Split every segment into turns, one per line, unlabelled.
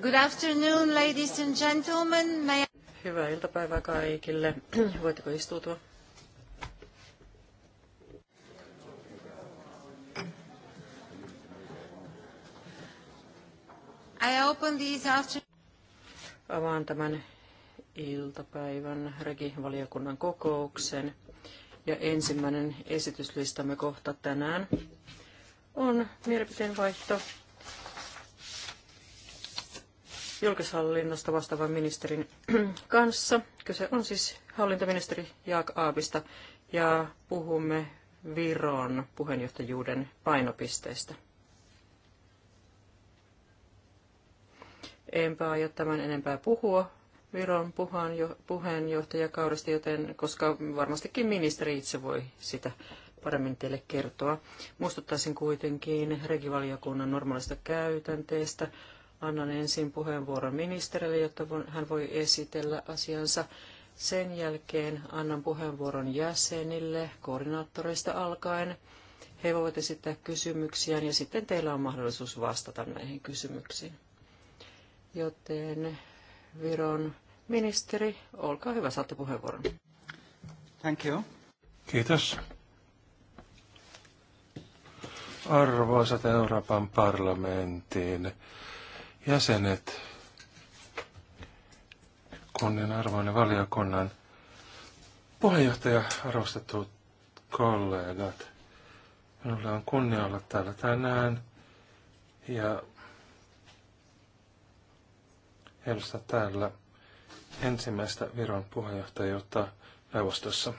Good afternoon, ladies
and gentlemen. May...
Hyvää iltapäivää kaikille. Voitteko istua? I open after... Avaan tämän iltapäivän regivaliokunnan kokouksen. Ja ensimmäinen esityslistamme kohta tänään on mielipiteenvaihto julkishallinnosta vastaavan ministerin kanssa. Kyse on siis hallintoministeri Jaak Aabista ja puhumme Viron puheenjohtajuuden painopisteistä. Enpä aio tämän enempää puhua Viron puheenjohtajakaudesta, joten koska varmastikin ministeri itse voi sitä paremmin teille kertoa. Muistuttaisin kuitenkin regivaliokunnan normaalista käytänteestä. Annan ensin puheenvuoron ministerille, jotta hän voi esitellä asiansa. Sen jälkeen annan puheenvuoron jäsenille koordinaattoreista alkaen. He voivat esittää kysymyksiään ja sitten teillä on mahdollisuus vastata näihin kysymyksiin. Joten Viron ministeri, olkaa hyvä, saatte puheenvuoron. Thank you.
Kiitos. Arvoisat Euroopan parlamentin jäsenet kunnianarvoinen valiokunnan puheenjohtaja, arvostetut kollegat. Minulla on kunnia olla täällä tänään ja edustaa täällä ensimmäistä Viron puheenjohtajuutta neuvostossa.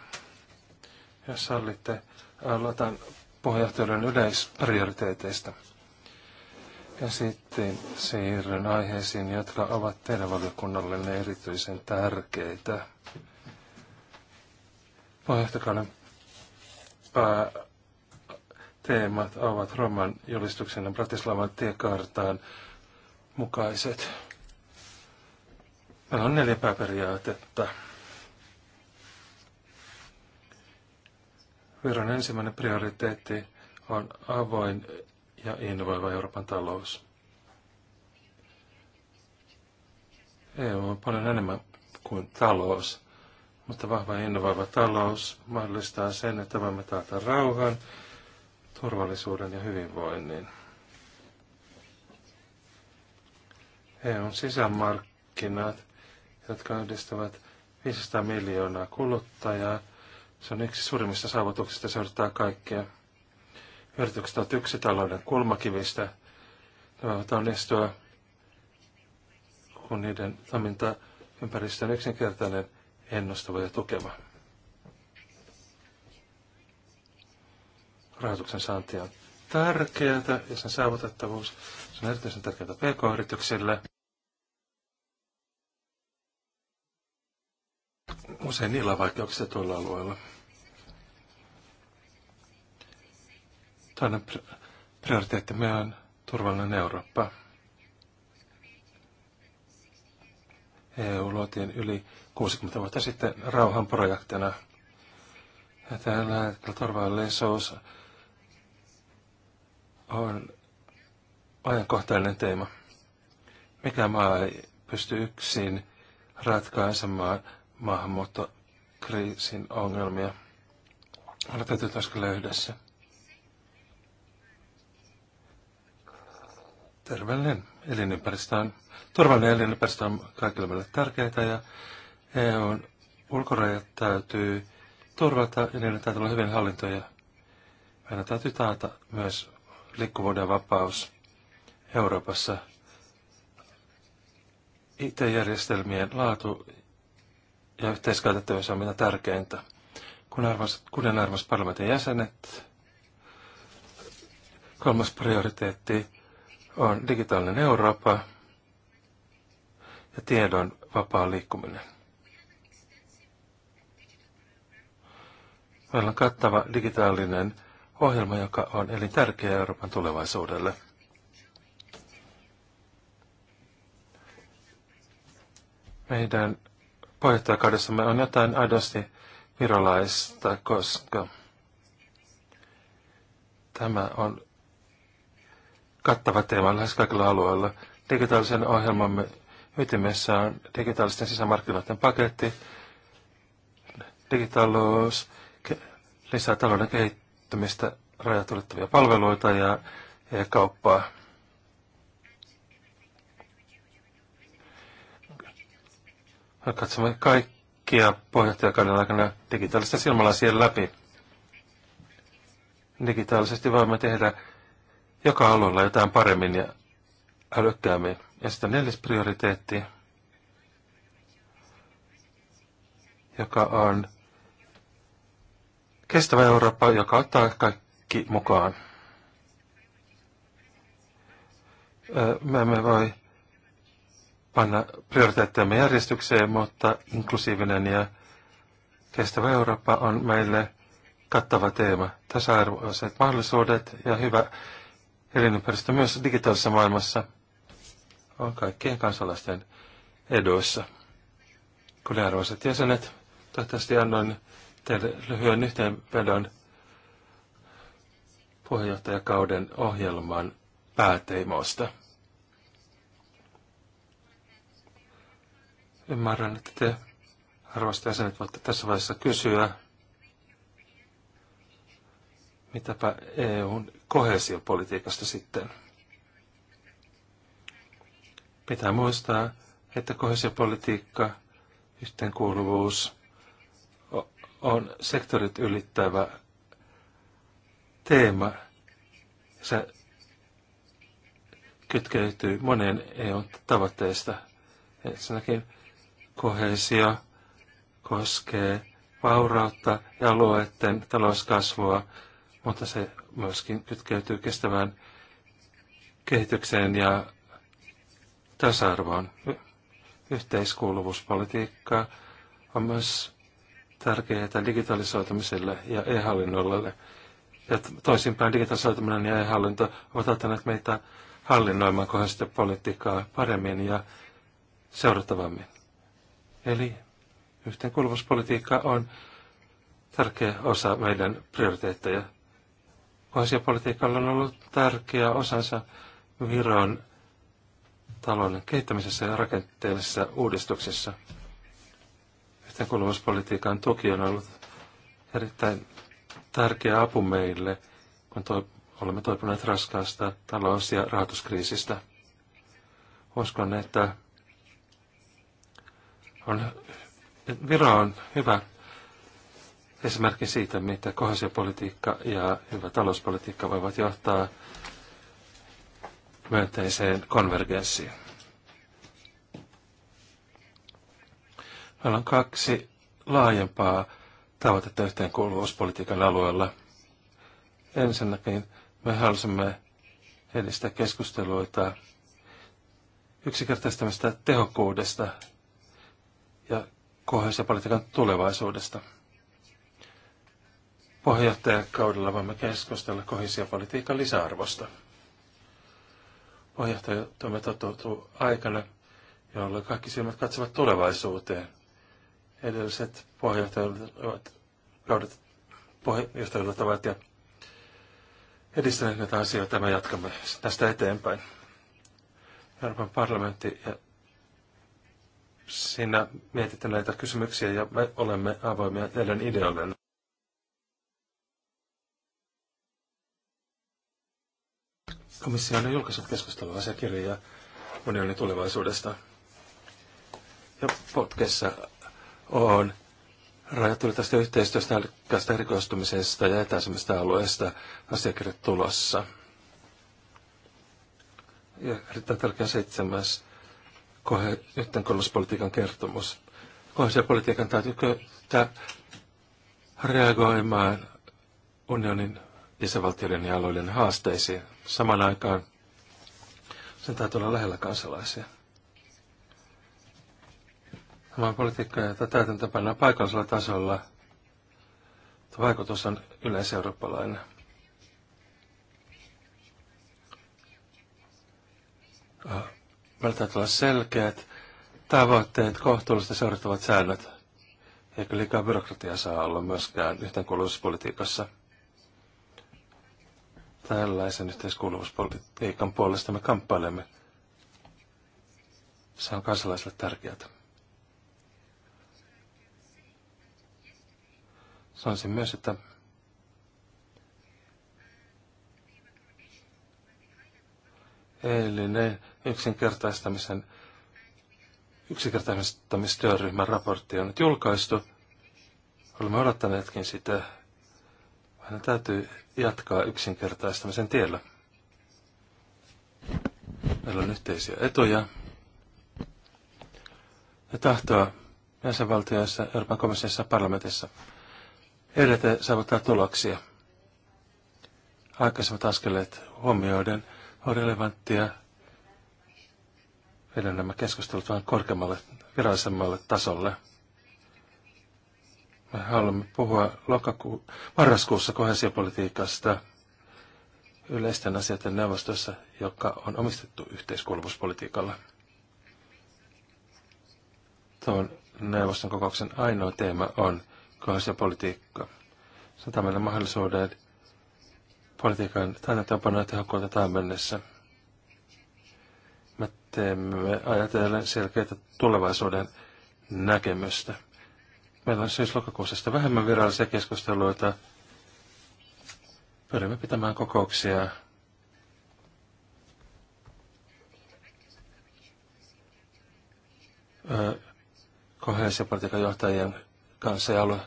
Jos sallitte, aloitan puheenjohtajan yleisprioriteeteista – ja sitten siirryn aiheisiin, jotka ovat teidän valiokunnallenne erityisen tärkeitä. Pohjohtokauden teemat ovat Roman julistuksen ja Bratislavan tiekartaan mukaiset. Meillä on neljä pääperiaatetta. Viron ensimmäinen prioriteetti on avoin ja innovoiva Euroopan talous. EU on paljon enemmän kuin talous, mutta vahva innovoiva talous mahdollistaa sen, että voimme taata rauhan, turvallisuuden ja hyvinvoinnin. EUn sisämarkkinat, jotka yhdistävät 500 miljoonaa kuluttajaa, se on yksi suurimmista saavutuksista, se kaikkea. Yritykset ovat yksi talouden kulmakivistä. Ne voivat onnistua, kun niiden toiminta ympäristön yksinkertainen, ennustava ja tukeva. Rahoituksen saanti on tärkeää ja sen saavutettavuus se on erityisen tärkeää pk-yrityksille. Usein niillä on vaikeuksia tuolla alueella. Toinen prioriteettimme on turvallinen Eurooppa. EU luotiin yli 60 vuotta sitten rauhanprojektina. Ja tällä hetkellä turvallisuus on ajankohtainen teema. Mikä maa ei pysty yksin ratkaisemaan maahanmuuttokriisin ongelmia. Olet täytyy yhdessä. terveellinen elinympäristö on, turvallinen elinympäristö on kaikille meille tärkeää ja EUn ulkorajat täytyy turvata ja niiden täytyy olla hyvin hallintoja. Meidän täytyy taata myös liikkuvuuden vapaus Euroopassa. IT-järjestelmien laatu ja yhteiskäytettävyys on mitä tärkeintä. Kun arvoisat, kunnianarvoiset parlamentin jäsenet, kolmas prioriteetti on digitaalinen Eurooppa ja tiedon vapaa liikkuminen. Meillä on kattava digitaalinen ohjelma, joka on elintärkeä Euroopan tulevaisuudelle. Meidän puheenjohtajakaudessamme on jotain aidosti virolaista, koska tämä on kattava teema lähes kaikilla alueilla. Digitaalisen ohjelmamme ytimessä on digitaalisten sisämarkkinoiden paketti. Digitaalous lisää talouden kehittymistä, rajat ylittäviä palveluita ja, ja kauppaa. Katsomme kaikkia pohjoittajakauden aikana digitaalista silmälasien läpi. Digitaalisesti voimme tehdä joka alueella jotain paremmin ja älykkäämmin. Ja sitten neljäs prioriteetti, joka on kestävä Eurooppa, joka ottaa kaikki mukaan. Me emme voi panna prioriteettejamme järjestykseen, mutta inklusiivinen ja kestävä Eurooppa on meille kattava teema. Tasa-arvoiset mahdollisuudet ja hyvä elinympäristö myös digitaalisessa maailmassa on kaikkien kansalaisten edoissa. Kuten arvoisat jäsenet, toivottavasti annoin teille lyhyen yhteenvedon puheenjohtajakauden ohjelman pääteimoista. Ymmärrän, että te arvoisat jäsenet voitte tässä vaiheessa kysyä, mitäpä EUn kohesiopolitiikasta sitten. Pitää muistaa, että kohesiopolitiikka, yhteenkuuluvuus on sektorit ylittävä teema. Se kytkeytyy monen eu tavoitteista. Ensinnäkin kohesio koskee vaurautta ja alueiden talouskasvua, mutta se myöskin kytkeytyy kestävään kehitykseen ja tasa-arvoon. Yhteiskuuluvuuspolitiikka on myös tärkeää digitalisoitumiselle ja e-hallinnolle. Ja toisinpäin digitalisoituminen ja e-hallinto ovat ottaneet meitä hallinnoimaan kohdasta politiikkaa paremmin ja seurattavammin. Eli yhteenkuuluvuuspolitiikka on tärkeä osa meidän prioriteetteja. Asiapolitiikalla on ollut tärkeä osansa Viron talouden kehittämisessä ja rakenteellisessa uudistuksessa. Yhteenkuuluvuuspolitiikan tuki on ollut erittäin tärkeä apu meille, kun toi, olemme toipuneet raskaasta talous- ja rahoituskriisistä. Uskon, että on, Viro on hyvä esimerkki siitä, mitä kohesiopolitiikka ja hyvä talouspolitiikka voivat johtaa myönteiseen konvergenssiin. Meillä on kaksi laajempaa tavoitetta yhteenkuuluvuuspolitiikan alueella. Ensinnäkin me halusimme edistää keskusteluita yksinkertaistamista tehokkuudesta ja kohdallisen politiikan tulevaisuudesta – Puheenjohtajakaudella voimme keskustella kohesiopolitiikan lisäarvosta. Puheenjohtajatoimme toteutuu aikana, jolloin kaikki silmät katsovat tulevaisuuteen. Edelliset puheenjohtajakaudet ovat ja edistäneet näitä asioita. Me jatkamme tästä eteenpäin. Euroopan parlamentti ja sinä mietitte näitä kysymyksiä ja me olemme avoimia teidän ideoillenne. Komissio on julkaissut keskustelua asiakirjoja unionin tulevaisuudesta. Ja potkessa on rajattu tästä yhteistyöstä, älykkäästä erikoistumisesta ja etäisemmistä alueista asiakirjat tulossa. Ja erittäin tärkeä seitsemäs kohe, politiikan kertomus. politiikan täytyy kyllä reagoimaan unionin jäsenvaltioiden ja alueiden haasteisiin. Samaan aikaan sen täytyy olla lähellä kansalaisia. Tämä on politiikka, jota täytäntöpannaan paikallisella tasolla. Tämä vaikutus on yleiseurooppalainen. Meillä täytyy olla selkeät tavoitteet, kohtuullisesti seurattavat säännöt. Eikä liikaa byrokratiaa saa olla myöskään yhteenkuuluvuuspolitiikassa. politiikassa. Tällaisen yhteiskuuluvuuspolitiikan puolesta me kamppailemme. Se on kansalaisille tärkeää. Sanoisin myös, että ne yksinkertaistamisen yksinkertaistamistyöryhmän raportti on nyt julkaistu. Olemme odottaneetkin sitä meidän täytyy jatkaa yksinkertaistamisen tiellä. Meillä on yhteisiä etuja ja tahtoa jäsenvaltioissa, Euroopan komissiossa ja parlamentissa edetä saavuttaa tuloksia. Aikaisemmat askeleet huomioiden on relevanttia viedä nämä keskustelut vain korkeammalle virallisemmalle tasolle. Me haluamme puhua lokaku- marraskuussa kohesiopolitiikasta yleisten asioiden neuvostossa, joka on omistettu yhteiskuuluvuuspolitiikalla. Tuon neuvoston kokouksen ainoa teema on kohesiopolitiikka. Se on meille mahdollisuuden politiikan tainatapana tehokkuutta tähän mennessä. Me teemme ajatellen selkeitä tulevaisuuden näkemystä. Meillä on syys-lokakuussa siis vähemmän virallisia keskusteluita. Pyrimme pitämään kokouksia koheesiopolitiikan johtajien kanssa ja alue,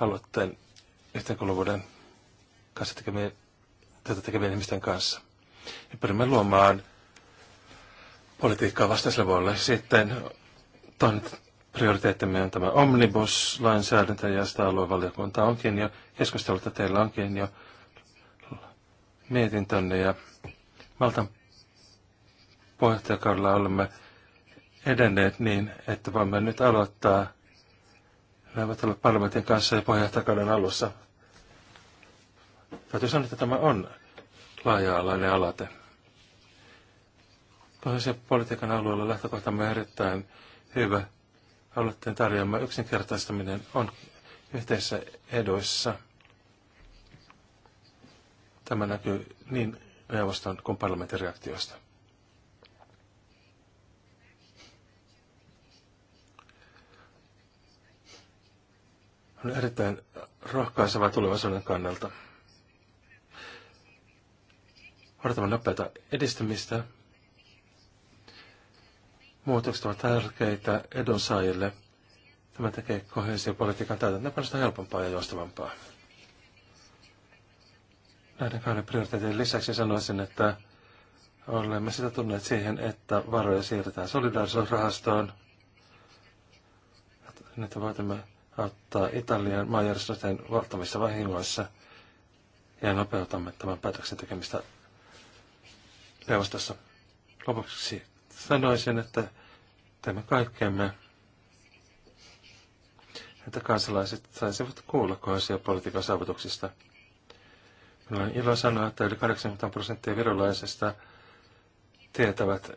alueiden yhteenkuuluvuuden kanssa tekemien, tätä tekevien ihmisten kanssa. Ja pyrimme luomaan politiikkaa vastaiselle vuodelle. Sitten toinen prioriteettimme on tämä omnibus-lainsäädäntö ja sitä aluevaliokunta onkin jo, keskustelutta teillä onkin jo mietintönne ja Maltan puheenjohtajakaudella olemme edenneet niin, että voimme nyt aloittaa neuvottelut parlamentin kanssa ja puheenjohtajakauden alussa. Täytyy sanoa, että tämä on laaja-alainen alate. Pohjoisen politiikan alueella lähtökohtamme on erittäin hyvä – aloitteen tarjoama yksinkertaistaminen on yhteisissä edoissa. Tämä näkyy niin neuvoston kuin parlamentin reaktiosta. On erittäin rohkaiseva tulevaisuuden kannalta. Odotamme nopeata edistymistä Muutokset ovat tärkeitä edunsaajille. Tämä tekee kohesiopolitiikan täytäntöönpanosta helpompaa ja joustavampaa. Näiden kahden prioriteetin lisäksi sanoisin, että olemme sitä tunneet siihen, että varoja siirretään solidaarisuusrahastoon. Nyt voitamme auttaa Italian maanjärjestöjen valtavissa vahingoissa ja nopeutamme tämän päätöksen tekemistä neuvostossa. Lopuksi Sanoisin, että tämä kaikkemme, että kansalaiset saisivat kuulla politiikan saavutuksista. Minulla on ilo sanoa, että yli 80 prosenttia virolaisista tietävät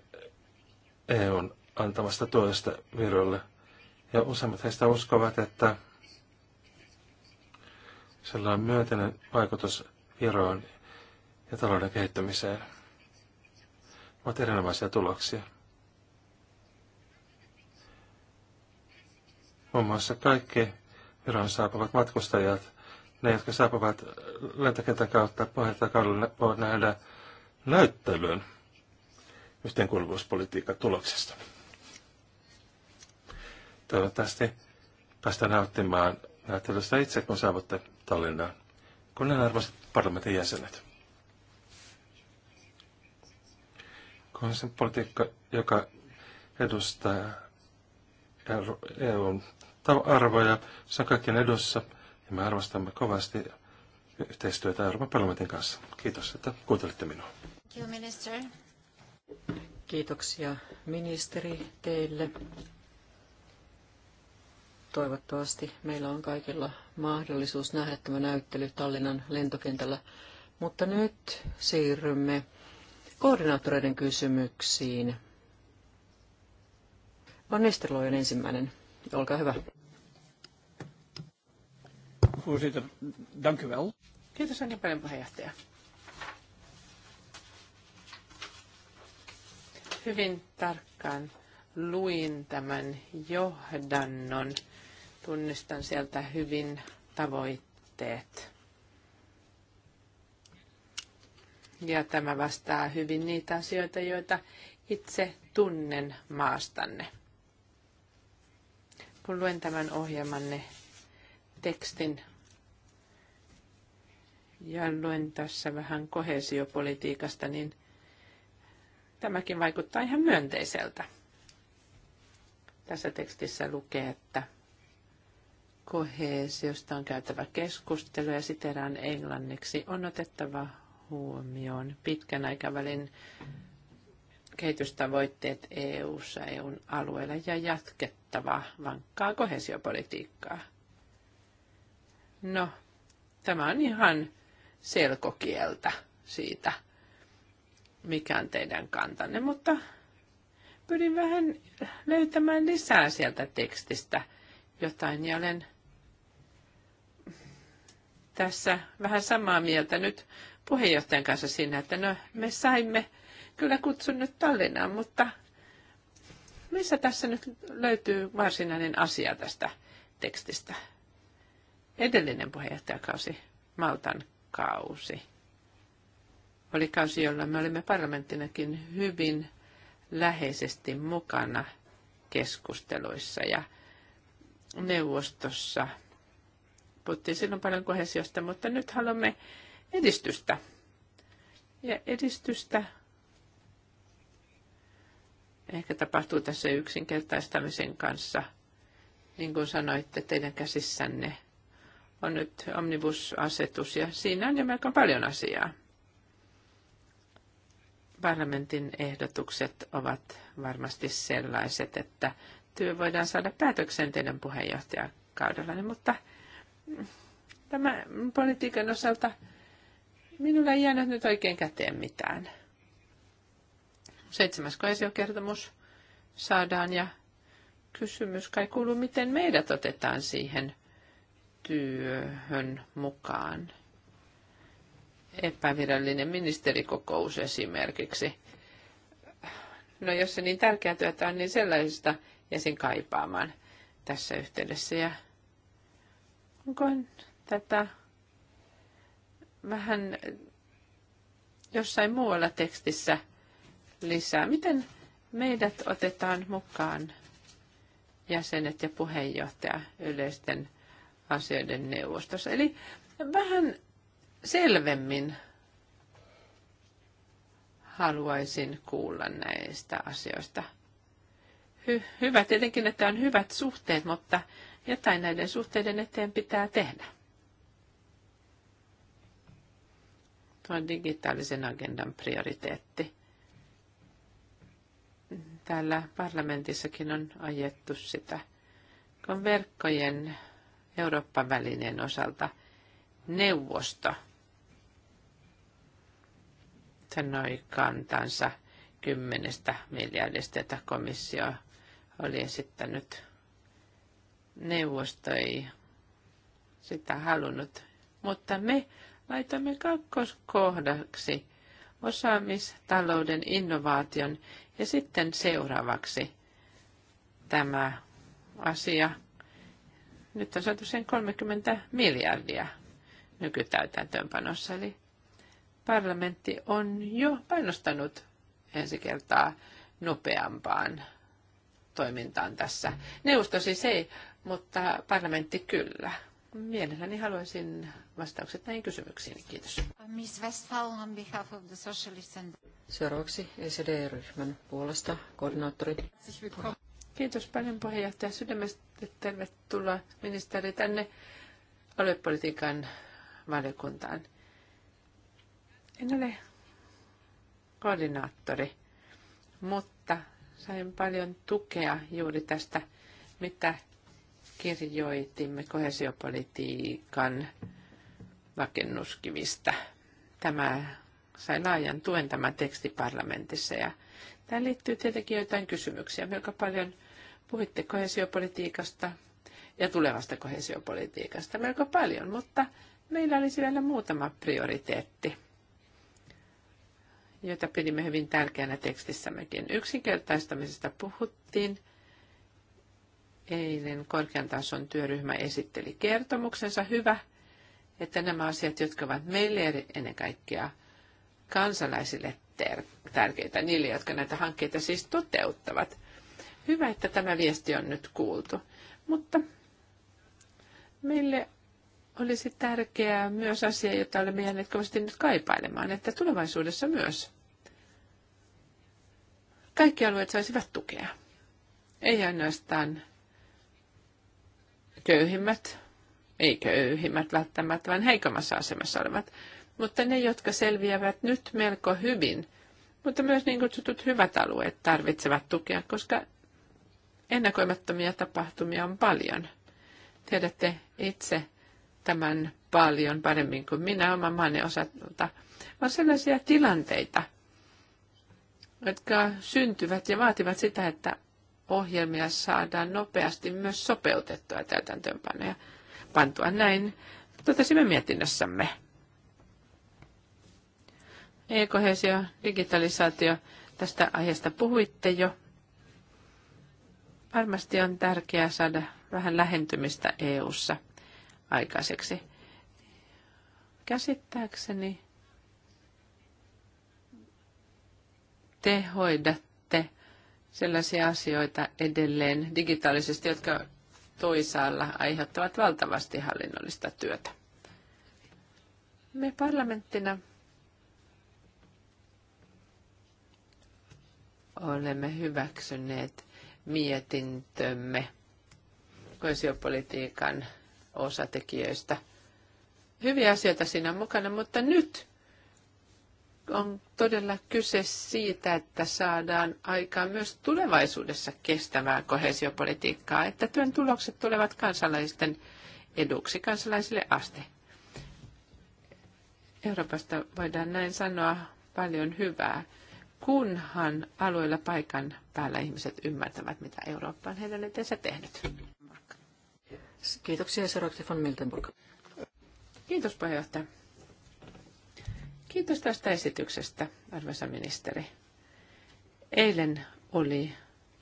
EUn antamasta tuesta Virolle. Ja useimmat heistä uskovat, että sillä on myönteinen vaikutus Viroon ja talouden kehittämiseen ovat erinomaisia tuloksia. Muun muassa kaikki Viron saapuvat matkustajat, ne jotka saapuvat lentokentän kautta kaudella, voivat nähdä näyttelyn yhteenkuuluvuuspolitiikan tuloksesta. Toivottavasti päästään nauttimaan näyttelystä itse, kun saavutte Tallinnaan. Kunnianarvoiset parlamentin jäsenet. On se politiikka, joka edustaa EUn arvoja, se on kaikkien edussa ja me arvostamme kovasti yhteistyötä Euroopan parlamentin kanssa. Kiitos, että kuuntelitte minua.
Kiitoksia ministeri teille. Toivottavasti meillä on kaikilla mahdollisuus nähdä tämä näyttely Tallinnan lentokentällä. Mutta nyt siirrymme koordinaattoreiden kysymyksiin. Van Nistelrooy ensimmäinen. Olkaa hyvä. Voorzitter, dank u wel.
Kiitos oikein puheenjohtaja. Hyvin tarkkaan luin tämän johdannon. Tunnistan sieltä hyvin tavoitteet. ja tämä vastaa hyvin niitä asioita, joita itse tunnen maastanne. Kun luen tämän ohjelmanne tekstin ja luen tässä vähän kohesiopolitiikasta, niin tämäkin vaikuttaa ihan myönteiseltä. Tässä tekstissä lukee, että koheesiosta on käytävä keskustelu ja siteraan englanniksi on otettava huomioon pitkän aikavälin kehitystavoitteet EU-ssa, EUn alueella ja jatkettava vankkaa kohesiopolitiikkaa. No, tämä on ihan selkokieltä siitä, mikä on teidän kantanne, mutta pyrin vähän löytämään lisää sieltä tekstistä jotain ja olen tässä vähän samaa mieltä nyt puheenjohtajan kanssa siinä, että no, me saimme kyllä kutsun nyt Tallinnaan, mutta missä tässä nyt löytyy varsinainen asia tästä tekstistä? Edellinen puheenjohtajakausi, Maltan kausi, oli kausi, jolla me olimme parlamenttinakin hyvin läheisesti mukana keskusteluissa ja neuvostossa. Puhuttiin silloin paljon kohesiosta, mutta nyt haluamme edistystä. Ja edistystä ehkä tapahtuu tässä yksinkertaistamisen kanssa. Niin kuin sanoitte, teidän käsissänne on nyt omnibusasetus ja siinä on jo melko paljon asiaa. Parlamentin ehdotukset ovat varmasti sellaiset, että työ voidaan saada päätökseen teidän puheenjohtajakaudellanne, mutta tämä politiikan osalta Minulla ei jäänyt nyt oikein käteen mitään. Seitsemäs kaisiokertomus saadaan ja kysymys kai kuuluu, miten meidät otetaan siihen työhön mukaan. Epävirallinen ministerikokous esimerkiksi. No jos se niin tärkeää työtä on, niin sellaisesta jäsin kaipaamaan tässä yhteydessä. Ja onko tätä vähän jossain muualla tekstissä lisää. Miten meidät otetaan mukaan jäsenet ja puheenjohtaja yleisten asioiden neuvostossa? Eli vähän selvemmin haluaisin kuulla näistä asioista. Hy- hyvä tietenkin, että on hyvät suhteet, mutta jotain näiden suhteiden eteen pitää tehdä. tuo digitaalisen agendan prioriteetti. Täällä parlamentissakin on ajettu sitä. Kun verkkojen Euroopan välineen osalta neuvosto sanoi kantansa kymmenestä miljardista, että komissio oli esittänyt. Neuvosto ei sitä halunnut, mutta me laitamme kakkoskohdaksi osaamistalouden innovaation ja sitten seuraavaksi tämä asia. Nyt on saatu sen 30 miljardia nykytäytäntöönpanossa, eli parlamentti on jo painostanut ensi kertaa nopeampaan toimintaan tässä. Neuvosto siis ei, mutta parlamentti kyllä. Mielelläni haluaisin vastaukset näihin kysymyksiin. Kiitos.
Miss Westphal
on behalf of the Socialists and... Seuraavaksi ECD-ryhmän puolesta koordinaattori. Kiitos paljon puheenjohtaja. Sydämestä tervetuloa ministeri tänne aluepolitiikan valiokuntaan. En ole koordinaattori, mutta sain paljon tukea juuri tästä, mitä kirjoitimme kohesiopolitiikan rakennuskivistä. Tämä sai laajan tuen tämä teksti parlamentissa ja tähän liittyy tietenkin joitain kysymyksiä. Melko paljon puhuitte kohesiopolitiikasta ja tulevasta kohesiopolitiikasta melko paljon, mutta meillä oli vielä muutama prioriteetti, joita pidimme hyvin tärkeänä tekstissämmekin. Yksinkertaistamisesta puhuttiin – Eilen korkean tason työryhmä esitteli kertomuksensa. Hyvä, että nämä asiat, jotka ovat meille ennen kaikkea kansalaisille tärkeitä, niille, jotka näitä hankkeita siis toteuttavat. Hyvä, että tämä viesti on nyt kuultu. Mutta meille olisi tärkeää myös asia, jota olemme jääneet kovasti nyt kaipailemaan, että tulevaisuudessa myös kaikki alueet saisivat tukea. Ei ainoastaan köyhimmät, ei köyhimmät välttämättä, vaan heikommassa asemassa olevat, mutta ne, jotka selviävät nyt melko hyvin, mutta myös niin kutsutut hyvät alueet tarvitsevat tukea, koska ennakoimattomia tapahtumia on paljon. Tiedätte itse tämän paljon paremmin kuin minä oman maanne osalta. On sellaisia tilanteita, jotka syntyvät ja vaativat sitä, että ohjelmia saadaan nopeasti myös sopeutettua ja täytäntöönpanoja pantua näin. Totesimme mietinnössämme. E-kohesio, digitalisaatio, tästä aiheesta puhuitte jo. Varmasti on tärkeää saada vähän lähentymistä EU:ssa aikaiseksi. Käsittääkseni te hoidatte sellaisia asioita edelleen digitaalisesti, jotka toisaalla aiheuttavat valtavasti hallinnollista työtä. Me parlamenttina olemme hyväksyneet mietintömme koesiopolitiikan osatekijöistä. Hyviä asioita siinä on mukana, mutta nyt on todella kyse siitä, että saadaan aikaan myös tulevaisuudessa kestävää kohesiopolitiikkaa, että työn tulokset tulevat kansalaisten eduksi kansalaisille asti. Euroopasta voidaan näin sanoa paljon hyvää, kunhan alueilla paikan päällä ihmiset ymmärtävät, mitä Eurooppa on heidän eteensä tehnyt. Kiitoksia, Sarokti von Miltenburg. Kiitos puheenjohtaja. Kiitos tästä esityksestä, arvoisa ministeri. Eilen oli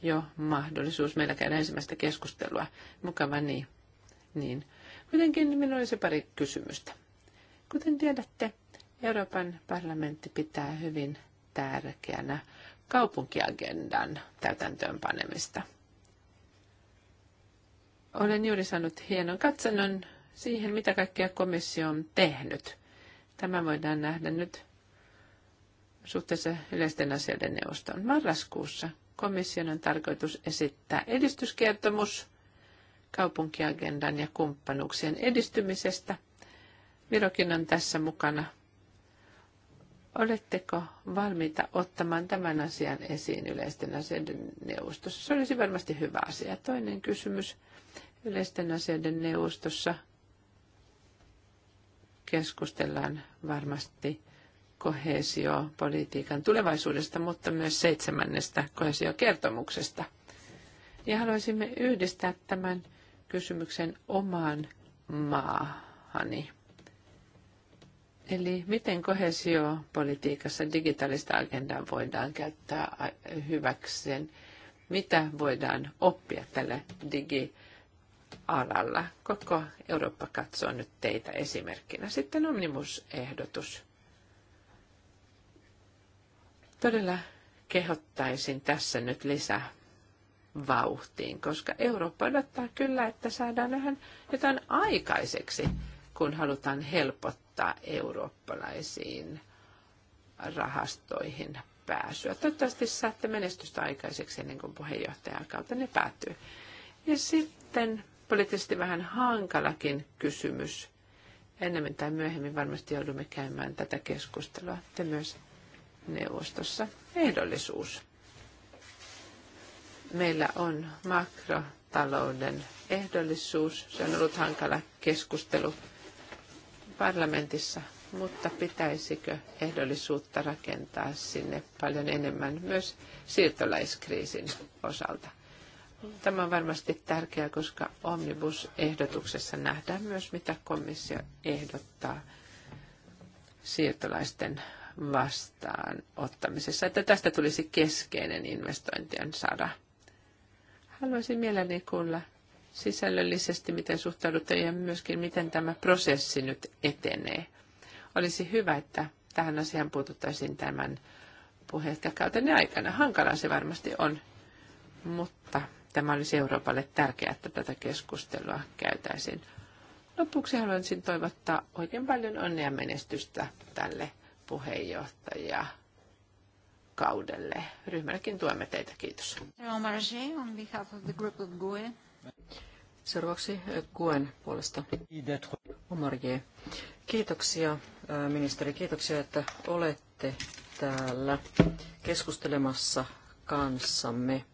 jo mahdollisuus meillä käydä ensimmäistä keskustelua. Mukava niin. niin. Kuitenkin minulla olisi pari kysymystä. Kuten tiedätte, Euroopan parlamentti pitää hyvin tärkeänä kaupunkiagendan täytäntöönpanemista. Olen juuri saanut hienon katsannon siihen, mitä kaikkea komissio on tehnyt Tämä voidaan nähdä nyt suhteessa yleisten asioiden neuvostoon. Marraskuussa komission on tarkoitus esittää edistyskertomus kaupunkiagendan ja kumppanuuksien edistymisestä. Virokin on tässä mukana. Oletteko valmiita ottamaan tämän asian esiin yleisten asioiden neuvostossa? Se olisi varmasti hyvä asia. Toinen kysymys yleisten asioiden neuvostossa – keskustellaan varmasti kohesiopolitiikan tulevaisuudesta, mutta myös seitsemännestä kohesiokertomuksesta. Ja haluaisimme yhdistää tämän kysymyksen omaan maahani. Eli miten kohesiopolitiikassa digitaalista agendaa voidaan käyttää hyväkseen? Mitä voidaan oppia tälle digitaalista alalla. Koko Eurooppa katsoo nyt teitä esimerkkinä. Sitten omnimusehdotus. Todella kehottaisin tässä nyt lisää vauhtiin, koska Eurooppa odottaa kyllä, että saadaan vähän jotain aikaiseksi, kun halutaan helpottaa eurooppalaisiin rahastoihin pääsyä. Toivottavasti saatte menestystä aikaiseksi ennen kuin puheenjohtajakautta ne päättyy. Ja sitten poliittisesti vähän hankalakin kysymys. Ennemmin tai myöhemmin varmasti joudumme käymään tätä keskustelua. Te myös neuvostossa ehdollisuus. Meillä on makrotalouden ehdollisuus. Se on ollut hankala keskustelu parlamentissa, mutta pitäisikö ehdollisuutta rakentaa sinne paljon enemmän myös siirtolaiskriisin osalta? Tämä on varmasti tärkeää, koska omnibus-ehdotuksessa nähdään myös, mitä komissio ehdottaa siirtolaisten vastaanottamisessa, että tästä tulisi keskeinen investointien sada. Haluaisin mielelläni kuulla sisällöllisesti, miten suhtaudutte ja myöskin miten tämä prosessi nyt etenee. Olisi hyvä, että tähän asiaan puututtaisiin tämän puheenjohtajakautenne aikana. Hankalaa se varmasti on, mutta tämä olisi Euroopalle tärkeää, että tätä keskustelua käytäisiin. Lopuksi haluaisin toivottaa oikein paljon onnea menestystä tälle puheenjohtajaa kaudelle. Ryhmälläkin tuemme teitä. Kiitos.
on behalf of the group of GUE.
Seuraavaksi Kuen eh, puolesta.
Kiitoksia eh, ministeri, kiitoksia, että olette täällä keskustelemassa kanssamme.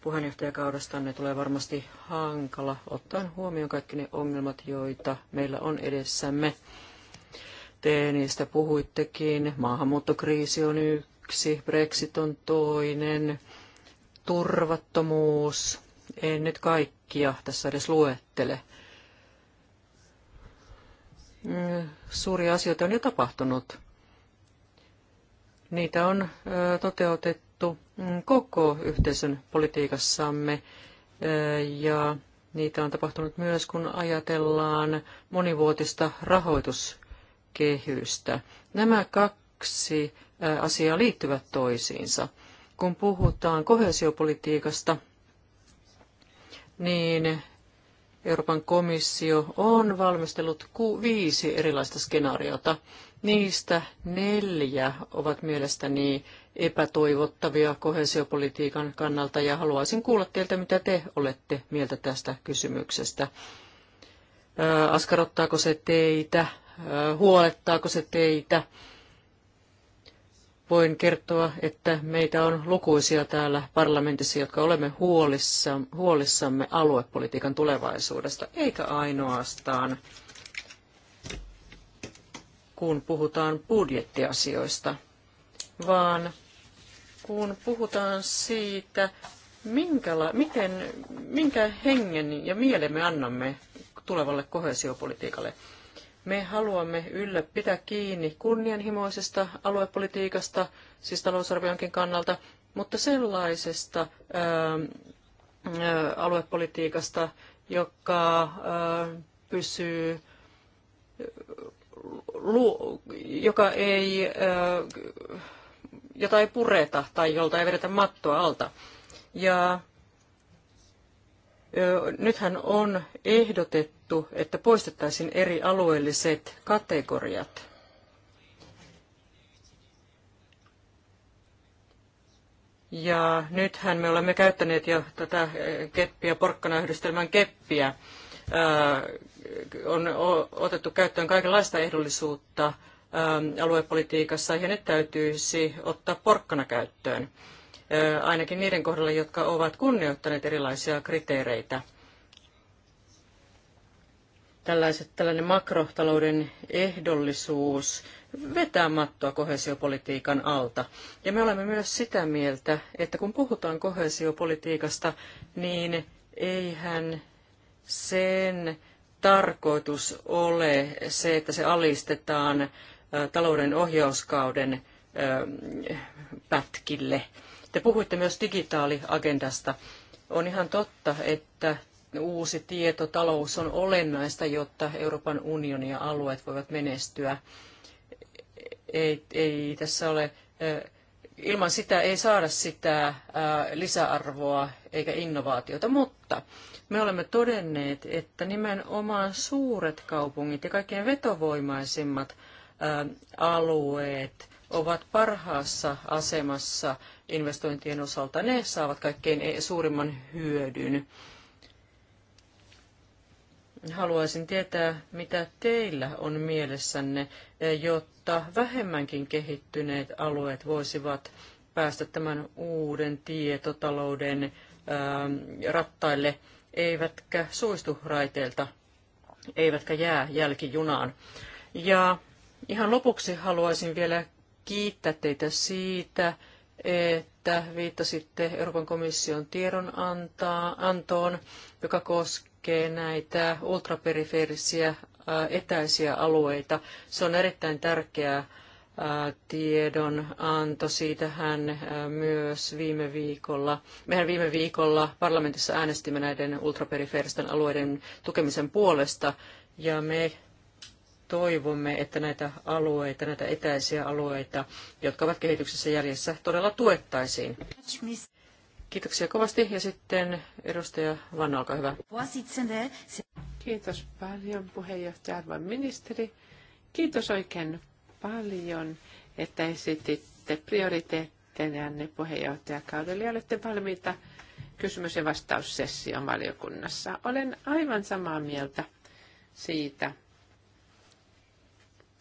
Puheenjohtajakaudestanne tulee varmasti hankala, ottaen huomioon kaikki ne ongelmat, joita meillä on edessämme. Te niistä puhuittekin. Maahanmuuttokriisi on yksi, Brexit on toinen, turvattomuus. En nyt kaikkia tässä edes luettele. Mm, suuria asioita on jo tapahtunut. Niitä on toteutettu saavutettu mm, koko yhteisön politiikassamme ja niitä on tapahtunut myös, kun ajatellaan monivuotista rahoituskehystä. Nämä kaksi asiaa liittyvät toisiinsa. Kun puhutaan kohesiopolitiikasta, niin Euroopan komissio on valmistellut viisi erilaista skenaariota. Niistä neljä ovat mielestäni epätoivottavia kohesiopolitiikan kannalta ja haluaisin kuulla teiltä, mitä te olette mieltä tästä kysymyksestä. Askarrottaako se teitä? Huolettaako se teitä? Voin kertoa, että meitä on lukuisia täällä parlamentissa, jotka olemme huolissamme aluepolitiikan tulevaisuudesta, eikä ainoastaan kun puhutaan budjettiasioista, vaan kun puhutaan siitä, minkäla- miten, minkä hengen ja mielen me annamme tulevalle kohesiopolitiikalle. Me haluamme ylläpitää kiinni kunnianhimoisesta aluepolitiikasta, siis talousarvionkin kannalta, mutta sellaisesta ää, ähm, ää, äh, aluepolitiikasta, joka ää, äh, pysyy, äh, lu, joka ei ää, jota ei pureta tai jolta ei vedetä mattoa alta. Ja nythän on ehdotettu, että poistettaisiin eri alueelliset kategoriat. Ja nythän me olemme käyttäneet jo tätä keppiä, porkkanayhdistelmän keppiä. on otettu käyttöön kaikenlaista ehdollisuutta Ähm, aluepolitiikassa, ja ne täytyisi ottaa porkkana käyttöön, ainakin niiden kohdalla, jotka ovat kunnioittaneet erilaisia kriteereitä. Tällaiset, tällainen makrotalouden ehdollisuus vetää mattoa kohesiopolitiikan alta. Ja me olemme myös sitä mieltä, että kun puhutaan kohesiopolitiikasta, niin eihän sen tarkoitus ole se, että se alistetaan talouden ohjauskauden pätkille. Te puhuitte myös digitaaliagendasta. On ihan totta, että uusi tietotalous on olennaista, jotta Euroopan unioni ja alueet voivat menestyä. Ei, ei tässä ole, ilman sitä ei saada sitä lisäarvoa eikä innovaatiota, mutta me olemme todenneet, että nimenomaan suuret kaupungit ja kaikkein vetovoimaisimmat alueet ovat parhaassa asemassa investointien osalta. Ne saavat kaikkein e- suurimman hyödyn. Haluaisin tietää, mitä teillä on mielessänne, e, jotta vähemmänkin kehittyneet alueet voisivat päästä tämän uuden tietotalouden ähm, rattaille, eivätkä suistu raiteilta, eivätkä jää jälkijunaan. Ja Ihan lopuksi haluaisin vielä kiittää teitä siitä, että viittasitte Euroopan komission tiedonantoon, joka koskee näitä ultraperifeerisiä etäisiä alueita. Se on erittäin tärkeä tiedonanto. Siitähän myös viime viikolla, mehän viime viikolla parlamentissa äänestimme näiden ultraperifeeristen alueiden tukemisen puolesta, ja me toivomme, että näitä alueita, näitä etäisiä alueita, jotka ovat kehityksessä jäljessä, todella tuettaisiin. Kiitoksia kovasti. Ja sitten edustaja Vanna, olkaa hyvä.
Kiitos paljon puheenjohtaja arvon ministeri. Kiitos oikein paljon, että esititte prioriteettejanne puheenjohtajakaudelle ja olette valmiita kysymys- ja vastaussession valiokunnassa. Olen aivan samaa mieltä siitä,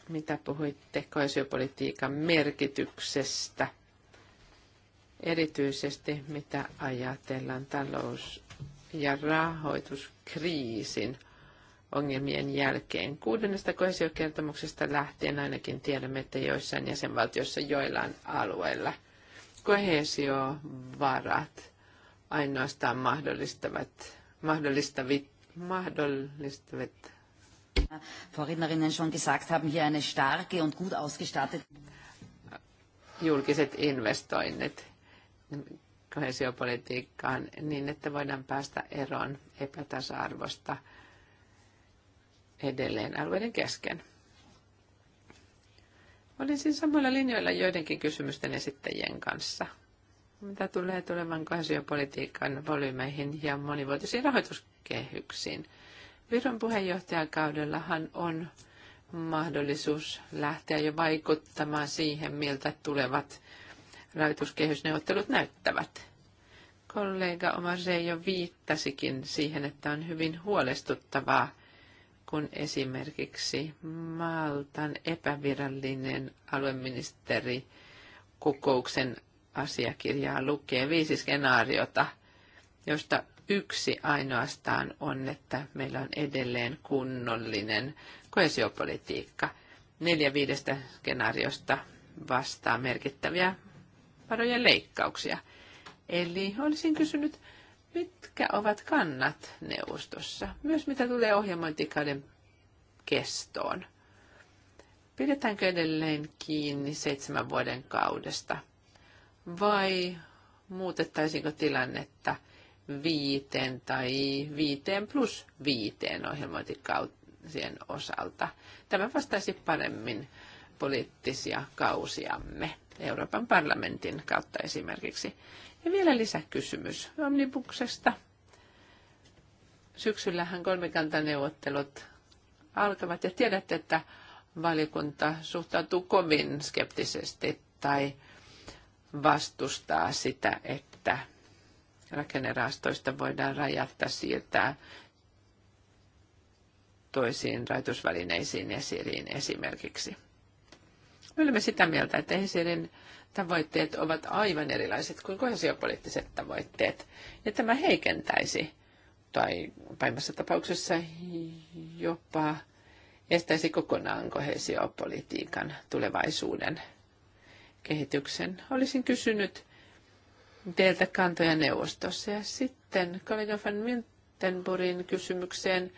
mitä puhuitte koesiopolitiikan merkityksestä, erityisesti mitä ajatellaan talous- ja rahoituskriisin ongelmien jälkeen. Kuudennesta koesiokertomuksesta lähtien ainakin tiedämme, että joissain jäsenvaltioissa joillain alueilla koesiovarat ainoastaan mahdollistavat, mahdollistavit, mahdollistavat
Vorrednerinnen schon gesagt haben, hier eine starke und gut ausgestattete
julkiset investoinnit kohesiopolitiikkaan niin, että voidaan päästä eroon epätasa-arvosta edelleen alueiden kesken. Olin siis samoilla linjoilla joidenkin kysymysten esittäjien kanssa. Mitä tulee tulevan kohesiopolitiikan volyymeihin ja monivuotisiin rahoituskehyksiin – Viron kaudellahan on mahdollisuus lähteä jo vaikuttamaan siihen, miltä tulevat rahoituskehysneuvottelut näyttävät. Kollega Omar jo viittasikin siihen, että on hyvin huolestuttavaa, kun esimerkiksi Maltan epävirallinen alueministeri kokouksen asiakirjaa lukee viisi skenaariota, josta yksi ainoastaan on, että meillä on edelleen kunnollinen koesiopolitiikka. Neljä viidestä skenaariosta vastaa merkittäviä varojen leikkauksia. Eli olisin kysynyt, mitkä ovat kannat neuvostossa, myös mitä tulee ohjelmointikauden kestoon. Pidetäänkö edelleen kiinni seitsemän vuoden kaudesta vai muutettaisiinko tilannetta – viiteen tai viiteen plus viiteen ohjelmointikausien osalta. Tämä vastaisi paremmin poliittisia kausiamme Euroopan parlamentin kautta esimerkiksi. Ja vielä lisäkysymys Omnibuksesta. Syksyllähän kolmikantaneuvottelut alkavat ja tiedätte, että valiokunta suhtautuu kovin skeptisesti tai vastustaa sitä, että rakennerahastoista voidaan rajatta siirtää toisiin rajoitusvälineisiin esiriin esimerkiksi. Me olemme sitä mieltä, että esirin tavoitteet ovat aivan erilaiset kuin kohesiopoliittiset tavoitteet, ja tämä heikentäisi tai pahimmassa tapauksessa jopa estäisi kokonaan kohesiopolitiikan tulevaisuuden kehityksen. Olisin kysynyt, teiltä kantoja neuvostossa. Ja sitten kollega van Miltenburgin kysymykseen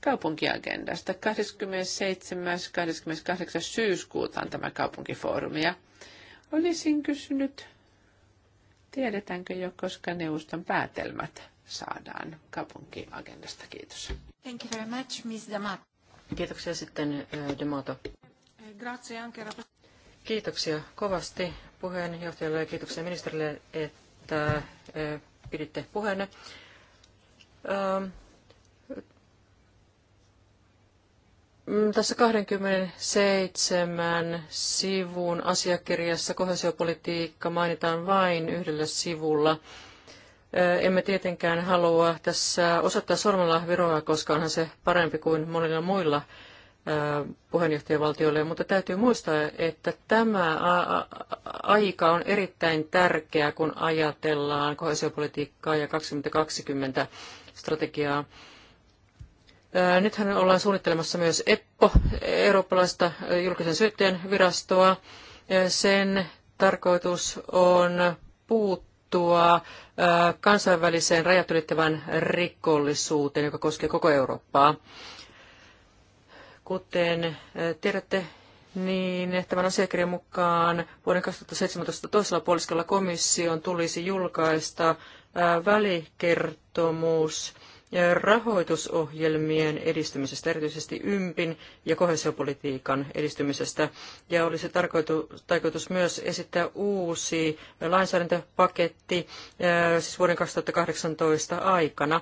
kaupunkiagendasta. 27. 28. syyskuuta on tämä kaupunkifoorumi. Ja olisin kysynyt, tiedetäänkö jo, koska neuvoston päätelmät saadaan kaupunkiagendasta. Kiitos.
Thank you very much, Ms. Damato.
Kiitoksia sitten eh, Demato.
Grazie anche
Kiitoksia
kovasti puheenjohtajalle ja kiitoksia ministerille, että piditte puheenne. Ähm, mm, tässä 27 sivun asiakirjassa kohesiopolitiikka mainitaan vain yhdellä sivulla. Emme tietenkään halua tässä osoittaa sormella Viroa, koska onhan se parempi kuin monilla muilla puheenjohtajavaltiolle, mutta täytyy muistaa, että tämä aika on erittäin tärkeä, kun ajatellaan kohesiopolitiikkaa ja 2020 strategiaa. Nythän ollaan suunnittelemassa myös EPPO, eurooppalaista julkisen syytteen virastoa. Sen tarkoitus on puuttua kansainväliseen rajat ylittävään rikollisuuteen, joka koskee koko Eurooppaa. Kuten eh, tiedätte, niin tämän asiakirjan mukaan vuoden 2017 toisella puoliskolla komission tulisi julkaista eh, välikertomus eh, rahoitusohjelmien edistymisestä, erityisesti ympin ja kohesiopolitiikan edistymisestä. Ja olisi tarkoitus myös esittää uusi lainsäädäntöpaketti siis vuoden 2018 aikana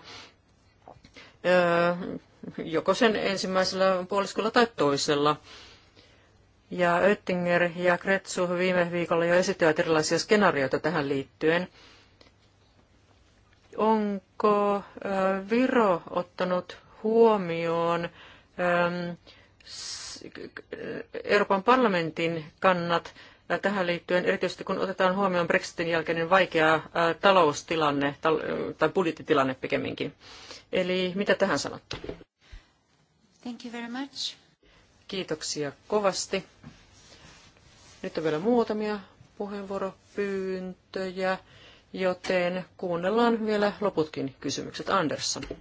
joko sen ensimmäisellä puoliskolla tai toisella. Ja Oettinger ja Kretsu viime viikolla jo esittivät erilaisia skenaarioita tähän liittyen. Onko Viro ottanut huomioon Euroopan parlamentin kannat tähän liittyen, erityisesti kun otetaan huomioon Brexitin jälkeinen vaikea taloustilanne tai budjettitilanne pikemminkin. Eli mitä tähän sanotte? Thank you very much. Kiitoksia kovasti. Nyt on vielä muutamia puheenvuoropyyntöjä, joten kuunnellaan vielä loputkin kysymykset. Andersson. Uh,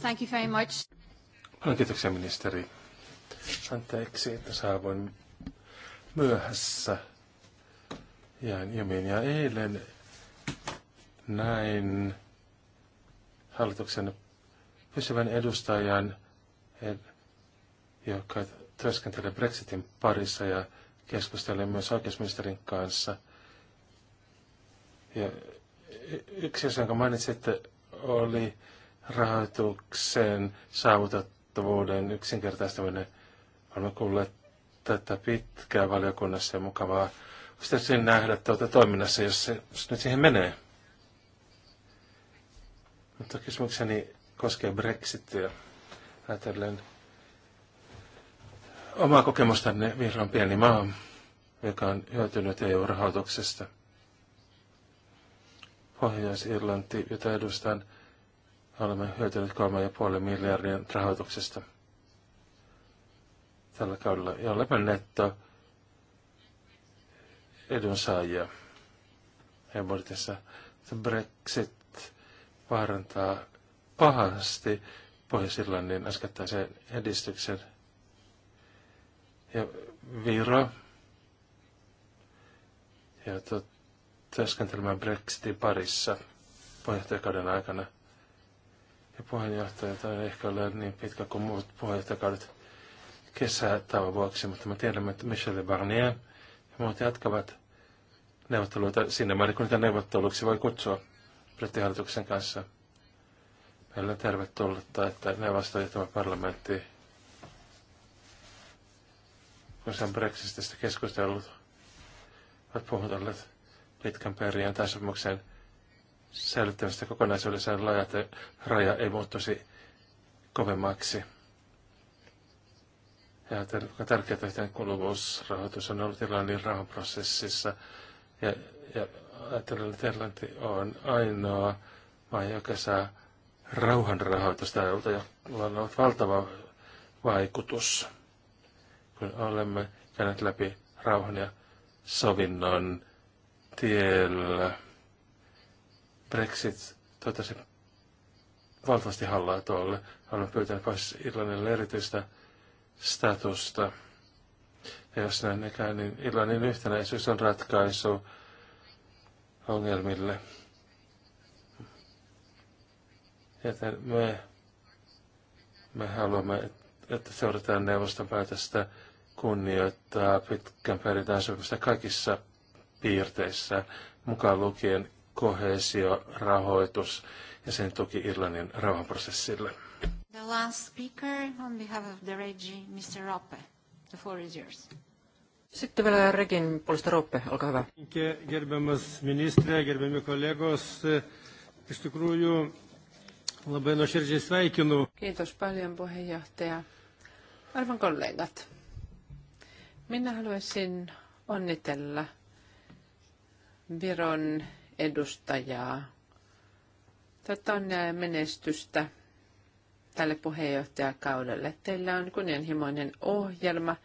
thank you very much.
kiitoksia ministeri. Anteeksi, että saavuin myöhässä. Jäin jumiin ja eilen näin hallituksen pysyvän edustajan, joka työskentelee Brexitin parissa ja keskustelee myös oikeusministerin kanssa. Ja yksi asia, jonka mainitsitte, oli rahoituksen saavutettavuuden yksinkertaistaminen. Olemme kuulleet tätä pitkää valiokunnassa ja mukavaa sitä sinne nähdä tuota toiminnassa, jos se jos nyt siihen menee. Mutta kysymykseni koskee Brexittiä. Ajatellen omaa kokemustanne Vihreän pieni maa, joka on hyötynyt EU-rahoituksesta. Pohjois-Irlanti, jota edustan, olemme hyötyneet 3,5 miljardin rahoituksesta tällä kaudella. Ja olemme netto edunsaajia. Ja Brexit vaarantaa pahasti Pohjois-Irlannin äskettäisen edistyksen. Ja Viro ja työskentelemään Brexitin parissa puheenjohtajakauden aikana. Ja puheenjohtaja ei ehkä ole niin pitkä kuin muut puheenjohtajakaudet kesätauon vuoksi, mutta me tiedämme, että Michel Barnier ja muut jatkavat neuvotteluita sinne määrin, kun niitä neuvotteluksi voi kutsua brittihallituksen kanssa. Meillä on tervetullutta, että ne vastaajat tämä parlamentti kun sen Brexitistä keskustellut, ovat puhuneet pitkän tai sopimuksen säilyttämistä kokonaisuudessaan lajat raja ei muuttuisi kovemmaksi. Ja on tärkeää yhteen kuuluvuusrahoitus on ollut Irlannin rauhanprosessissa. Ja, ja ajattelen, että Irlanti on ainoa maa, joka saa rauhanrahoitusta, jolla on valtava vaikutus, kun olemme käyneet läpi rauhan ja sovinnon tiellä. Brexit toivottavasti valtavasti hallaa tuolle. Olen pyytänyt pois Irlannille erityistä statusta. Ja jos näin ei käy, niin Irlannin yhtenäisyys on ratkaisu ongelmille. Joten me, me haluamme, että seurataan neuvoston päätöstä kunnioittaa pitkän perintään sopimusta kaikissa piirteissä, mukaan lukien kohesio, rahoitus ja sen tuki Irlannin rauhanprosessille.
The last speaker on behalf of the Regi, Mr. Roppe. The floor is yours. Sitten
vielä Regin puolesta Roppe, olkaa hyvä. Gerbiamas ministeri, gerbiami kollegos,
iš tikrųjų
Kiitos paljon puheenjohtaja. Arvon kollegat, minä haluaisin onnitella Viron edustajaa. Tätä on menestystä tälle puheenjohtajakaudelle. Teillä on kunnianhimoinen ohjelma,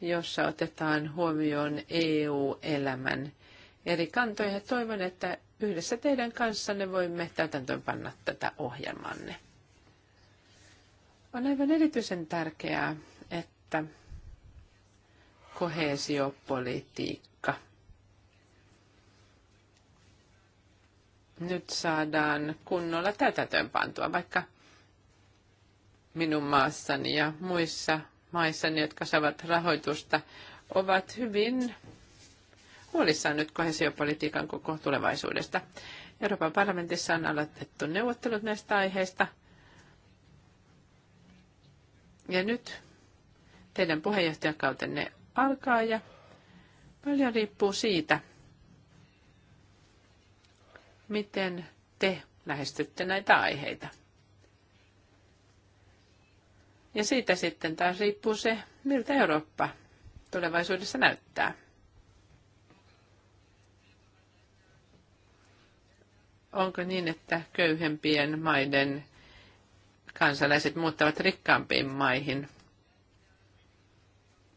jossa otetaan huomioon EU-elämän eri kantoja. Toivon, että yhdessä teidän kanssanne voimme täytäntöönpanna tätä ohjelmanne. On aivan erityisen tärkeää, että kohesiopolitiikka nyt saadaan kunnolla täytäntöönpantua, vaikka minun maassani ja muissa maissani, jotka saavat rahoitusta, ovat hyvin huolissaan nyt kohesiopolitiikan koko tulevaisuudesta. Euroopan parlamentissa on aloitettu neuvottelut näistä aiheista. Ja nyt teidän puheenjohtajakautenne alkaa ja paljon riippuu siitä, miten te lähestytte näitä aiheita. Ja siitä sitten taas riippuu se, miltä Eurooppa tulevaisuudessa näyttää. onko niin, että köyhempien maiden kansalaiset muuttavat rikkaampiin maihin?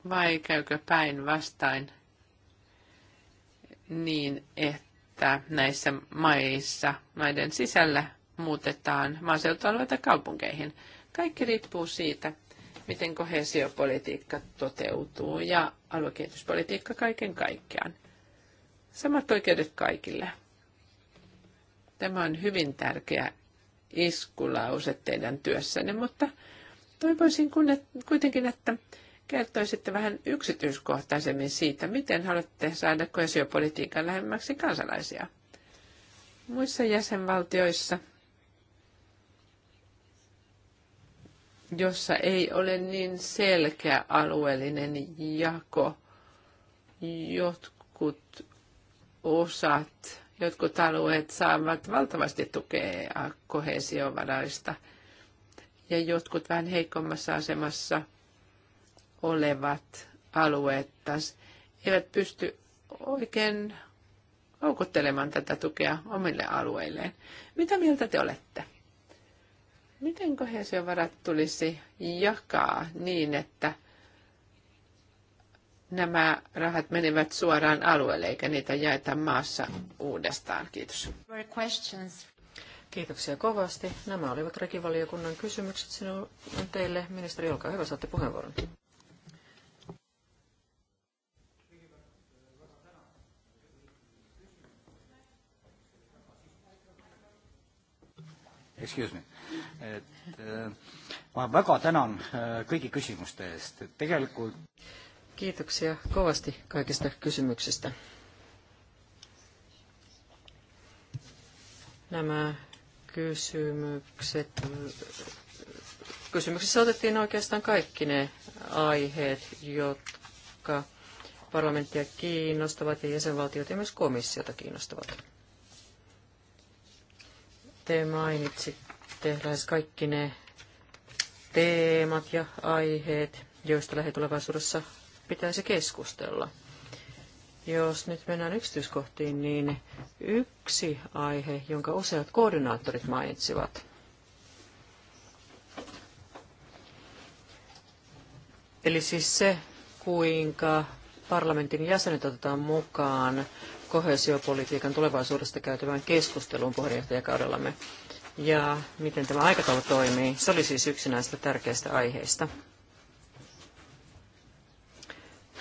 Vai käykö päinvastain niin, että näissä maissa, maiden sisällä muutetaan maaseutualueita kaupunkeihin? Kaikki riippuu siitä, miten kohesiopolitiikka toteutuu ja aluekehityspolitiikka kaiken kaikkiaan. Samat oikeudet kaikille. Tämä on hyvin tärkeä iskulause teidän työssänne, mutta toivoisin kuitenkin, että kertoisitte vähän yksityiskohtaisemmin siitä, miten haluatte saada koesiopolitiikan lähemmäksi kansalaisia. Muissa jäsenvaltioissa, jossa ei ole niin selkeä alueellinen jako, jotkut osat Jotkut alueet saavat valtavasti tukea kohesiovaraista ja jotkut vähän heikommassa asemassa olevat alueet taas eivät pysty oikein houkuttelemaan tätä tukea omille alueilleen. Mitä mieltä te olette? Miten kohesiovarat tulisi jakaa niin, että nämä rahat menevät suoraan alueelle eikä niitä jaeta maassa uudestaan. Kiitos.
Kiitoksia kovasti. Nämä olivat rekivaliokunnan kysymykset sinulle teille. Ministeri, olkaa hyvä, saatte puheenvuoron. Excuse me. Et, äh, ma väga tänan äh, kõigi küsimuste eest. Tegelikult Kiitoksia kovasti kaikista kysymyksistä. Nämä kysymykset, kysymyksissä otettiin oikeastaan kaikki ne aiheet, jotka parlamenttia kiinnostavat ja jäsenvaltiot ja myös komissiota kiinnostavat. Te mainitsitte lähes kaikki ne teemat ja aiheet, joista lähitulevaisuudessa pitäisi keskustella. Jos nyt mennään yksityiskohtiin, niin yksi aihe, jonka useat koordinaattorit mainitsivat, eli siis se, kuinka parlamentin jäsenet otetaan mukaan kohesiopolitiikan tulevaisuudesta käytävään keskusteluun puheenjohtajakaudellamme ja miten tämä aikataulu toimii. Se oli siis yksi näistä tärkeistä aiheista.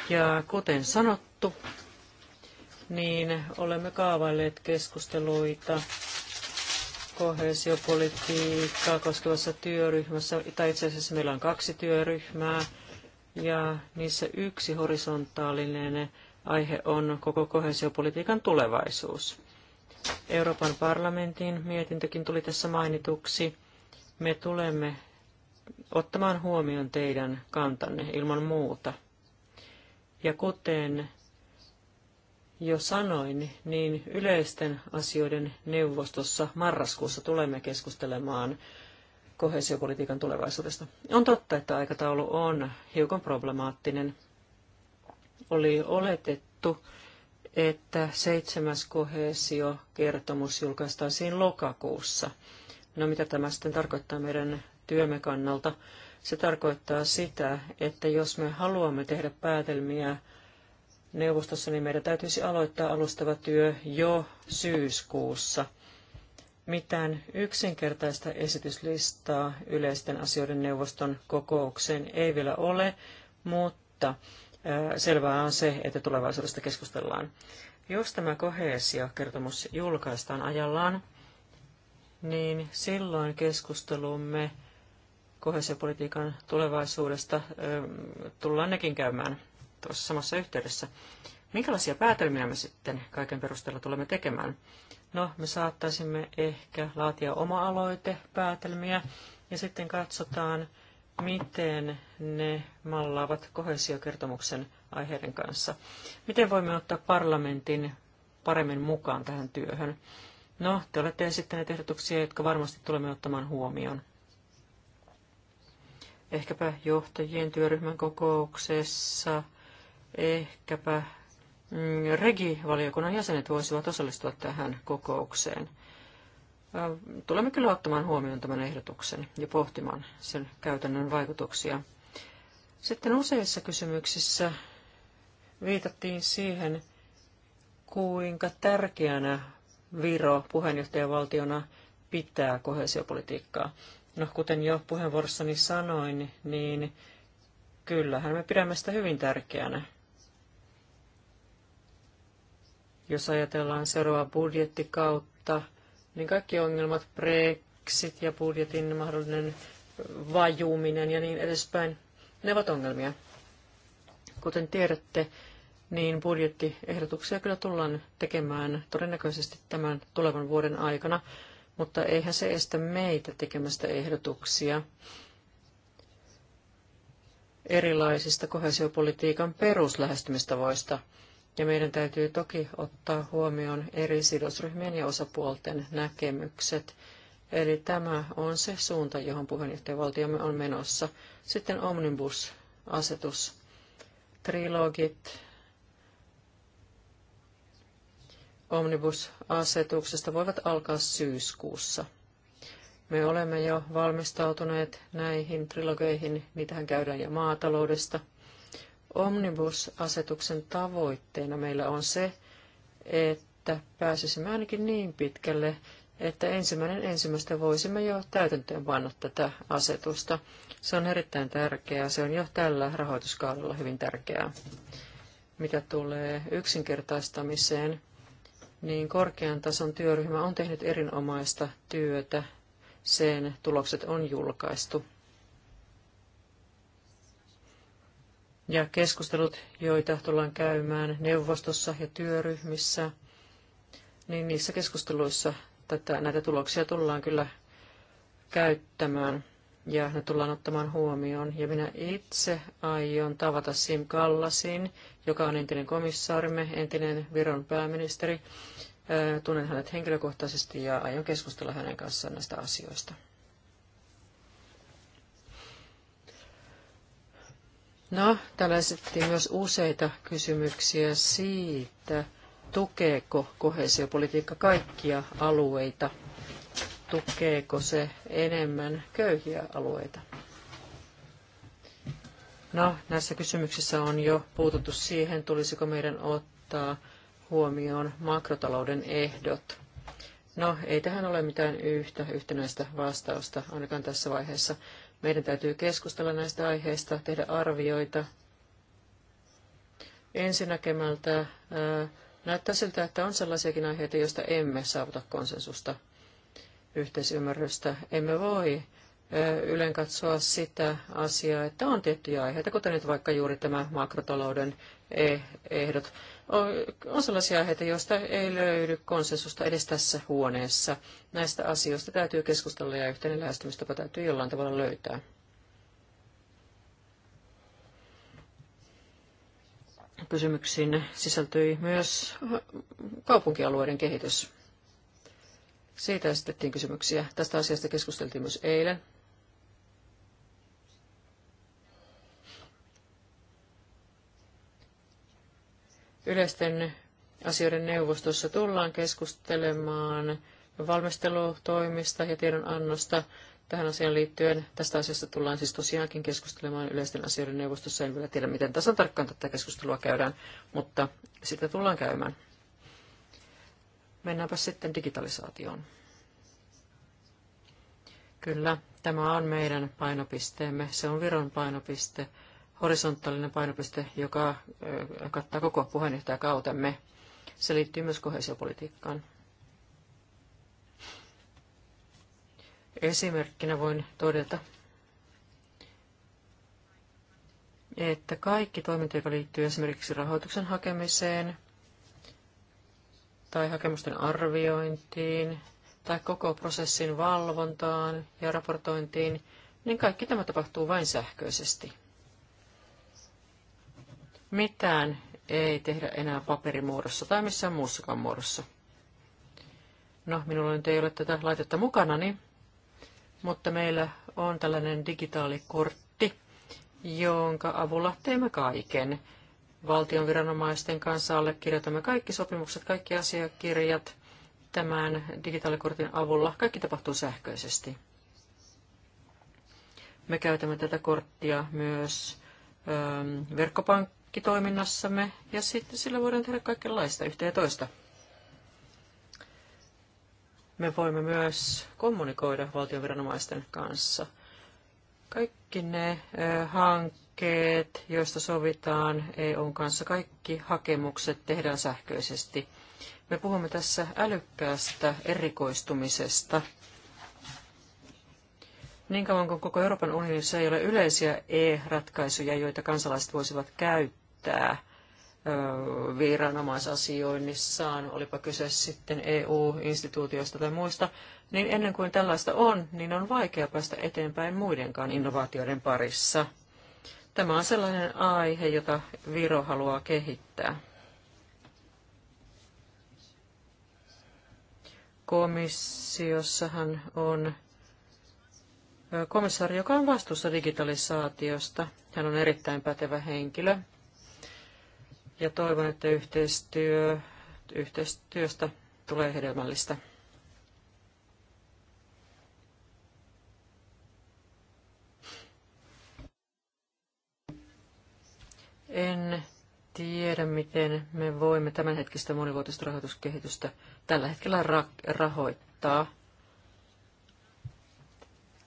Ja kuten sanottu, niin olemme kaavailleet keskusteluita kohesiopolitiikkaa koskevassa työryhmässä, tai itse asiassa meillä on kaksi työryhmää, ja niissä yksi horisontaalinen aihe on koko kohesiopolitiikan tulevaisuus. Euroopan parlamentin mietintökin tuli tässä mainituksi. Me tulemme ottamaan huomioon teidän kantanne ilman muuta. Ja kuten jo sanoin, niin yleisten asioiden neuvostossa marraskuussa tulemme keskustelemaan kohesiopolitiikan tulevaisuudesta. On totta, että aikataulu on hiukan problemaattinen. Oli oletettu, että seitsemäs kohesiokertomus julkaistaisiin lokakuussa. No mitä tämä sitten tarkoittaa meidän työmme kannalta? Se tarkoittaa sitä, että jos me haluamme tehdä päätelmiä neuvostossa, niin meidän täytyisi aloittaa alustava työ jo syyskuussa. Mitään yksinkertaista esityslistaa yleisten asioiden neuvoston kokoukseen ei vielä ole, mutta selvää on se, että tulevaisuudesta keskustellaan. Jos tämä kohesiokertomus julkaistaan ajallaan, niin silloin keskustelumme kohesiopolitiikan tulevaisuudesta tullaan nekin käymään tuossa samassa yhteydessä. Minkälaisia päätelmiä me sitten kaiken perusteella tulemme tekemään? No, me saattaisimme ehkä laatia oma-aloitepäätelmiä ja sitten katsotaan, miten ne mallaavat kohesiokertomuksen aiheiden kanssa. Miten voimme ottaa parlamentin paremmin mukaan tähän työhön? No, te olette esittäneet ehdotuksia, jotka varmasti tulemme ottamaan huomioon ehkäpä johtajien työryhmän kokouksessa, ehkäpä mm, regivaliokunnan jäsenet voisivat osallistua tähän kokoukseen. Tulemme kyllä ottamaan huomioon tämän ehdotuksen ja pohtimaan sen käytännön vaikutuksia. Sitten useissa kysymyksissä viitattiin siihen, kuinka tärkeänä Viro puheenjohtajavaltiona pitää kohesiopolitiikkaa. No, kuten jo puheenvuorossani sanoin, niin kyllähän me pidämme sitä hyvin tärkeänä. Jos ajatellaan seuraavaa budjettikautta, niin kaikki ongelmat, Brexit ja budjetin mahdollinen vajuuminen ja niin edespäin, ne ovat ongelmia. Kuten tiedätte, niin budjettiehdotuksia kyllä tullaan tekemään todennäköisesti tämän tulevan vuoden aikana mutta eihän se estä meitä tekemästä ehdotuksia erilaisista kohesiopolitiikan peruslähestymistavoista. Ja meidän täytyy toki ottaa huomioon eri sidosryhmien ja osapuolten näkemykset. Eli tämä on se suunta, johon puheenjohtajavaltiomme on menossa. Sitten omnibus-asetus, trilogit, omnibusasetuksesta voivat alkaa syyskuussa. Me olemme jo valmistautuneet näihin trilogeihin, niitähän käydään jo maataloudesta. Omnibus-asetuksen tavoitteena meillä on se, että pääsisimme ainakin niin pitkälle, että ensimmäinen ensimmäistä voisimme jo täytäntöön panna tätä asetusta. Se on erittäin tärkeää, se on jo tällä rahoituskaudella hyvin tärkeää. Mitä tulee yksinkertaistamiseen, niin korkean tason työryhmä on tehnyt erinomaista työtä. Sen tulokset on julkaistu. Ja keskustelut, joita tullaan käymään neuvostossa ja työryhmissä, niin niissä keskusteluissa tätä, näitä tuloksia tullaan kyllä käyttämään ja ne tullaan ottamaan huomioon. Ja minä itse aion tavata Sim Kallasin, joka on entinen komissaarimme, entinen Viron pääministeri. Tunnen hänet henkilökohtaisesti ja aion keskustella hänen kanssaan näistä asioista. No, täällä esitettiin myös useita kysymyksiä siitä, tukeeko kohesiopolitiikka kaikkia alueita tukeeko se enemmän köyhiä alueita? No, näissä kysymyksissä on jo puututtu siihen, tulisiko meidän ottaa huomioon makrotalouden ehdot. No, ei tähän ole mitään yhtä yhtenäistä vastausta, ainakaan tässä vaiheessa. Meidän täytyy keskustella näistä aiheista, tehdä arvioita. Ensinnäkemältä näyttää siltä, että on sellaisiakin aiheita, joista emme saavuta konsensusta yhteisymmärrystä. Emme voi ylen katsoa sitä asiaa, että on tiettyjä aiheita, kuten nyt vaikka juuri tämä makrotalouden e- ehdot. On sellaisia aiheita, joista ei löydy konsensusta edes tässä huoneessa. Näistä asioista täytyy keskustella ja yhteinen lähestymistapa täytyy jollain tavalla löytää. Kysymyksiin sisältyi myös kaupunkialueiden kehitys. Siitä esitettiin kysymyksiä. Tästä asiasta keskusteltiin myös eilen. Yleisten asioiden neuvostossa tullaan keskustelemaan valmistelutoimista ja tiedonannosta tähän asiaan liittyen. Tästä asiasta tullaan siis tosiaankin keskustelemaan yleisten asioiden neuvostossa. En vielä tiedä, miten tasan tarkkaan tätä keskustelua käydään, mutta sitä tullaan käymään. Mennäänpä sitten digitalisaatioon. Kyllä, tämä on meidän painopisteemme. Se on Viron painopiste, horisontaalinen painopiste, joka kattaa koko puheenjohtajakautemme. Se liittyy myös kohesiopolitiikkaan. Esimerkkinä voin todeta, että kaikki toiminta, joka liittyy esimerkiksi rahoituksen hakemiseen – tai hakemusten arviointiin tai koko prosessin valvontaan ja raportointiin, niin kaikki tämä tapahtuu vain sähköisesti. Mitään ei tehdä enää paperimuodossa tai missään muussakaan muodossa. No, minulla nyt ei ole tätä laitetta mukanani, mutta meillä on tällainen digitaalikortti, jonka avulla teemme kaiken valtion viranomaisten kanssa allekirjoitamme kaikki sopimukset, kaikki asiakirjat tämän digitaalikortin avulla. Kaikki tapahtuu sähköisesti. Me käytämme tätä korttia myös ö, ähm, verkkopankkitoiminnassamme ja sitten sillä voidaan tehdä kaikenlaista yhtä ja toista. Me voimme myös kommunikoida viranomaisten kanssa. Kaikki ne ö, äh, hankkeet, hankkeet, joista sovitaan EUn kanssa, kaikki hakemukset tehdään sähköisesti. Me puhumme tässä älykkäästä erikoistumisesta. Niin kauan kuin koko Euroopan unionissa ei ole yleisiä e-ratkaisuja, joita kansalaiset voisivat käyttää viranomaisasioinnissaan, olipa kyse sitten EU-instituutioista tai muista, niin ennen kuin tällaista on, niin on vaikea päästä eteenpäin muidenkaan innovaatioiden parissa. Tämä on sellainen aihe, jota Viro haluaa kehittää. Komissiossahan on komissaari, joka on vastuussa digitalisaatiosta. Hän on erittäin pätevä henkilö. Ja toivon, että yhteistyö, yhteistyöstä tulee hedelmällistä. En tiedä, miten me voimme tämänhetkistä monivuotista rahoituskehitystä tällä hetkellä ra- rahoittaa.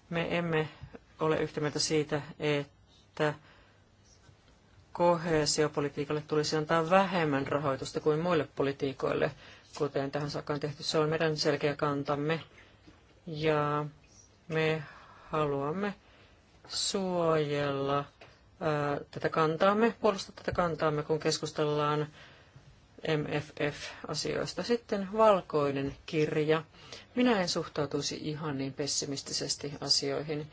Me emme ole yhtä mieltä siitä, että kohesiopolitiikalle tulisi antaa vähemmän rahoitusta kuin muille politiikoille, kuten tähän saakka on tehty. Se on meidän selkeä kantamme. Ja me haluamme suojella tätä kantaamme, puolustaa tätä kantaamme, kun keskustellaan MFF-asioista. Sitten valkoinen kirja. Minä en suhtautuisi ihan niin pessimistisesti asioihin.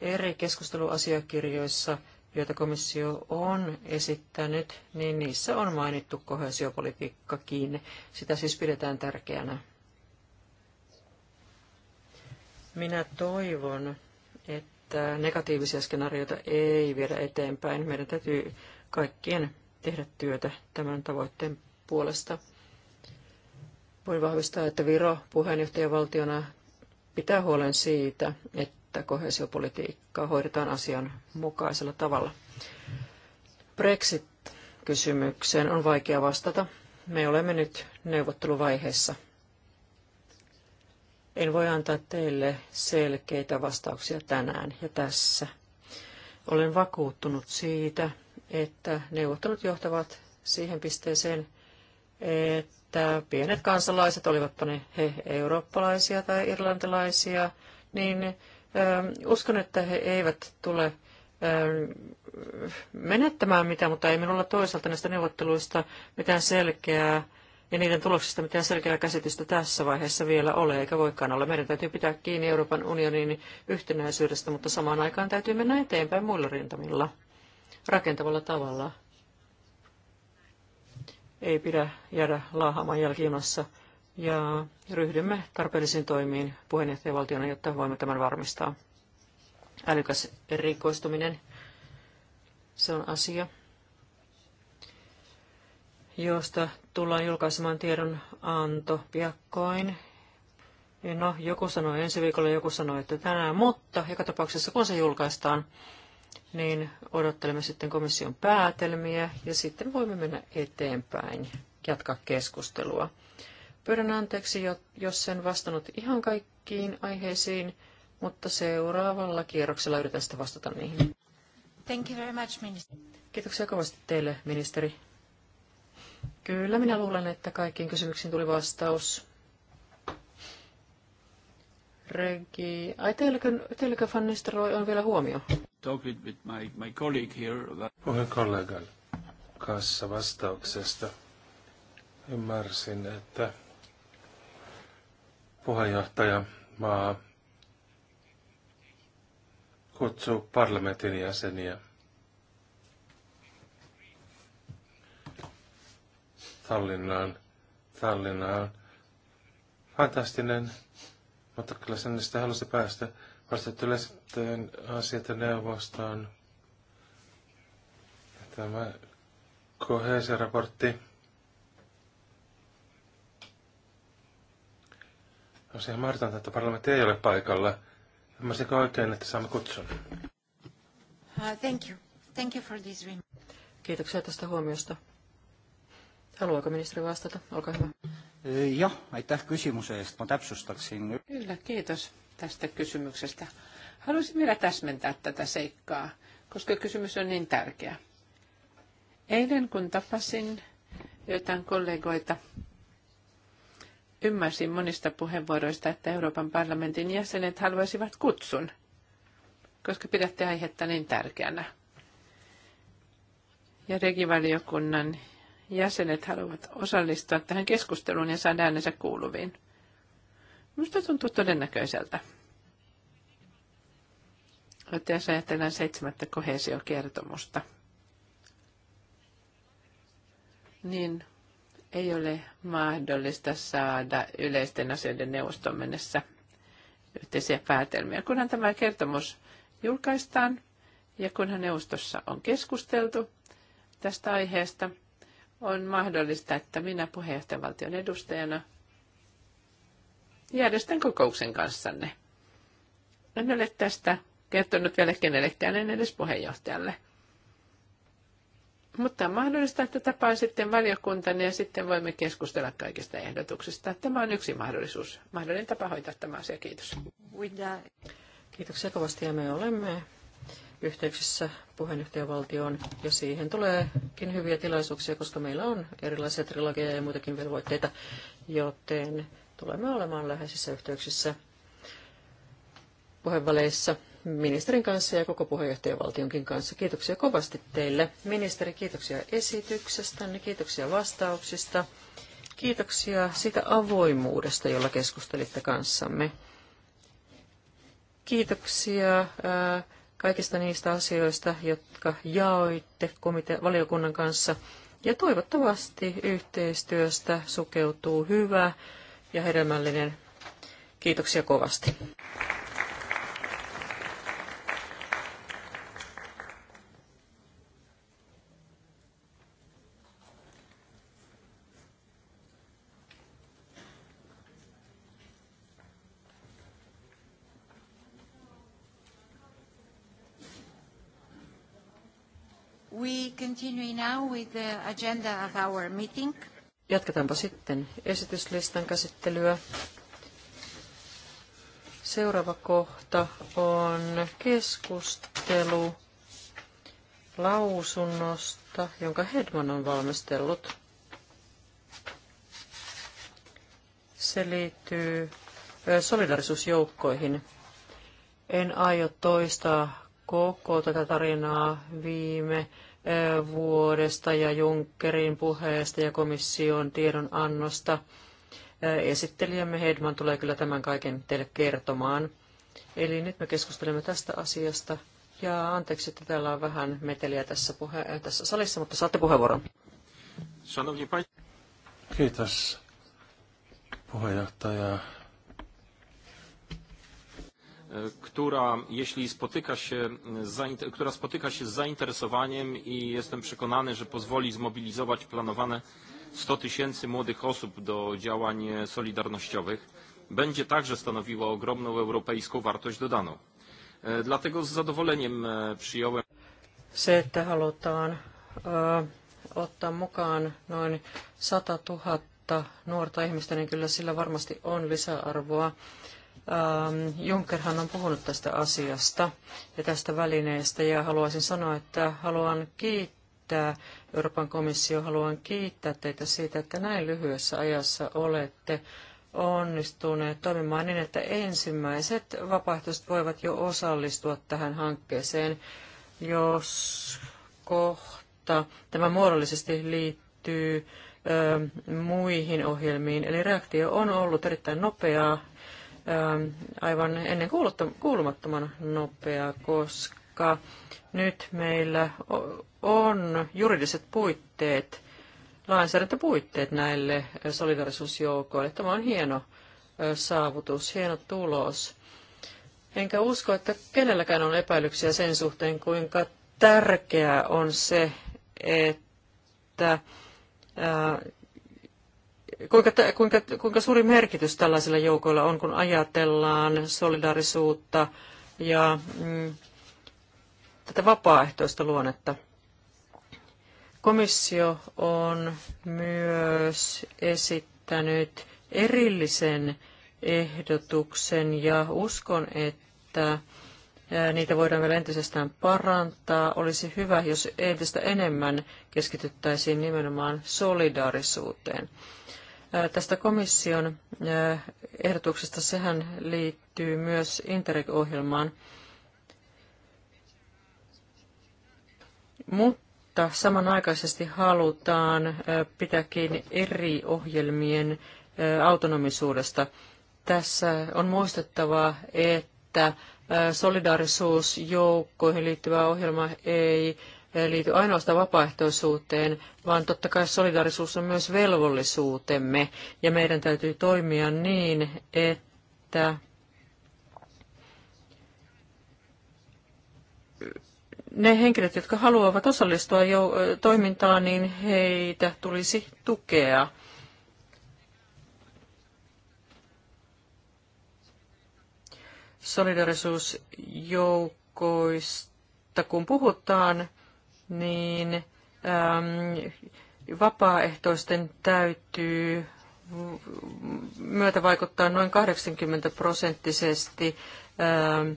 Eri keskusteluasiakirjoissa, joita komissio on esittänyt, niin niissä on mainittu kohesiopolitiikkakin. Sitä siis pidetään tärkeänä. Minä toivon, että että negatiivisia skenaarioita ei viedä eteenpäin. Meidän täytyy kaikkien tehdä työtä tämän tavoitteen puolesta. Voin vahvistaa, että Viro puheenjohtajavaltiona pitää huolen siitä, että kohesiopolitiikkaa hoidetaan asian mukaisella tavalla. Brexit-kysymykseen on vaikea vastata. Me olemme nyt neuvotteluvaiheessa – en voi antaa teille selkeitä vastauksia tänään ja tässä. Olen vakuuttunut siitä, että neuvottelut johtavat siihen pisteeseen, että pienet kansalaiset, olivatpa ne he eurooppalaisia tai irlantilaisia, niin ähm, uskon, että he eivät tule ähm, menettämään mitään, mutta ei minulla toisaalta näistä neuvotteluista mitään selkeää ja niiden tuloksista mitään selkeää käsitystä tässä vaiheessa vielä ole, eikä voikaan olla. Meidän täytyy pitää kiinni Euroopan unionin yhtenäisyydestä, mutta samaan aikaan täytyy mennä eteenpäin muilla rintamilla, rakentavalla tavalla. Ei pidä jäädä laahaamaan jälkijunassa ja ryhdymme tarpeellisiin toimiin puheenjohtajavaltiona, jotta voimme tämän varmistaa. Älykäs erikoistuminen, se on asia, josta tullaan julkaisemaan tiedon anto piakkoin. No, joku sanoi ensi viikolla, joku sanoi, että tänään, mutta joka tapauksessa kun se julkaistaan, niin odottelemme sitten komission päätelmiä ja sitten voimme mennä eteenpäin, jatkaa keskustelua. Pyydän anteeksi, jos sen vastannut ihan kaikkiin aiheisiin, mutta seuraavalla kierroksella yritän sitä vastata niihin.
Thank you very much, minister.
Kiitoksia kovasti teille, ministeri. Kyllä, minä luulen, että kaikkiin kysymyksiin tuli vastaus. Regi, ai teilläkö, teilläkö Van Nistelrooy on vielä huomio?
Talk with,
my, my colleague here. That... kollegan kanssa vastauksesta. Ymmärsin, että puheenjohtaja maa kutsuu parlamentin jäseniä – Tallinnaan. Tallinnaan. Fantastinen, mutta kyllä sen sitä halusi päästä. Vastat yleisten asioiden neuvostoon. Tämä raportti On se ihan että parlamentti ei ole paikalla. Ymmärsikö oikein, että saamme kutsun? Uh,
thank you. Thank you for this
Kiitoksia tästä huomiosta. Haluaako
ministeri vastata? Olkaa hyvä.
Eh, jah, aitäh kysymuse eest. Mä täpsustaksin.
Kyllä, kiitos tästä kysymyksestä. Haluaisin vielä täsmentää tätä seikkaa, koska kysymys on niin tärkeä. Eilen kun tapasin joitain kollegoita, ymmärsin monista puheenvuoroista, että Euroopan parlamentin jäsenet haluaisivat kutsun, koska pidätte aihetta niin tärkeänä. Ja regivaliokunnan jäsenet haluavat osallistua tähän keskusteluun ja saada äänensä kuuluviin. Minusta tuntuu todennäköiseltä. Mutta jos ajatellaan seitsemättä kohesiokertomusta, niin ei ole mahdollista saada yleisten asioiden neuvoston mennessä yhteisiä päätelmiä. Kunhan tämä kertomus julkaistaan ja kunhan neuvostossa on keskusteltu tästä aiheesta, on mahdollista, että minä puheenjohtajavaltion edustajana järjestän kokouksen kanssanne. En ole tästä kertonut vielä kenellekään, en edes puheenjohtajalle. Mutta on mahdollista, että tapaan sitten valiokuntanne ja sitten voimme keskustella kaikista ehdotuksista. Tämä on yksi mahdollisuus, mahdollinen tapa hoitaa tämä asia. Kiitos. Kiitoksia kovasti ja me olemme yhteyksissä
puheenjohtajavaltioon, ja siihen tuleekin hyviä tilaisuuksia, koska meillä on erilaisia trilogeja ja muitakin velvoitteita, joten tulemme olemaan läheisissä yhteyksissä puheenvaleissa ministerin kanssa ja koko puheenjohtajavaltionkin kanssa. Kiitoksia kovasti teille. Ministeri, kiitoksia esityksestänne, kiitoksia vastauksista, kiitoksia siitä avoimuudesta, jolla keskustelitte kanssamme. Kiitoksia. Ää, kaikista niistä asioista, jotka jaoitte komite- valiokunnan kanssa. Ja toivottavasti yhteistyöstä sukeutuu hyvä ja hedelmällinen. Kiitoksia kovasti. Jatketaanpa sitten esityslistan käsittelyä. Seuraava kohta on keskustelu lausunnosta, jonka Hedman on valmistellut. Se liittyy solidarisuusjoukkoihin. En aio toistaa koko tätä tarinaa viime vuodesta ja Junckerin puheesta ja komission tiedonannosta. Esittelijämme Hedman tulee kyllä tämän kaiken teille kertomaan. Eli nyt me keskustelemme tästä asiasta. Ja anteeksi, että täällä on vähän meteliä tässä, puhe- tässä salissa, mutta saatte puheenvuoron.
Kiitos puheenjohtaja która, jeśli spotyka się, która spotyka się
z zainteresowaniem i jestem przekonany, że pozwoli zmobilizować planowane 100 tysięcy młodych osób do działań solidarnościowych, będzie także stanowiła
ogromną europejską wartość dodaną. E, dlatego z zadowoleniem e, przyjąłem.
Se, että halutaan ö, e, ottaa mukaan noin 100 000 nuorta ihmistä, niin kyllä sillä varmasti on lisäarvoa Ähm, Junckerhan on puhunut tästä asiasta ja tästä välineestä ja haluaisin sanoa, että haluan kiittää Euroopan komissio, haluan kiittää teitä siitä, että näin lyhyessä ajassa olette onnistuneet toimimaan niin, että ensimmäiset vapaaehtoiset voivat jo osallistua tähän hankkeeseen, jos kohta tämä muodollisesti liittyy ö, muihin ohjelmiin. Eli reaktio on ollut erittäin nopeaa aivan ennen kuulumattoman nopea, koska nyt meillä on juridiset puitteet, lainsäädäntöpuitteet näille solidarisuusjoukoille. Tämä on hieno saavutus, hieno tulos. Enkä usko, että kenelläkään on epäilyksiä sen suhteen, kuinka tärkeää on se, että kuinka, kuinka, kuinka suuri merkitys tällaisilla joukoilla on, kun ajatellaan solidaarisuutta ja mm, tätä vapaaehtoista luonnetta? Komissio on myös esittänyt erillisen ehdotuksen ja uskon, että niitä voidaan vielä entisestään parantaa. Olisi hyvä, jos entistä enemmän keskityttäisiin nimenomaan solidaarisuuteen. Tästä komission ehdotuksesta sehän liittyy myös Interreg-ohjelmaan. Mutta samanaikaisesti halutaan pitääkin eri ohjelmien autonomisuudesta. Tässä on muistettava, että solidaarisuusjoukkoihin liittyvä ohjelma ei liity ainoastaan vapaaehtoisuuteen, vaan totta kai solidaarisuus on myös velvollisuutemme, ja meidän täytyy toimia niin, että ne henkilöt, jotka haluavat osallistua jo toimintaan, niin heitä tulisi tukea. Solidarisuusjoukoista, kun puhutaan, niin äm, vapaaehtoisten täytyy myötä vaikuttaa noin 80 prosenttisesti ähm,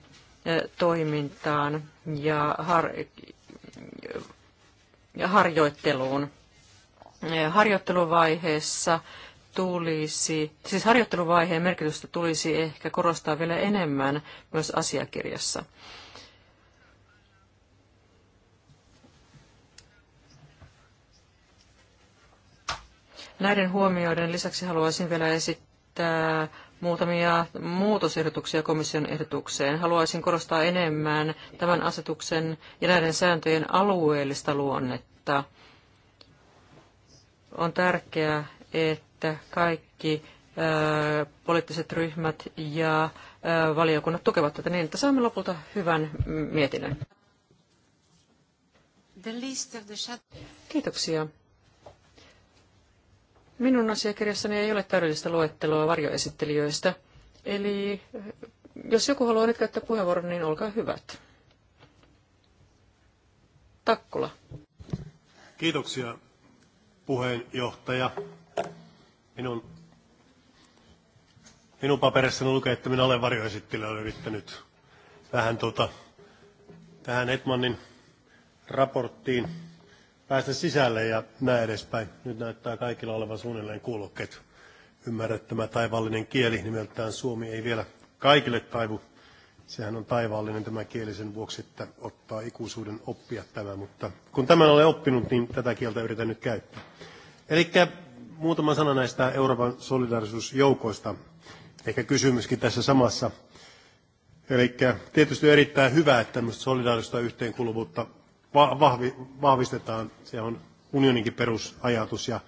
toimintaan ja, har, ja harjoitteluun. Äh, harjoitteluvaiheessa tulisi, siis harjoitteluvaiheen merkitystä tulisi ehkä korostaa vielä enemmän myös asiakirjassa. Näiden huomioiden lisäksi haluaisin vielä esittää muutamia muutosehdotuksia komission ehdotukseen. Haluaisin korostaa enemmän tämän asetuksen ja näiden sääntöjen alueellista luonnetta. On tärkeää, että kaikki ö, poliittiset ryhmät ja ö, valiokunnat tukevat tätä niin, että saamme lopulta hyvän mietinnön. Kiitoksia. Minun asiakirjassani ei ole täydellistä luetteloa varjoesittelijöistä, eli eh, jos joku haluaa nyt käyttää puheenvuoron, niin olkaa hyvät.
Takkula.
Kiitoksia puheenjohtaja. Minun, minun paperissani lukee, että minä olen varjoesittelijä olen yrittänyt vähän tuota, tähän Etmanin raporttiin päästä sisälle ja näin edespäin. Nyt näyttää kaikilla olevan suunnilleen kuulokkeet. Ymmärrettömä että tämä taivaallinen kieli nimeltään Suomi ei vielä kaikille taivu. Sehän on taivaallinen tämä kieli sen vuoksi, että ottaa ikuisuuden oppia tämä, mutta kun tämän olen oppinut, niin tätä kieltä yritän nyt käyttää. Eli muutama sana näistä Euroopan solidarisuusjoukoista. Ehkä kysymyskin tässä samassa. Eli tietysti on erittäin hyvä, että tämmöistä solidaarista yhteenkuuluvuutta vahvi, vahvistetaan. Se on unioninkin perusajatus ja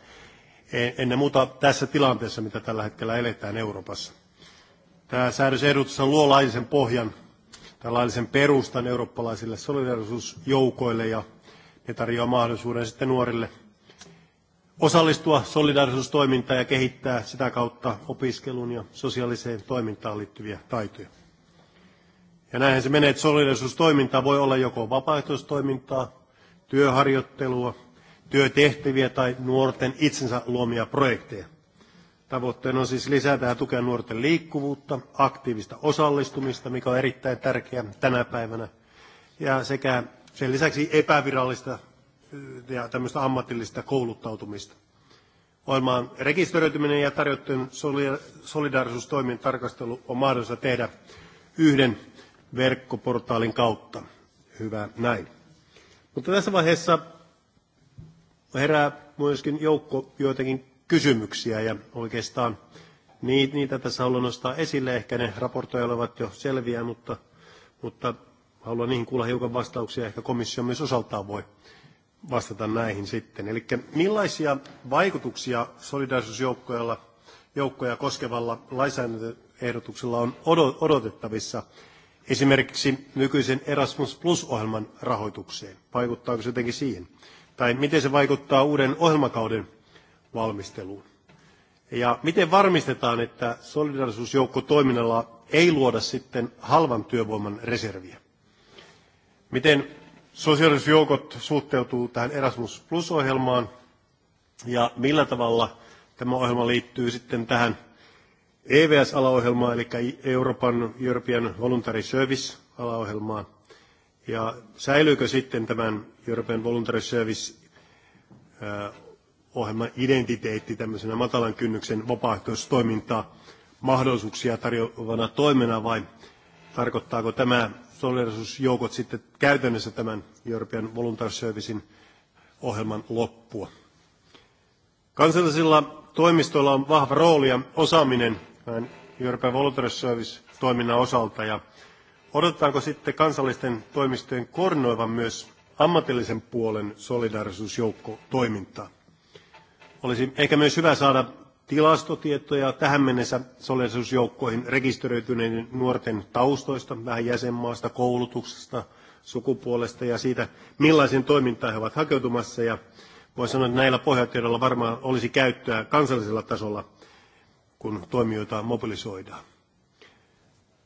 e, ennen muuta tässä tilanteessa, mitä tällä hetkellä eletään Euroopassa. Tämä säädösehdotus luo laillisen pohjan tai laillisen perustan eurooppalaisille solidarisuusjoukoille ja ne tarjoaa mahdollisuuden sitten nuorille osallistua solidarisuustoimintaan ja kehittää sitä kautta opiskeluun ja sosiaaliseen toimintaan liittyviä taitoja. Ja näinhän se menee, että solidaisuustoiminta voi olla joko vapaaehtoistoimintaa, työharjoittelua, työtehtäviä tai nuorten itsensä luomia projekteja. Tavoitteena on siis lisätä ja tukea nuorten liikkuvuutta, aktiivista osallistumista, mikä on erittäin tärkeää tänä päivänä, ja sekä sen lisäksi epävirallista ja tämmöistä ammatillista kouluttautumista. Ohjelmaan rekisteröityminen ja tarjottujen solidaarisuustoimien tarkastelu on mahdollista tehdä yhden verkkoportaalin kautta. Hyvä näin. Mutta tässä vaiheessa herää myöskin joukko joitakin kysymyksiä ja oikeastaan niitä tässä haluan nostaa esille. Ehkä ne raportoja olevat jo selviä, mutta, mutta haluan niihin kuulla hiukan vastauksia. Ehkä komissio myös osaltaan voi vastata näihin sitten. Eli millaisia vaikutuksia solidaarisuusjoukkoja koskevalla lainsäädäntöehdotuksella on odotettavissa esimerkiksi nykyisen Erasmus Plus-ohjelman rahoitukseen? Vaikuttaako se jotenkin siihen? Tai miten se vaikuttaa uuden ohjelmakauden valmisteluun? Ja miten varmistetaan, että toiminnalla ei luoda sitten halvan työvoiman reserviä? Miten sosiaalisuusjoukot suhteutuu tähän Erasmus Plus-ohjelmaan ja millä tavalla tämä ohjelma liittyy sitten tähän EVS-alaohjelmaa, eli Euroopan European Voluntary Service-alaohjelmaa, ja säilyykö sitten tämän European Voluntary Service-ohjelman identiteetti tämmöisenä matalan kynnyksen vapaaehtoistoimintaa mahdollisuuksia tarjoavana toimena, vai tarkoittaako tämä solidarisuusjoukot sitten käytännössä tämän European Voluntary Servicein ohjelman loppua? Kansallisilla toimistoilla on vahva rooli ja osaaminen tämän European Voluntary Service-toiminnan osalta ja odotetaanko sitten kansallisten toimistojen koordinoivan myös ammatillisen puolen solidaarisuusjoukkotoimintaa? Olisi ehkä myös hyvä saada tilastotietoja tähän mennessä solidaarisuusjoukkoihin rekisteröityneiden nuorten taustoista, vähän jäsenmaasta, koulutuksesta, sukupuolesta ja siitä, millaisen toimintaan he ovat hakeutumassa. Ja voi sanoa, että näillä pohjatiedoilla varmaan olisi käyttöä kansallisella tasolla kun toimijoita mobilisoidaan.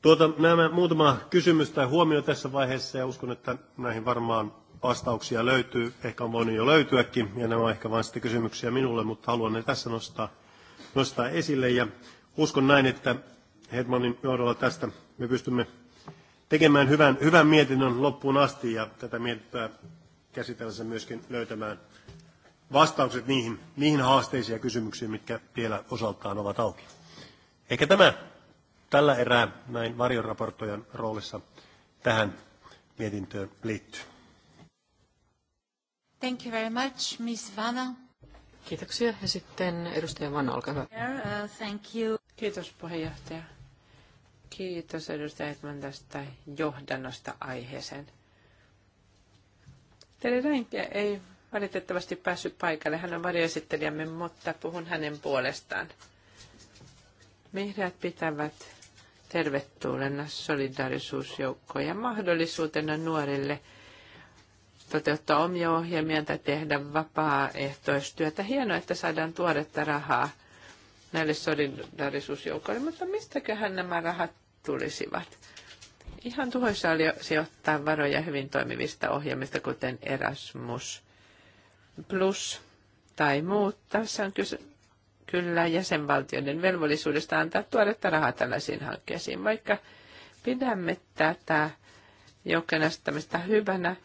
Tuota, nämä muutama kysymys tai huomio tässä vaiheessa ja uskon, että näihin varmaan vastauksia löytyy. Ehkä on voinut jo löytyäkin ja nämä ovat ehkä vain sitten kysymyksiä minulle, mutta haluan ne tässä nostaa, nostaa esille. Ja uskon näin, että Hetmanin johdolla tästä me pystymme tekemään hyvän, hyvän mietinnön loppuun asti ja tätä mietintöä käsitellessä myöskin löytämään vastaukset niihin, niihin haasteisiin ja kysymyksiin, mitkä vielä osaltaan ovat auki. Ehkä tämä tällä erää näin varjoraportoijan roolissa tähän mietintöön liittyy.
Thank you very much, Miss Vanna.
Kiitoksia. Ja sitten edustaja Vanna, olkaa hyvä.
Uh, thank you. Kiitos puheenjohtaja. Kiitos edustaja Edman tästä johdannosta aiheeseen. Tere ei valitettavasti päässyt paikalle. Hän on varjoesittelijämme, mutta puhun hänen puolestaan. Vihreät pitävät tervetulleena solidarisuusjoukkoja mahdollisuutena nuorille toteuttaa omia ohjelmia tai tehdä vapaaehtoistyötä. Hienoa, että saadaan tuoretta rahaa näille solidarisuusjoukoille, mutta mistäköhän nämä rahat tulisivat? Ihan tuhoisaa oli sijoittaa varoja hyvin toimivista ohjelmista, kuten Erasmus plus tai muut. Tässä on kyse kyllä jäsenvaltioiden velvollisuudesta antaa tuoretta rahaa tällaisiin hankkeisiin, vaikka pidämme tätä joukkenastamista hyvänä.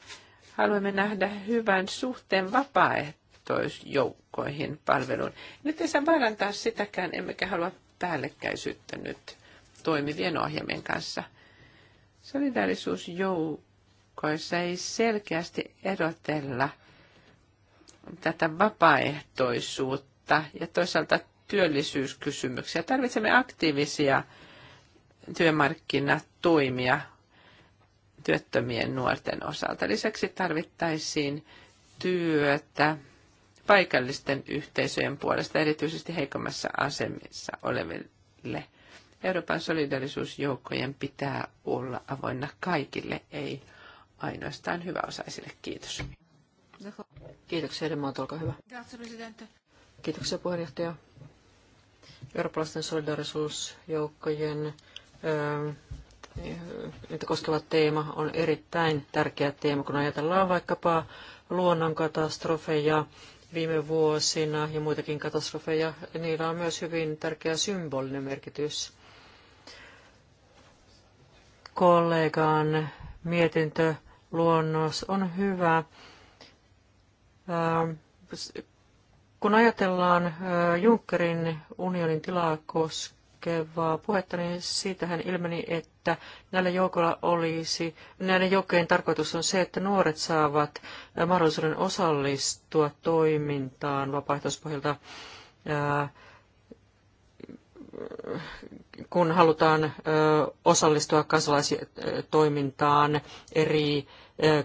Haluamme nähdä hyvän suhteen vapaaehtoisjoukkoihin palveluun. Nyt ei saa vaarantaa sitäkään, emmekä halua päällekkäisyyttä nyt toimivien ohjelmien kanssa. Solidaarisuusjoukoissa ei selkeästi erotella – tätä vapaaehtoisuutta ja toisaalta työllisyyskysymyksiä. Tarvitsemme aktiivisia työmarkkinatoimia työttömien nuorten osalta. Lisäksi tarvittaisiin työtä paikallisten yhteisöjen puolesta, erityisesti heikommassa asemissa oleville. Euroopan solidarisuusjoukkojen pitää olla avoinna kaikille, ei ainoastaan hyväosaisille. Kiitos. Kiitoksia, Edemaat, olkaa hyvä. Kiitoksia, puheenjohtaja.
Eurooppalaisten solidarisuusjoukkojen niitä koskeva teema on erittäin tärkeä teema, kun ajatellaan vaikkapa luonnonkatastrofeja viime vuosina ja muitakin katastrofeja. Niillä on myös hyvin tärkeä symbolinen merkitys. Kollegan mietintö luonnos on hyvä kun ajatellaan Junckerin unionin tilaa koskevaa puhetta, niin siitähän ilmeni, että näillä joukoilla olisi, näiden joukkojen tarkoitus on se, että nuoret saavat mahdollisuuden osallistua toimintaan vapaaehtoispohjalta kun halutaan osallistua kansalaistoimintaan eri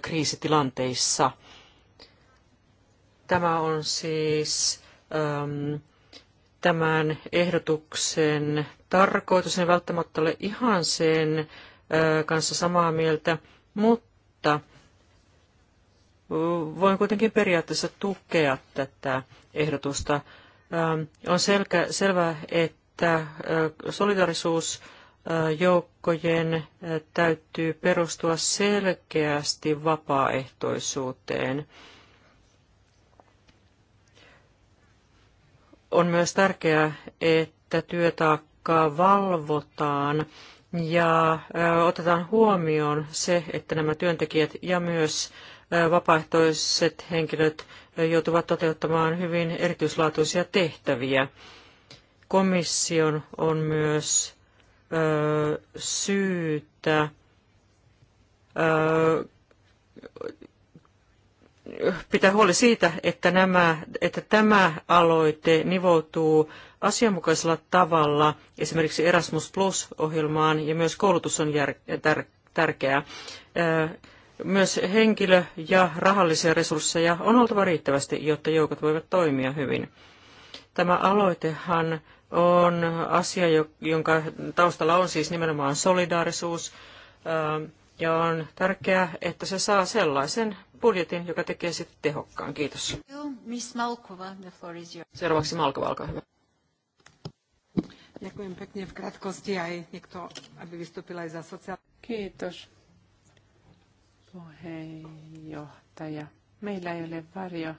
kriisitilanteissa – Tämä on siis äm, tämän ehdotuksen tarkoitus. En välttämättä ole ihan sen ä, äh, kanssa samaa mieltä, mutta voin kuitenkin periaatteessa tukea tätä ehdotusta. Ä, ähm, on selkä, selvä, että ä, äh, solidarisuus joukkojen äh, täytyy perustua selkeästi vapaaehtoisuuteen. On myös tärkeää, että työtaakkaa valvotaan ja otetaan huomioon se, että nämä työntekijät ja myös vapaaehtoiset henkilöt joutuvat toteuttamaan hyvin erityislaatuisia tehtäviä. Komission on myös syytä pitää huoli siitä, että, nämä, että tämä aloite nivoutuu asianmukaisella tavalla esimerkiksi Erasmus Plus-ohjelmaan ja myös koulutus on jär, tär, tärkeää. Myös henkilö- ja rahallisia resursseja on oltava riittävästi, jotta joukot voivat toimia hyvin. Tämä aloitehan on asia, jonka taustalla on siis nimenomaan solidaarisuus, ja on tärkeää, että se saa sellaisen budjetin, joka tekee sitten tehokkaan. Kiitos.
Miss Malkova, the floor is yours.
Seuraavaksi Malkova, olkaa hyvä. Ďakujem pekne v krátkosti aj niekto, aby vystúpila aj
za Kiitos, puheenjohtaja. Meillä ei ole varjo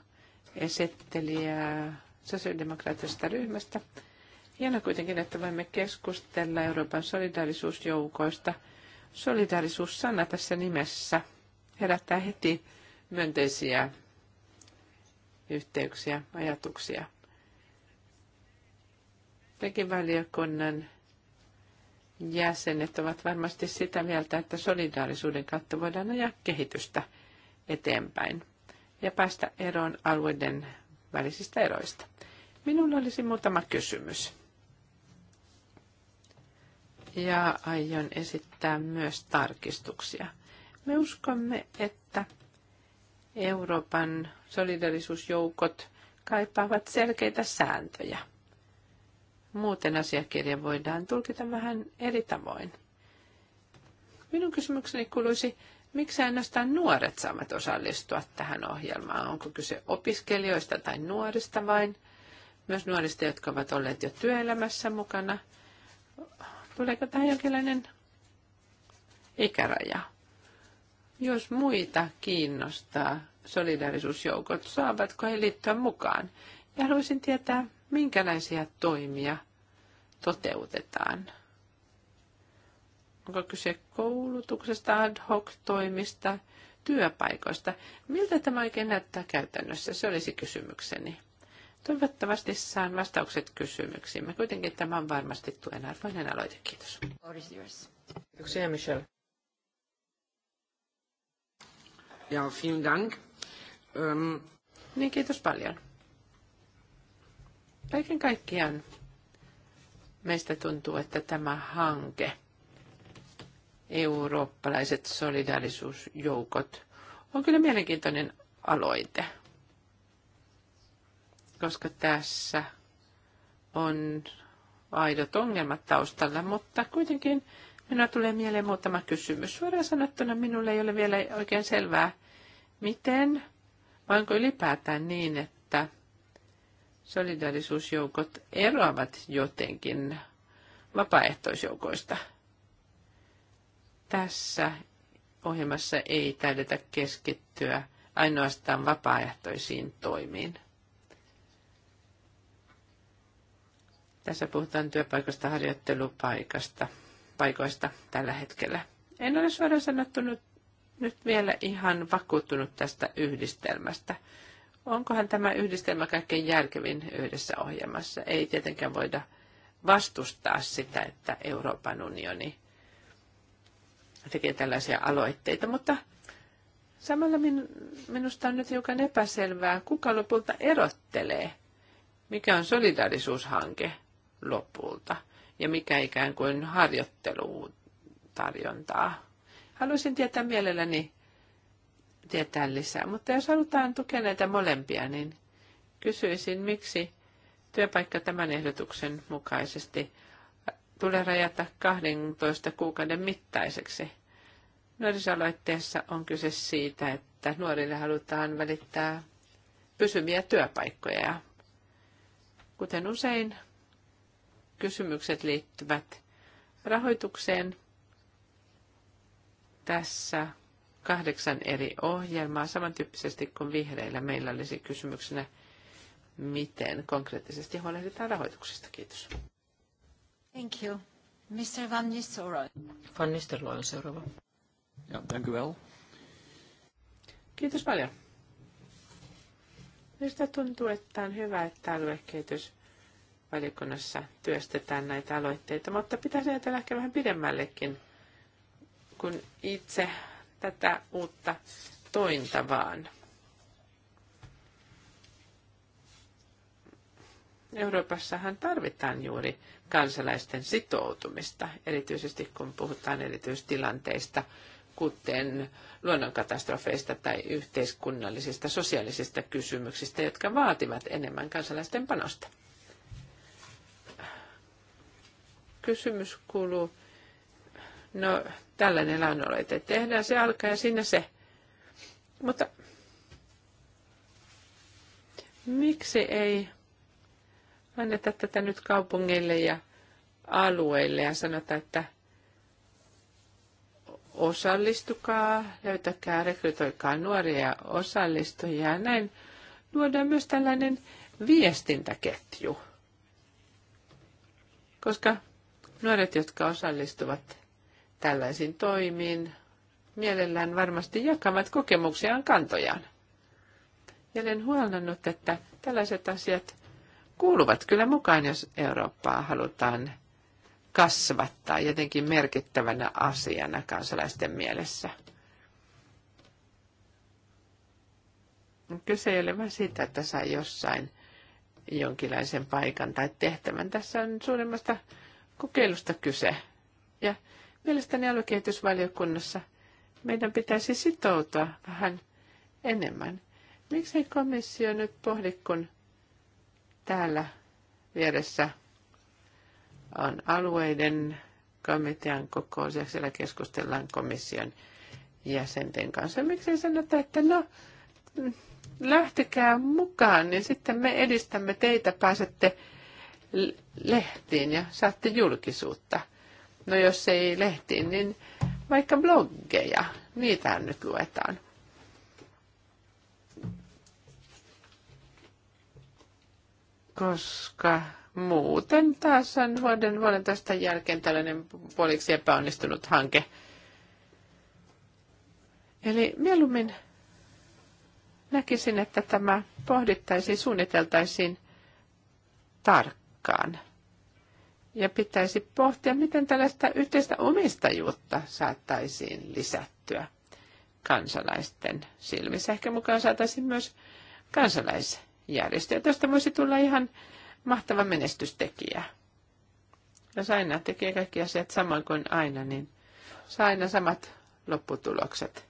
esittelijää sosiaalidemokraattisesta ryhmästä. Hienoa kuitenkin, että voimme keskustella Euroopan solidaarisuusjoukoista. Solidaarisuussana tässä nimessä herättää heti myönteisiä yhteyksiä, ajatuksia. Tekin valiokunnan jäsenet ovat varmasti sitä mieltä, että solidaarisuuden kautta voidaan ajaa kehitystä eteenpäin ja päästä eroon alueiden välisistä eroista. Minulla olisi muutama kysymys. Ja aion esittää myös tarkistuksia. Me uskomme, että Euroopan solidarisuusjoukot kaipaavat selkeitä sääntöjä. Muuten asiakirja voidaan tulkita vähän eri tavoin. Minun kysymykseni kuuluisi, miksi ainoastaan nuoret saavat osallistua tähän ohjelmaan? Onko kyse opiskelijoista tai nuorista vain? Myös nuorista, jotka ovat olleet jo työelämässä mukana. Tuleeko tähän jonkinlainen ikäraja? Jos muita kiinnostaa solidarisuusjoukot, saavatko he liittyä mukaan? Ja haluaisin tietää, minkälaisia toimia toteutetaan. Onko kyse koulutuksesta, ad hoc toimista, työpaikoista? Miltä tämä oikein näyttää käytännössä? Se olisi kysymykseni. Toivottavasti saan vastaukset kysymyksiin. kuitenkin tämä on varmasti tuen arvoinen aloite. Kiitos. Kiitoksia, Michelle. Ja, vielen Dank. Ähm. Niin, kiitos paljon. Kaiken kaikkiaan meistä tuntuu, että tämä hanke, eurooppalaiset solidarisuusjoukot, on kyllä mielenkiintoinen aloite, koska tässä on aidot ongelmat taustalla, mutta kuitenkin Minulla tulee mieleen muutama kysymys. Suoraan sanottuna minulle ei ole vielä oikein selvää, miten, vai onko ylipäätään niin, että solidarisuusjoukot eroavat jotenkin vapaaehtoisjoukoista. Tässä ohjelmassa ei täydetä keskittyä ainoastaan vapaaehtoisiin toimiin. Tässä puhutaan työpaikasta, harjoittelupaikasta – työpaikoista tällä hetkellä. En ole suoraan sanottu nyt vielä ihan vakuuttunut tästä yhdistelmästä. Onkohan tämä yhdistelmä kaikkein järkevin yhdessä ohjelmassa? Ei tietenkään voida vastustaa sitä, että Euroopan unioni tekee tällaisia aloitteita, mutta samalla minusta on nyt hiukan epäselvää, kuka lopulta erottelee, mikä on solidaarisuushanke lopulta – ja mikä ikään kuin harjoittelutarjontaa. Haluaisin tietää mielelläni tietää lisää, mutta jos halutaan tukea näitä molempia, niin kysyisin, miksi työpaikka tämän ehdotuksen mukaisesti tulee rajata 12 kuukauden mittaiseksi. Nuorisoloitteessa on kyse siitä, että nuorille halutaan välittää pysyviä työpaikkoja. Kuten usein kysymykset liittyvät rahoitukseen. Tässä kahdeksan eri ohjelmaa samantyyppisesti kuin vihreillä. Meillä olisi kysymyksenä, miten konkreettisesti huolehditaan rahoituksesta. Kiitos.
Thank you. Mr. Van Nistelrooy.
Van Nistelrooy on seuraava. Ja, dank u wel. Kiitos paljon. Minusta tuntuu, että on hyvä, että aluekehitys valiokunnassa työstetään näitä aloitteita, mutta pitäisi ajatella ehkä vähän pidemmällekin kuin itse tätä uutta tointa vaan. Euroopassahan tarvitaan juuri kansalaisten sitoutumista, erityisesti kun puhutaan erityistilanteista, kuten luonnonkatastrofeista tai yhteiskunnallisista sosiaalisista kysymyksistä, jotka vaativat enemmän kansalaisten panosta. kysymys kuuluu, no tällainen lainaloite, tehdään se alkaa ja sinne se. Mutta miksi ei anneta tätä nyt kaupungeille ja alueille ja sanota, että osallistukaa, löytäkää, rekrytoikaa nuoria osallistujia ja näin luodaan myös tällainen viestintäketju. Koska Nuoret, jotka osallistuvat tällaisiin toimiin, mielellään varmasti jakavat kokemuksiaan kantojaan. Ja olen huolannut, että tällaiset asiat kuuluvat kyllä mukaan, jos Eurooppaa halutaan kasvattaa jotenkin merkittävänä asiana kansalaisten mielessä. Kyse ei ole vain siitä, että saa jossain jonkinlaisen paikan tai tehtävän. Tässä on suurimmasta kokeilusta kyse. Ja mielestäni aluekehitysvaliokunnassa meidän pitäisi sitoutua vähän enemmän. ei komissio nyt pohdi, kun täällä vieressä on alueiden komitean kokous ja siellä keskustellaan komission jäsenten kanssa. ei sanota, että no, mm, lähtekää mukaan, niin sitten me edistämme teitä, pääsette lehtiin ja saatte julkisuutta. No jos ei lehtiin, niin vaikka bloggeja, niitä nyt luetaan. Koska muuten taas on vuoden vuoden tästä jälkeen tällainen puoliksi epäonnistunut hanke. Eli mieluummin näkisin, että tämä pohdittaisiin, suunniteltaisiin tarkkaan aikaan. Ja pitäisi pohtia, miten tällaista yhteistä omistajuutta saattaisiin lisättyä kansalaisten silmissä. Ehkä mukaan saataisiin myös kansalaisjärjestöjä. Tästä voisi tulla ihan mahtava menestystekijä. Jos aina tekee kaikki asiat samoin kuin aina, niin saa aina samat lopputulokset.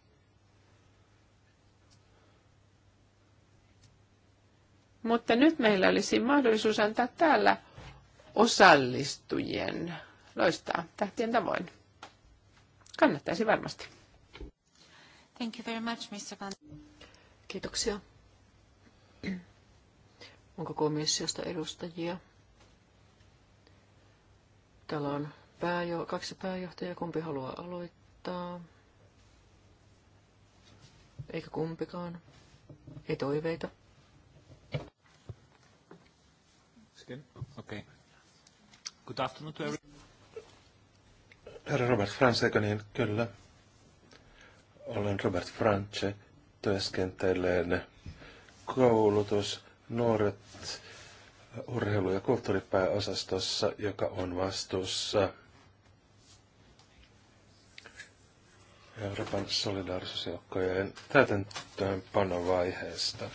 Mutta nyt meillä olisi mahdollisuus antaa täällä osallistujien loistaa tähtien tavoin. Kannattaisi varmasti.
Thank you very much, Mr. Van.
Kiitoksia.
Onko komissiosta edustajia? Täällä on pääjo- kaksi pääjohtajaa. Kumpi haluaa aloittaa? Eikä kumpikaan. Ei toiveita.
Still? Okay. Good afternoon to everyone. Herra
Robert France, eikö niin? Kyllä. Olen Robert France, työskentelen koulutus, nuoret, urheilu- ja kulttuuripääosastossa, joka on vastuussa Euroopan solidaarisuusjoukkojen täytäntöönpanovaiheesta.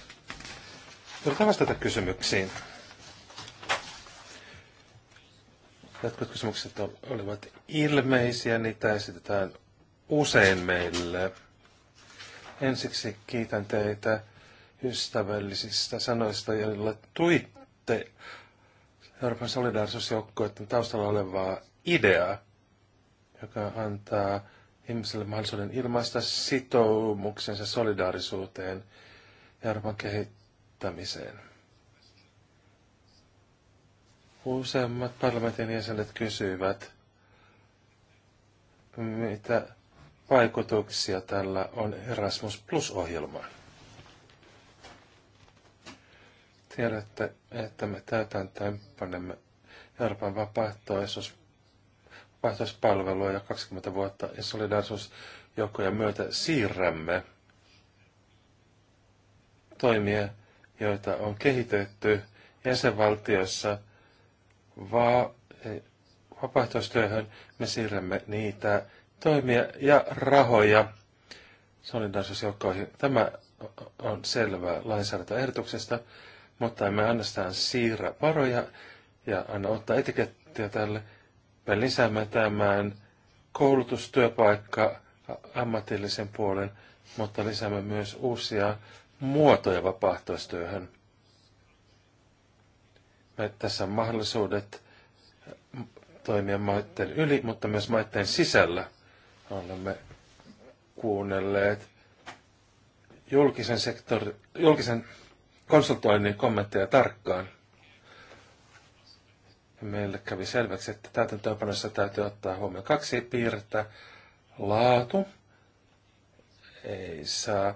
Yritän vastata kysymyksiin. Jotkut kysymykset olivat ilmeisiä, niitä esitetään usein meille. Ensiksi kiitän teitä ystävällisistä sanoista, joilla tuitte Euroopan solidaarisuusjoukkueiden taustalla olevaa ideaa, joka antaa ihmiselle mahdollisuuden ilmaista sitoumuksensa solidaarisuuteen ja Euroopan kehittämiseen. Useammat parlamentin jäsenet kysyivät, mitä vaikutuksia tällä on Erasmus Plus-ohjelmaan. Tiedätte, että me täytän panemme Euroopan vapaaehtoisuus vapaaehtoispalvelua ja 20 vuotta ja solidarisuusjoukkojen myötä siirrämme toimia, joita on kehitetty jäsenvaltiossa vaan vapaaehtoistyöhön, me siirrämme niitä toimia ja rahoja solidaarisuusjoukkoihin. Tämä on selvää lainsäädäntöehdotuksesta, mutta emme annastaan siirrä varoja ja anna ottaa etikettiä tälle. Me lisäämme tämän koulutustyöpaikka ammatillisen puolen, mutta lisäämme myös uusia muotoja vapaaehtoistyöhön. Me tässä on mahdollisuudet toimia maiden yli, mutta myös maiden sisällä. Olemme kuunnelleet julkisen, sektori, julkisen konsultoinnin kommentteja tarkkaan. Meille kävi selväksi, että täytäntöönpanossa täytyy ottaa huomioon kaksi piirrettä. Laatu. Ei saa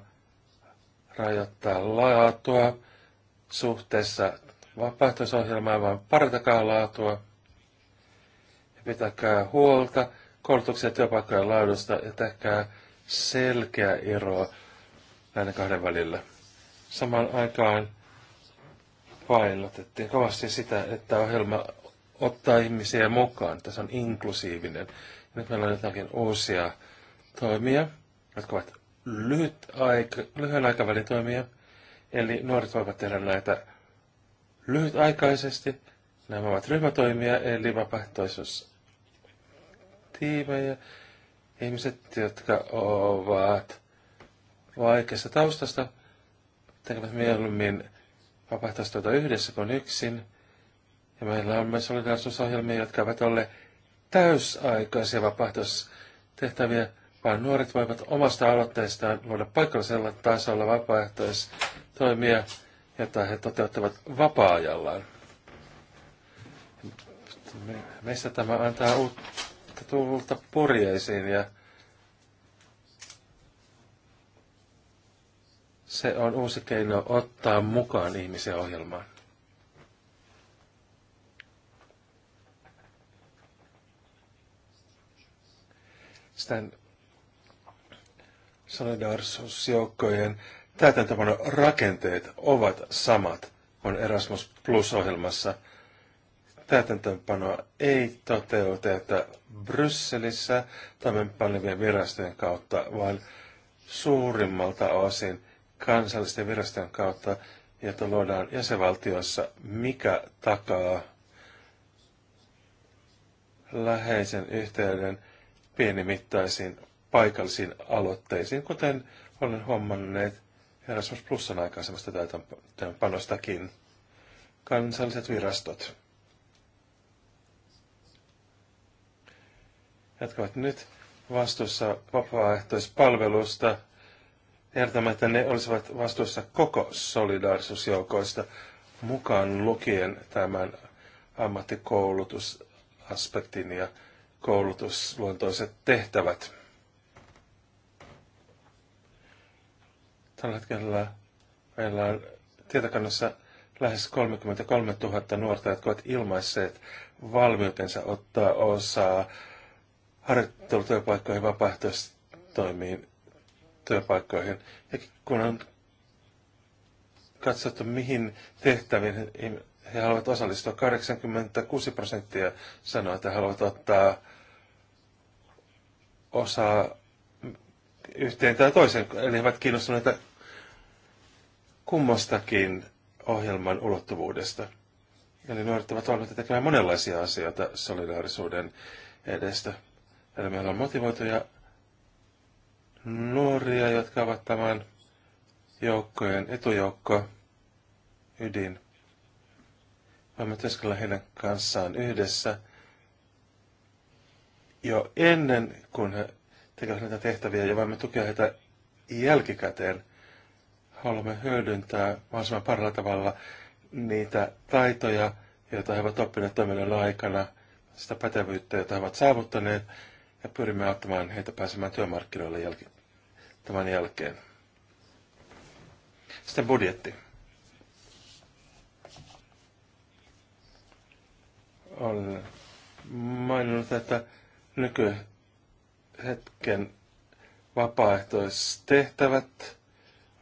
rajoittaa laatua suhteessa vapaaehtoisohjelmaa, vaan parantakaa laatua ja pitäkää huolta koulutuksen ja työpaikkojen laadusta ja tehkää selkeä eroa näiden kahden välillä. Samaan aikaan painotettiin kovasti sitä, että ohjelma ottaa ihmisiä mukaan, että se on inklusiivinen. Nyt meillä on jotakin uusia toimia, jotka ovat lyhyt aika, lyhyen aikavälin toimia. Eli nuoret voivat tehdä näitä lyhytaikaisesti. Nämä ovat ryhmätoimia, eli tiimejä, Ihmiset, jotka ovat vaikeasta taustasta, tekevät mieluummin vapaaehtoistyötä yhdessä kuin yksin. Ja meillä on myös solidaarisuusohjelmia, jotka ovat olleet täysaikaisia vapaaehtoistehtäviä, vaan nuoret voivat omasta aloitteestaan luoda paikallisella tasolla vapaaehtoistoimia jota he toteuttavat vapaa-ajallaan. Me, meissä tämä antaa uutta tuulta purjeisiin ja se on uusi keino ottaa mukaan ihmisen ohjelmaan. Sitten solidarisuusjoukkojen täytäntöpanon rakenteet ovat samat kuin Erasmus Plus-ohjelmassa. Täytäntöpanoa ei toteuteta Brysselissä toimenpanevien virastojen kautta, vaan suurimmalta osin kansallisten virastojen kautta, jota luodaan jäsenvaltiossa, mikä takaa läheisen yhteyden pienimittaisiin paikallisiin aloitteisiin, kuten olen huomannut, Erasmus Plus on aikaan sellaista täytäntöönpanostakin. Kansalliset virastot jatkavat ovat nyt vastuussa vapaaehtoispalvelusta, ehdotamme, ne olisivat vastuussa koko solidaarisuusjoukoista, mukaan lukien tämän ammattikoulutusaspektin ja koulutusluontoiset tehtävät. Tällä hetkellä meillä on tietokannassa lähes 33 000 nuorta, jotka ovat ilmaisseet valmiutensa ottaa osaa harjoittelutyöpaikkoihin, vapaaehtoistoimiin työpaikkoihin. Ja kun on katsottu, mihin tehtäviin he haluavat osallistua, 86 prosenttia sanoo, että he haluavat ottaa osaa yhteen tai toiseen, eli he ovat kiinnostuneita kummastakin ohjelman ulottuvuudesta. Eli nuoret ovat valmiita tekemään monenlaisia asioita solidaarisuuden edestä. Eli meillä on motivoituja nuoria, jotka ovat tämän joukkojen etujoukko ydin. Voimme työskennellä heidän kanssaan yhdessä jo ennen kuin he tekevät näitä tehtäviä ja voimme tukea heitä jälkikäteen haluamme hyödyntää mahdollisimman parhaalla tavalla niitä taitoja, joita he ovat oppineet toiminnan aikana, sitä pätevyyttä, jota he ovat saavuttaneet, ja pyrimme auttamaan heitä pääsemään työmarkkinoille jälki, tämän jälkeen. Sitten budjetti. Olen maininnut, että nykyhetken vapaaehtoistehtävät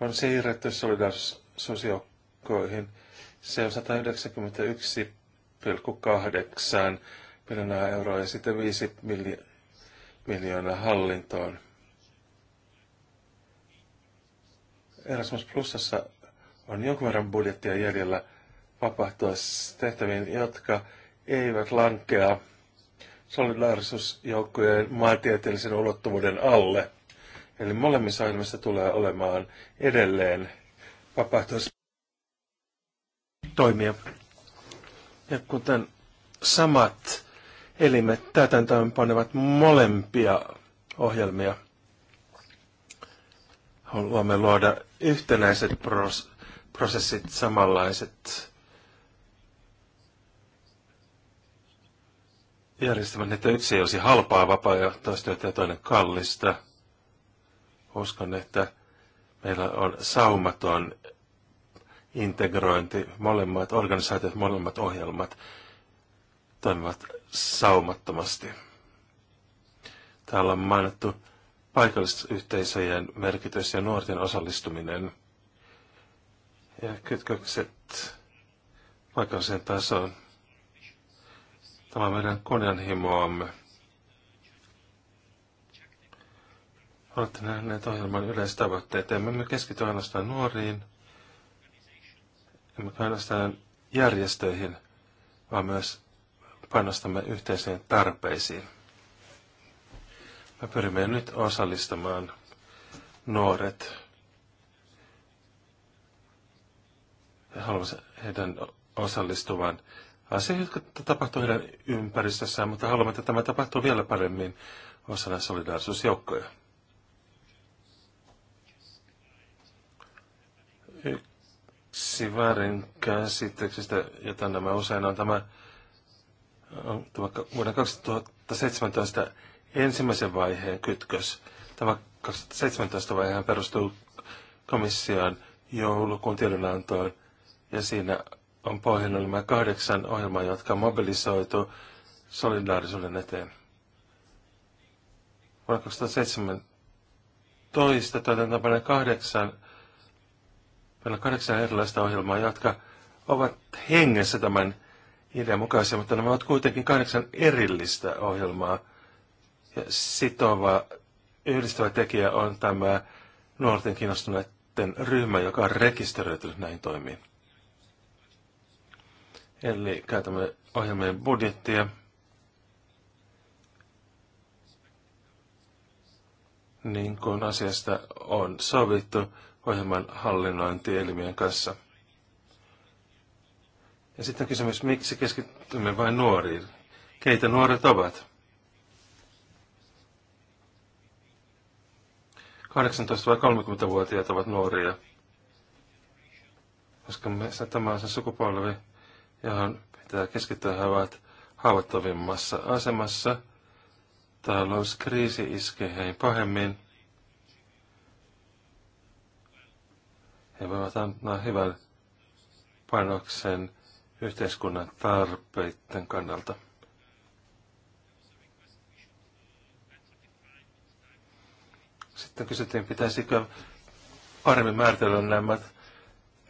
on siirretty solidaarisuusjoukkoihin. Se on 191,8 miljoonaa euroa ja sitten 5 miljo- miljoonaa hallintoon. Erasmus Plusassa on jonkun verran budjettia jäljellä vapahtua tehtäviin, jotka eivät lankea solidaarisuusjoukkojen maantieteellisen ulottuvuuden alle – Eli molemmissa ohjelmissa tulee olemaan edelleen toimia, Ja kuten samat elimet panevat molempia ohjelmia, haluamme luoda yhtenäiset pros- prosessit, samanlaiset järjestelmät, että yksi ei olisi halpaa vapaaehtoistyötä ja toinen kallista – Uskon, että meillä on saumaton integrointi, molemmat organisaatiot, molemmat ohjelmat toimivat saumattomasti. Täällä on mainittu paikallisyhteisöjen merkitys ja nuorten osallistuminen ja kytkökset paikalliseen tasoon. Tämä on meidän kunnianhimoamme Olette nähneet ohjelman yleistavoitteet. Emme me keskity ainoastaan nuoriin, emme ainoastaan järjestöihin, vaan myös panostamme yhteisöjen tarpeisiin. Me pyrimme nyt osallistamaan nuoret haluamme heidän osallistuvan asioihin, jotka tapahtuu heidän ympäristössään, mutta haluamme, että tämä tapahtuu vielä paremmin osana solidaarisuusjoukkoja. Yksi väärinkäsityksestä, jota nämä usein on tämä, on tämä vuoden 2017 ensimmäisen vaiheen kytkös. Tämä 2017 vaihe perustuu komission joulukuun tiedonantoon ja siinä on pohjana nämä kahdeksan ohjelmaa, jotka mobilisoitu solidaarisuuden eteen. Vuonna 2017 toteutetaan kahdeksan Meillä on kahdeksan erilaista ohjelmaa, jotka ovat hengessä tämän idean mukaisia, mutta nämä ovat kuitenkin kahdeksan erillistä ohjelmaa. Ja sitova yhdistävä tekijä on tämä nuorten kiinnostuneiden ryhmä, joka on rekisteröitynyt näihin toimiin. Eli käytämme ohjelmien budjettia. Niin kuin asiasta on sovittu, ohjelman hallinnointielimien kanssa. Ja sitten kysymys, miksi keskitymme vain nuoriin? Keitä nuoret ovat? 18- vai 30-vuotiaat ovat nuoria. Koska meistä tämä on se sukupolvi, johon pitää keskittyä. He ovat haavoittavimmassa asemassa. Talouskriisi iskee heihin pahemmin. He voivat antaa hyvän panoksen yhteiskunnan tarpeiden kannalta. Sitten kysyttiin, pitäisikö paremmin määritellä nämä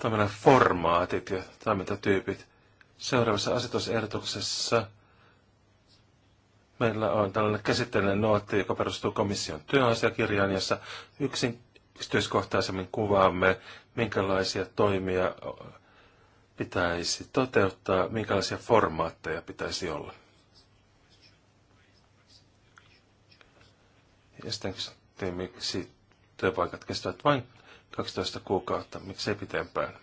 toiminnan formaatit ja toimintatyypit. Seuraavassa asetusehdotuksessa meillä on tällainen käsitteellinen nootti, joka perustuu komission työasiakirjaan, jossa yksin yksityiskohtaisemmin kuvaamme, minkälaisia toimia pitäisi toteuttaa, minkälaisia formaatteja pitäisi olla. Ja sitten miksi työpaikat kestävät vain 12 kuukautta, miksei pitempään.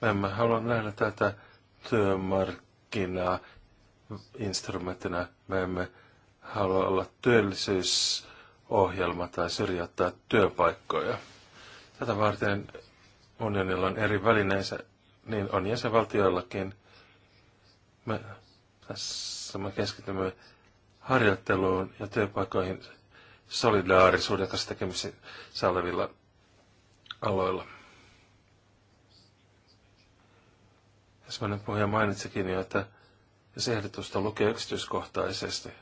Mä haluan halua nähdä tätä työmarkkinaa instrumenttina. Me emme halua olla työllisyysohjelma tai syrjäyttää työpaikkoja. Tätä varten unionilla on eri välineensä, niin on jäsenvaltioillakin. Me, tässä me keskitymme harjoitteluun ja työpaikkoihin solidaarisuuden kanssa tekemisissä olevilla aloilla. Esimerkiksi puhuja mainitsikin jo, että jos ehdotusta lukee yksityiskohtaisesti –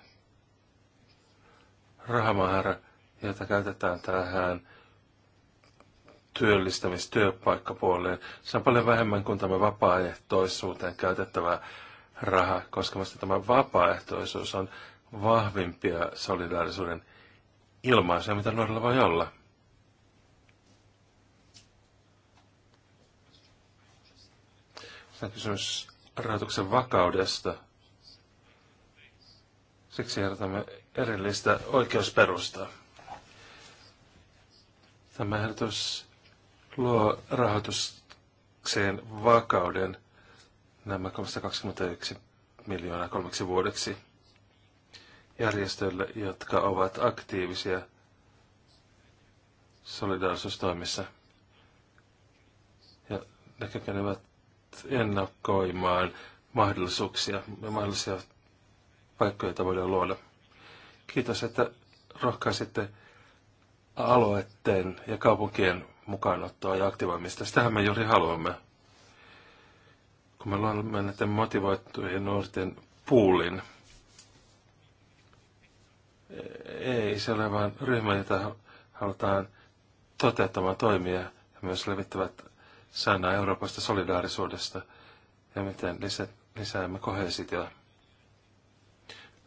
rahamäärä, jota käytetään tähän työllistämis- työpaikkapuoleen. Se on paljon vähemmän kuin tämä vapaaehtoisuuteen käytettävä raha, koska minusta tämä vapaaehtoisuus on vahvimpia solidaarisuuden ilmaisuja, mitä nuorilla voi olla. Tämä kysymys rahoituksen vakaudesta. Siksi ehdotamme erillistä oikeusperustaa. Tämä ehdotus luo rahoitukseen vakauden nämä 321 miljoonaa kolmeksi vuodeksi järjestöille, jotka ovat aktiivisia solidaarisuustoimissa ja ne kykenevät ennakoimaan mahdollisuuksia ja mahdollisia paikkoja, joita voidaan luoda. Kiitos, että rohkaisitte aloitteen ja kaupunkien mukaanottoa ja aktivoimista. Sitähän me juuri haluamme. Kun me luomme näiden motivoittujen nuorten puulin, ei se ole vain ryhmä, jota halutaan toteuttamaan toimia ja myös levittävät sanaa Euroopasta solidaarisuudesta ja miten lisäämme kohesitiaa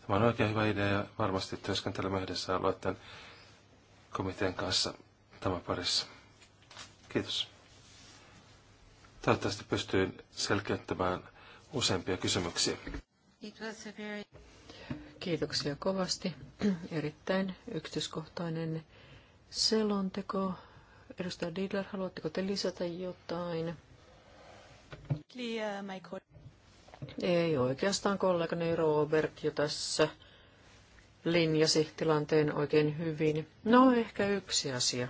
on oikein hyvä idea ja varmasti työskentelemme yhdessä aloitteen komitean kanssa tämän parissa. Kiitos. Toivottavasti pystyin selkeyttämään useampia kysymyksiä.
Kiitoksia kovasti. Erittäin yksityiskohtainen selonteko. Edustaja Didler, haluatteko te lisätä jotain? Ei oikeastaan kollegani Robert jo tässä linjasi tilanteen oikein hyvin. No ehkä yksi asia.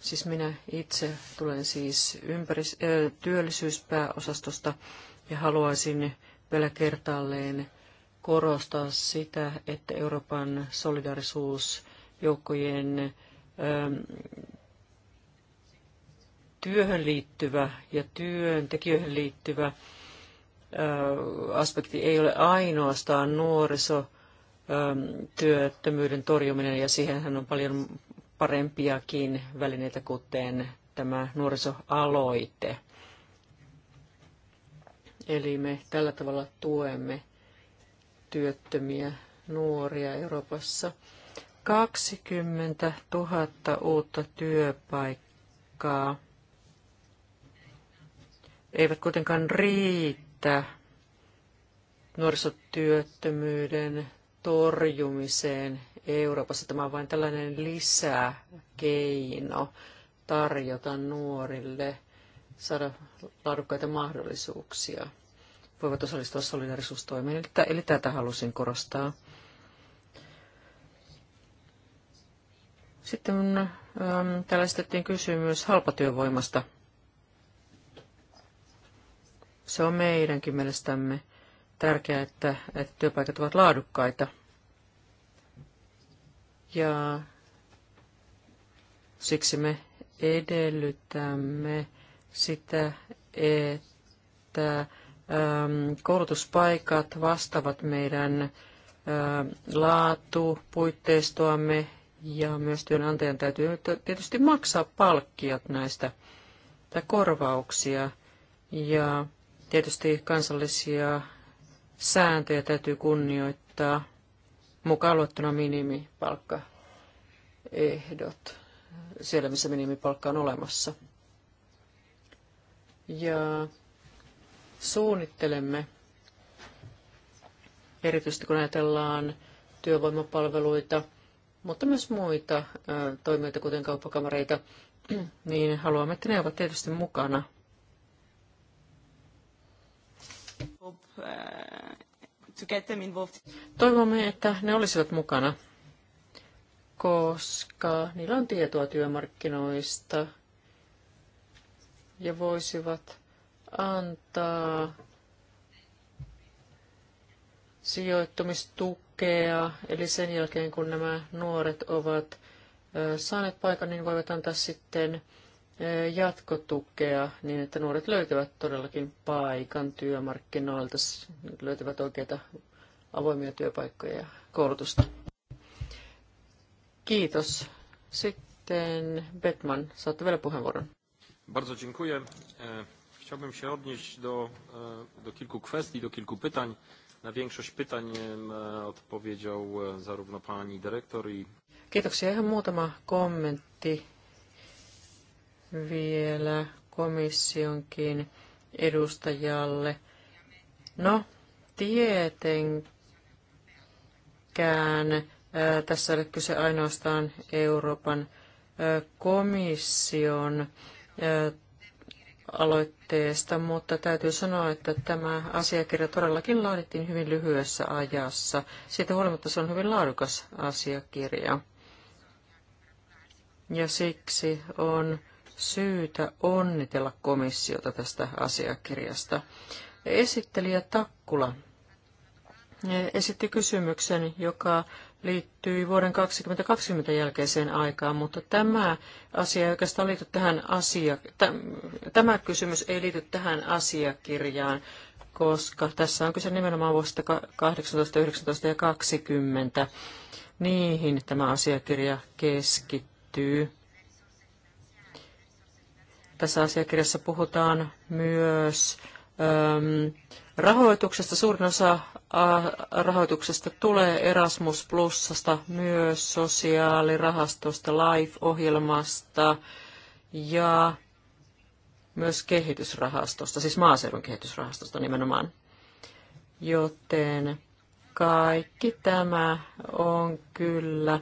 Siis minä itse tulen siis ympäris, äh, työllisyyspääosastosta ja haluaisin vielä kertaalleen korostaa sitä, että Euroopan solidarisuusjoukkojen ähm, työhön liittyvä ja työntekijöihin liittyvä aspekti ei ole ainoastaan nuorisotyöttömyyden torjuminen, ja siihenhän on paljon parempiakin välineitä, kuten tämä nuorisoaloite. Eli me tällä tavalla tuemme työttömiä nuoria Euroopassa. 20 000 uutta työpaikkaa eivät kuitenkaan riitä nuorisotyöttömyyden torjumiseen Euroopassa. Tämä on vain tällainen lisäkeino tarjota nuorille saada laadukkaita mahdollisuuksia. Voivat osallistua solidarisuustoimiin. Eli tätä halusin korostaa. Sitten ähm, täällä esitettiin kysymys halpatyövoimasta. Se on meidänkin mielestämme tärkeää, että, että työpaikat ovat laadukkaita. Ja siksi me edellytämme sitä, että ähm, koulutuspaikat vastaavat meidän ähm, laatu, puitteistoamme ja myös työnantajan täytyy tietysti maksaa palkkiot näistä tai korvauksia. Ja Tietysti kansallisia sääntöjä täytyy kunnioittaa, mukaan luettuna minimipalkkaehdot, siellä missä minimipalkka on olemassa. Ja suunnittelemme, erityisesti kun ajatellaan työvoimapalveluita, mutta myös muita toimijoita, kuten kauppakamareita, niin haluamme, että ne ovat tietysti mukana – Uh, to get them involved. Toivomme, että ne olisivat mukana, koska niillä on tietoa työmarkkinoista ja voisivat antaa sijoittumistukea, eli sen jälkeen kun nämä nuoret ovat saaneet paikan, niin voivat antaa sitten jatkotukea niin, että nuoret löytävät todellakin paikan työmarkkinoilta, löytävät oikeita avoimia työpaikkoja ja koulutusta. Kiitos. Sitten Betman saatte vielä puheenvuoron.
Bardzo dziękuję. E, chciałbym się odnieść do, e, do kilku kwestii, do kilku pytań. Na większość pytań e, odpowiedział zarówno pani dyrektor i...
Kiitoksia. Ihan muutama kommentti vielä komissionkin edustajalle. No, tietenkään tässä oli kyse ainoastaan Euroopan komission aloitteesta, mutta täytyy sanoa, että tämä asiakirja todellakin laadittiin hyvin lyhyessä ajassa. Siitä huolimatta se on hyvin laadukas asiakirja. Ja siksi on syytä onnitella komissiota tästä asiakirjasta. Esittelijä Takkula esitti kysymyksen, joka liittyy vuoden 2020 jälkeiseen aikaan, mutta tämä asia ei oikeastaan liity tähän asia, tämä kysymys ei liity tähän asiakirjaan, koska tässä on kyse nimenomaan vuosista 18, 19 ja 20. Niihin tämä asiakirja keskittyy. Tässä asiakirjassa puhutaan myös äm, rahoituksesta. Suurin osa äh, rahoituksesta tulee Erasmus Plusasta, myös sosiaalirahastosta, LIFE-ohjelmasta ja myös kehitysrahastosta, siis maaseudun kehitysrahastosta nimenomaan. Joten kaikki tämä on kyllä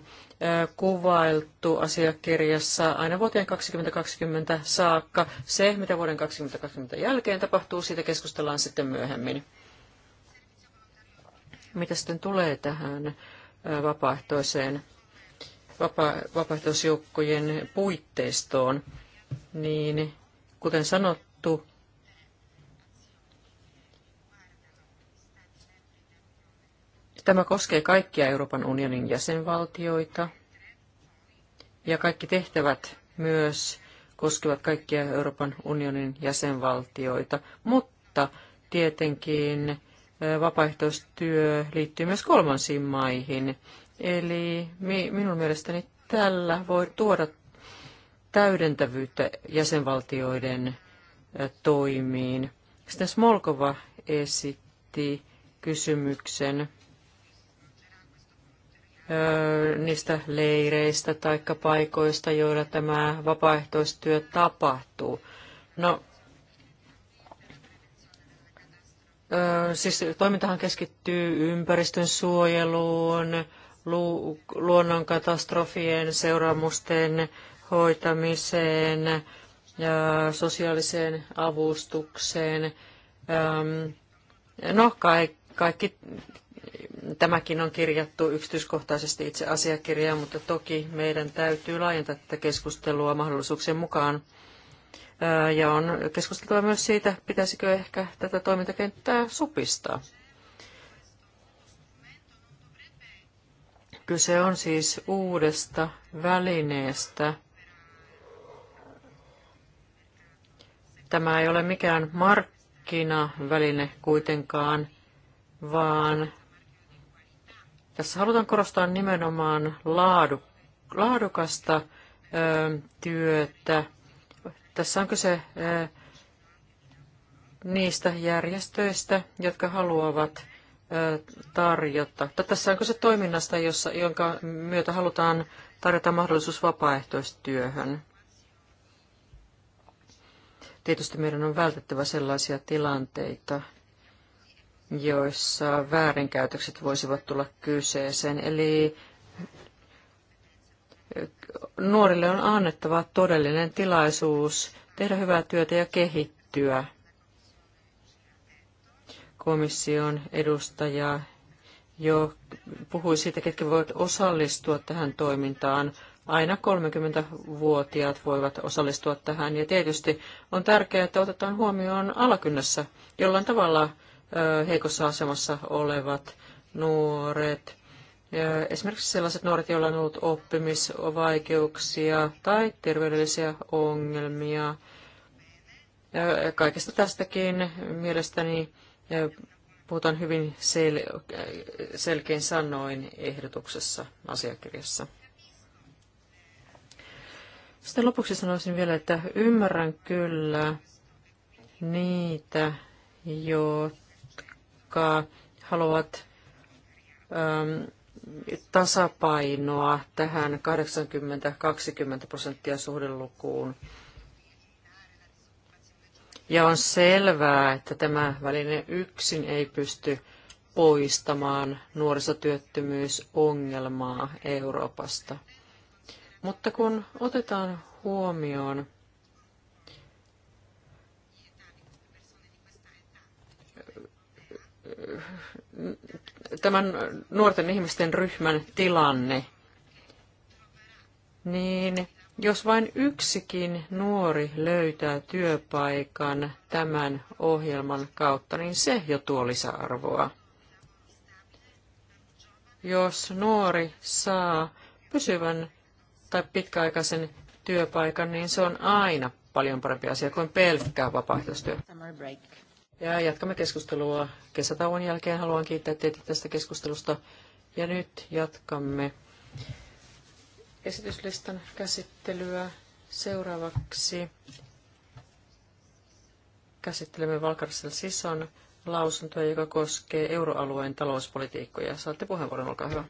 kuvailtu asiakirjassa aina vuoteen 2020 saakka. Se, mitä vuoden 2020 jälkeen tapahtuu, siitä keskustellaan sitten myöhemmin. Mitä sitten tulee tähän vapaaehtoiseen vapa- vapaaehtoisjoukkojen puitteistoon, niin kuten sanottu, Tämä koskee kaikkia Euroopan unionin jäsenvaltioita ja kaikki tehtävät myös koskevat kaikkia Euroopan unionin jäsenvaltioita, mutta tietenkin vapaaehtoistyö liittyy myös kolmansiin maihin. Eli minun mielestäni tällä voi tuoda täydentävyyttä jäsenvaltioiden toimiin. Sitten Smolkova esitti kysymyksen niistä leireistä tai paikoista, joilla tämä vapaaehtoistyö tapahtuu. No, siis toimintahan keskittyy ympäristön suojeluun, lu- luonnonkatastrofien seuraamusten hoitamiseen, ja sosiaaliseen avustukseen. No, kaikki Tämäkin on kirjattu yksityiskohtaisesti itse asiakirjaan, mutta toki meidän täytyy laajentaa tätä keskustelua mahdollisuuksien mukaan. Ja on keskusteltava myös siitä, pitäisikö ehkä tätä toimintakenttää supistaa. Kyse on siis uudesta välineestä. Tämä ei ole mikään markkinaväline kuitenkaan, vaan tässä halutaan korostaa nimenomaan laadu, laadukasta ö, työtä. Tässä on kyse ö, niistä järjestöistä, jotka haluavat tarjota. Tässä on kyse toiminnasta, jossa, jonka myötä halutaan tarjota mahdollisuus vapaaehtoistyöhön. Tietysti meidän on vältettävä sellaisia tilanteita, joissa väärinkäytökset voisivat tulla kyseeseen. Eli nuorille on annettava todellinen tilaisuus tehdä hyvää työtä ja kehittyä. Komission edustaja jo puhui siitä, ketkä voivat osallistua tähän toimintaan. Aina 30-vuotiaat voivat osallistua tähän. Ja tietysti on tärkeää, että otetaan huomioon alakynnässä jollain tavalla heikossa asemassa olevat nuoret. Esimerkiksi sellaiset nuoret, joilla on ollut oppimisvaikeuksia tai terveydellisiä ongelmia. Kaikesta tästäkin mielestäni puhutaan hyvin sel- selkein sanoin ehdotuksessa asiakirjassa. Sitten lopuksi sanoisin vielä, että ymmärrän kyllä niitä, jotka jotka haluavat äm, tasapainoa tähän 80-20 prosenttia suhdelukuun. Ja on selvää, että tämä väline yksin ei pysty poistamaan nuorisotyöttömyysongelmaa Euroopasta. Mutta kun otetaan huomioon tämän nuorten ihmisten ryhmän tilanne, niin jos vain yksikin nuori löytää työpaikan tämän ohjelman kautta, niin se jo tuo lisäarvoa. Jos nuori saa pysyvän tai pitkäaikaisen työpaikan, niin se on aina paljon parempi asia kuin pelkkää vapaaehtoistyö. Ja jatkamme keskustelua kesätauon jälkeen. Haluan kiittää teitä tästä keskustelusta. Ja nyt jatkamme esityslistan käsittelyä. Seuraavaksi käsittelemme Valkarsel Sison lausuntoa, joka koskee euroalueen talouspolitiikkoja. Saatte puheenvuoron, olkaa hyvä.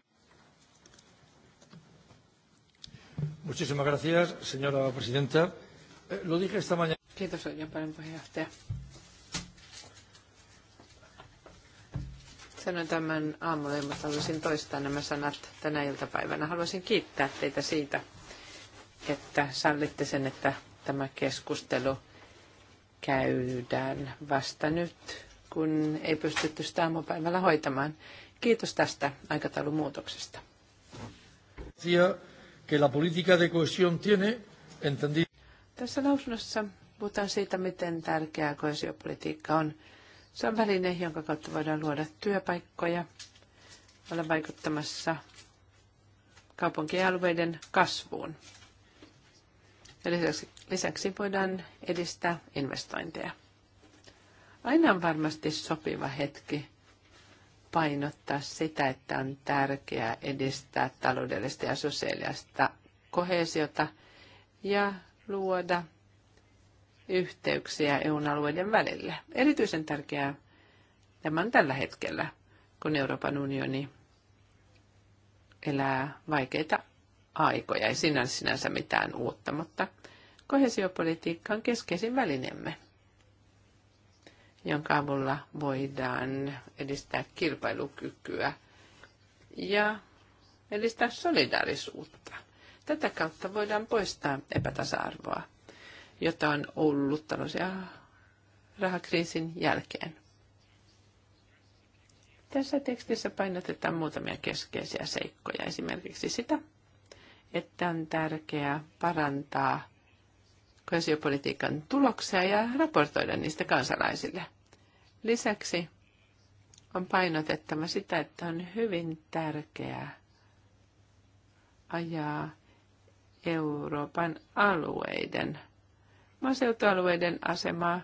Muchísimas gracias, señora presidenta. Eh, lo dije esta mañana. Kiitos oikein puheenjohtaja. Sanoin tämän aamulla, mutta haluaisin toistaa nämä sanat tänä iltapäivänä. Haluaisin kiittää teitä siitä, että sallitte sen, että tämä keskustelu käydään vasta nyt, kun ei pystytty sitä aamupäivällä hoitamaan. Kiitos tästä aikataulumuutoksesta. Tässä lausunnossa puhutaan siitä, miten tärkeää koesiopolitiikka on se on väline, jonka kautta voidaan luoda työpaikkoja, olla vaikuttamassa kaupunkialueiden kasvuun. Ja lisäksi, lisäksi voidaan edistää investointeja. Aina on varmasti sopiva hetki painottaa sitä, että on tärkeää edistää taloudellista ja sosiaalista kohesiota ja luoda yhteyksiä EUn alueiden välillä. Erityisen tärkeää tämä on tällä hetkellä, kun Euroopan unioni elää vaikeita aikoja. Ei sinä sinänsä mitään uutta, mutta kohesiopolitiikka on keskeisin välineemme, jonka avulla voidaan edistää kilpailukykyä ja edistää solidaarisuutta. Tätä kautta voidaan poistaa epätasa-arvoa jota on ollut tällaisia rahakriisin jälkeen. Tässä tekstissä painotetaan muutamia keskeisiä seikkoja, esimerkiksi sitä, että on tärkeää parantaa koesiopolitiikan tuloksia ja raportoida niistä kansalaisille. Lisäksi on painotettava sitä, että on hyvin tärkeää ajaa Euroopan alueiden maaseutualueiden asemaa.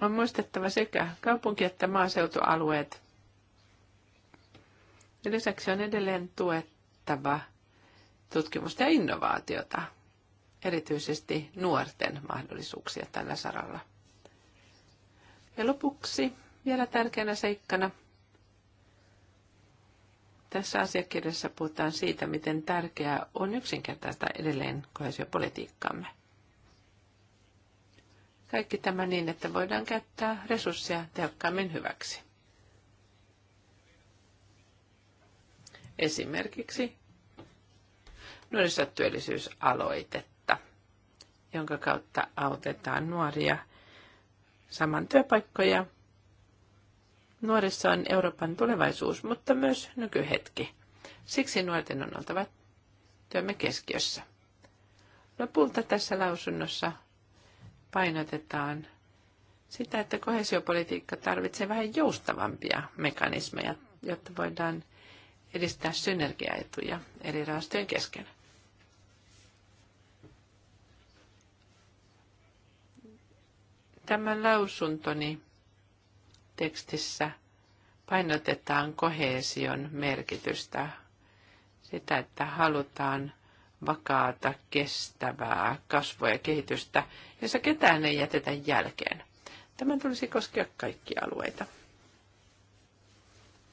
On muistettava sekä kaupunki- että maaseutualueet. Ja lisäksi on edelleen tuettava tutkimusta ja innovaatiota, erityisesti nuorten mahdollisuuksia tällä saralla. Ja lopuksi vielä tärkeänä seikkana tässä asiakirjassa puhutaan siitä, miten tärkeää on yksinkertaista edelleen kohesiopolitiikkaamme. Kaikki tämä niin, että voidaan käyttää resursseja tehokkaammin hyväksi. Esimerkiksi nuorisotyöllisyysaloitetta, jonka kautta autetaan nuoria saman työpaikkoja. Nuorissa on Euroopan tulevaisuus, mutta myös nykyhetki. Siksi nuorten on oltava työmme keskiössä. Lopulta tässä lausunnossa painotetaan sitä, että kohesiopolitiikka tarvitsee vähän joustavampia mekanismeja, jotta voidaan edistää synergiaetuja eri rahastojen kesken. Tämän lausuntoni tekstissä painotetaan kohesion merkitystä, sitä, että halutaan vakaata, kestävää kasvua ja kehitystä, jossa ketään ei jätetä jälkeen. Tämän tulisi koskea kaikkia alueita,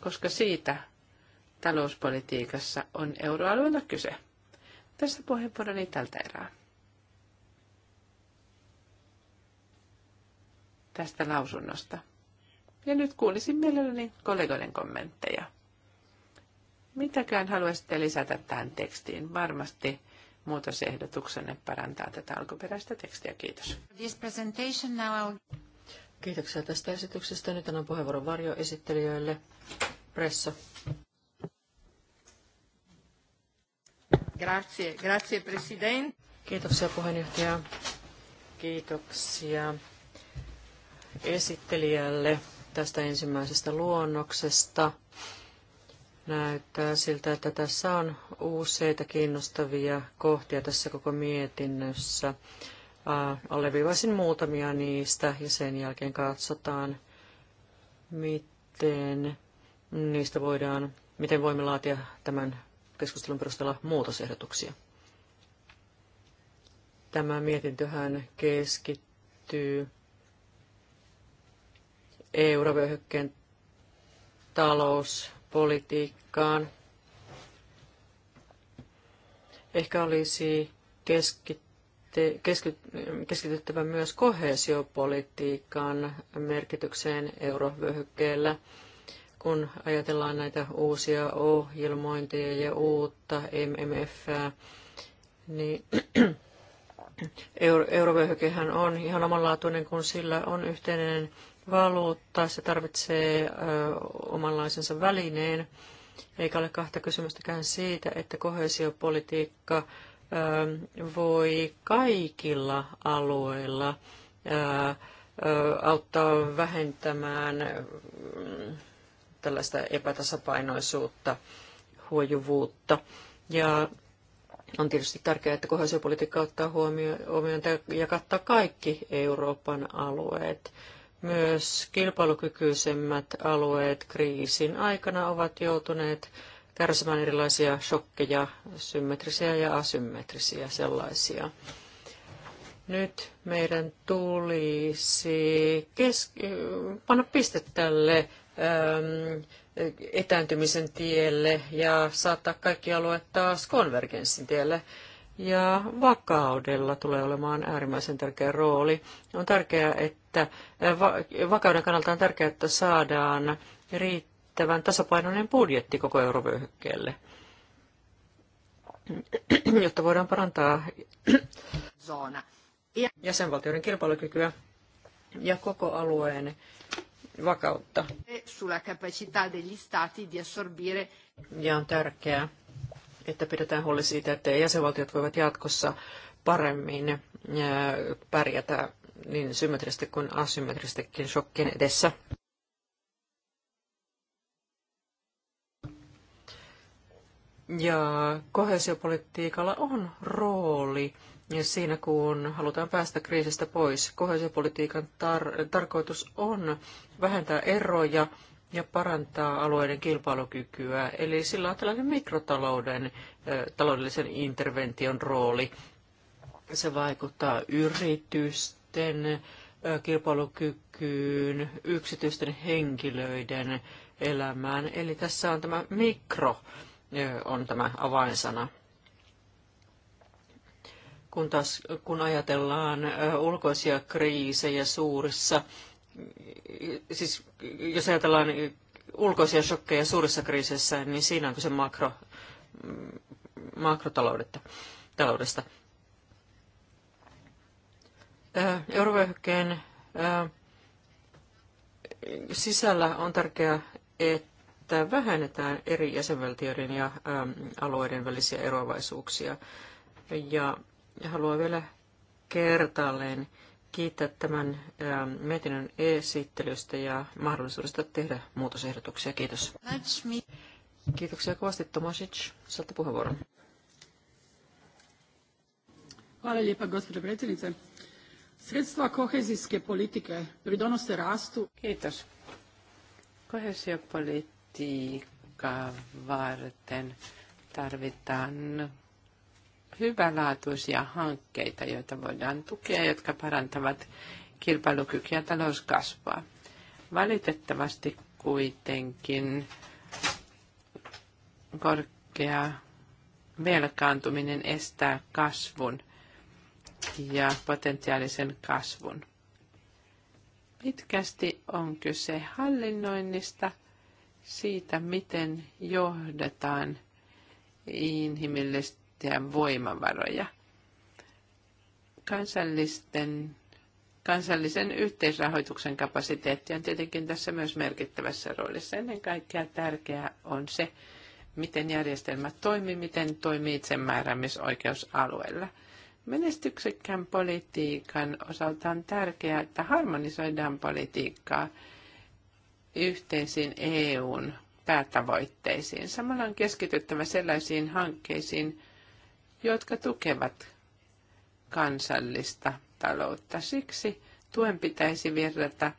koska siitä talouspolitiikassa on euroalueella kyse. Tässä puheenvuoroni tältä erää. Tästä lausunnosta. Ja nyt kuulisin mielelläni kollegoiden kommentteja. Mitäkään haluaisitte lisätä tähän tekstiin? Varmasti muutosehdotuksenne parantaa tätä alkuperäistä tekstiä. Kiitos. Kiitoksia tästä esityksestä. Nyt
annan puheenvuoron varjoesittelijöille. Presso. Grazie, grazie president. Kiitoksia puheenjohtaja. Kiitoksia esittelijälle tästä ensimmäisestä luonnoksesta. Näyttää siltä, että tässä on useita kiinnostavia kohtia tässä koko mietinnössä. Alleviivaisin muutamia niistä ja sen jälkeen katsotaan, miten niistä voidaan, miten voimme laatia tämän keskustelun perusteella muutosehdotuksia. Tämä mietintöhän keskittyy EU-ravyöhykkeen talous politiikkaan. Ehkä olisi keskitte, keskity, keskityttävä myös kohesiopolitiikan merkitykseen eurovyöhykkeellä, kun ajatellaan näitä uusia ohjelmointeja ja uutta MMFää, niin eurovyöhykehän on ihan omanlaatuinen, kun sillä on yhteinen valuutta, se tarvitsee ö, omanlaisensa välineen, eikä ole kahta kysymystäkään siitä, että kohesiopolitiikka ö, voi kaikilla alueilla ö, auttaa vähentämään mm, tällaista epätasapainoisuutta, huojuvuutta. Ja on tietysti tärkeää, että kohesiopolitiikka ottaa huomioon ja kattaa kaikki Euroopan alueet. Myös kilpailukykyisemmät alueet kriisin aikana ovat joutuneet kärsimään erilaisia shokkeja, symmetrisiä ja asymmetrisiä sellaisia. Nyt meidän tulisi panna piste tälle ähm, etääntymisen tielle ja saattaa kaikki alueet taas konvergenssin tielle. Ja vakaudella tulee olemaan äärimmäisen tärkeä rooli. On tärkeää, että että vakauden kannalta on tärkeää, että saadaan riittävän tasapainoinen budjetti koko eurovyöhykkeelle, jotta voidaan parantaa jäsenvaltioiden kilpailukykyä ja koko alueen vakautta. E ja on tärkeää, että pidetään huoli siitä, että jäsenvaltiot voivat jatkossa paremmin pärjätä niin symmetrisesti kuin asymmetristikin shokkien edessä. Ja kohesiopolitiikalla on rooli siinä, kun halutaan päästä kriisistä pois. Kohesiopolitiikan tar- tarkoitus on vähentää eroja ja parantaa alueiden kilpailukykyä. Eli sillä on tällainen mikrotalouden taloudellisen intervention rooli. Se vaikuttaa yritysten sitten kilpailukykyyn, yksityisten henkilöiden elämään. Eli tässä on tämä mikro, on tämä avainsana. Kun, taas, kun ajatellaan ulkoisia kriisejä suurissa, siis jos ajatellaan ulkoisia shokkeja suurissa kriiseissä, niin siinä on kyse makro, makrotaloudesta. Eurovyöhykkeen sisällä on tärkeää, että vähennetään eri jäsenvaltioiden ja alueiden välisiä eroavaisuuksia. Ja haluan vielä kertaalleen kiittää tämän mietinnön esittelystä ja mahdollisuudesta tehdä muutosehdotuksia. Kiitos. Kiitoksia kovasti, Tomasic. Saatte puheenvuoron.
Hvala lijepa, gospođo predsjednice. Sredstva kohezijske politike pridonose rastu. Kiitos. varten tarvitaan hyvälaatuisia hankkeita, joita voidaan tukea, jotka parantavat kilpailukykyä ja talouskasvua. Valitettavasti kuitenkin korkea velkaantuminen estää kasvun ja potentiaalisen kasvun. Pitkästi on kyse hallinnoinnista, siitä miten johdetaan inhimillisiä voimavaroja. Kansallisten, kansallisen yhteisrahoituksen kapasiteetti on tietenkin tässä myös merkittävässä roolissa. Ennen kaikkea tärkeää on se, miten järjestelmä toimii, miten toimii itsemääräämisoikeusalueella. alueella – Menestyksekkään politiikan osalta on tärkeää, että harmonisoidaan politiikkaa yhteisiin EUn päätavoitteisiin. Samalla on keskityttävä sellaisiin hankkeisiin, jotka tukevat kansallista taloutta. Siksi tuen pitäisi virrata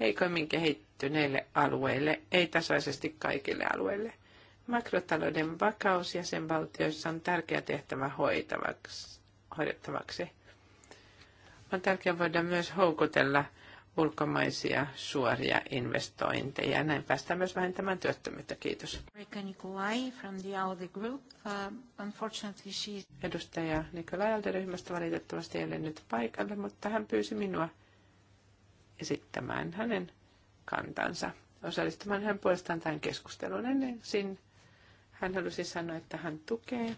heikoimmin kehittyneille alueille, ei tasaisesti kaikille alueille. Makrotalouden vakaus jäsenvaltioissa on tärkeä tehtävä hoitavaksi hoidettavaksi. On tärkeää voida myös houkutella ulkomaisia suoria investointeja. Näin päästään myös vähentämään työttömyyttä. Kiitos. Uh, Edustaja Nikolai Alde-ryhmästä valitettavasti ei ole nyt paikalla, mutta hän pyysi minua esittämään hänen kantansa, osallistumaan hän puolestaan tähän keskustelun Ensin hän halusi sanoa, että hän tukee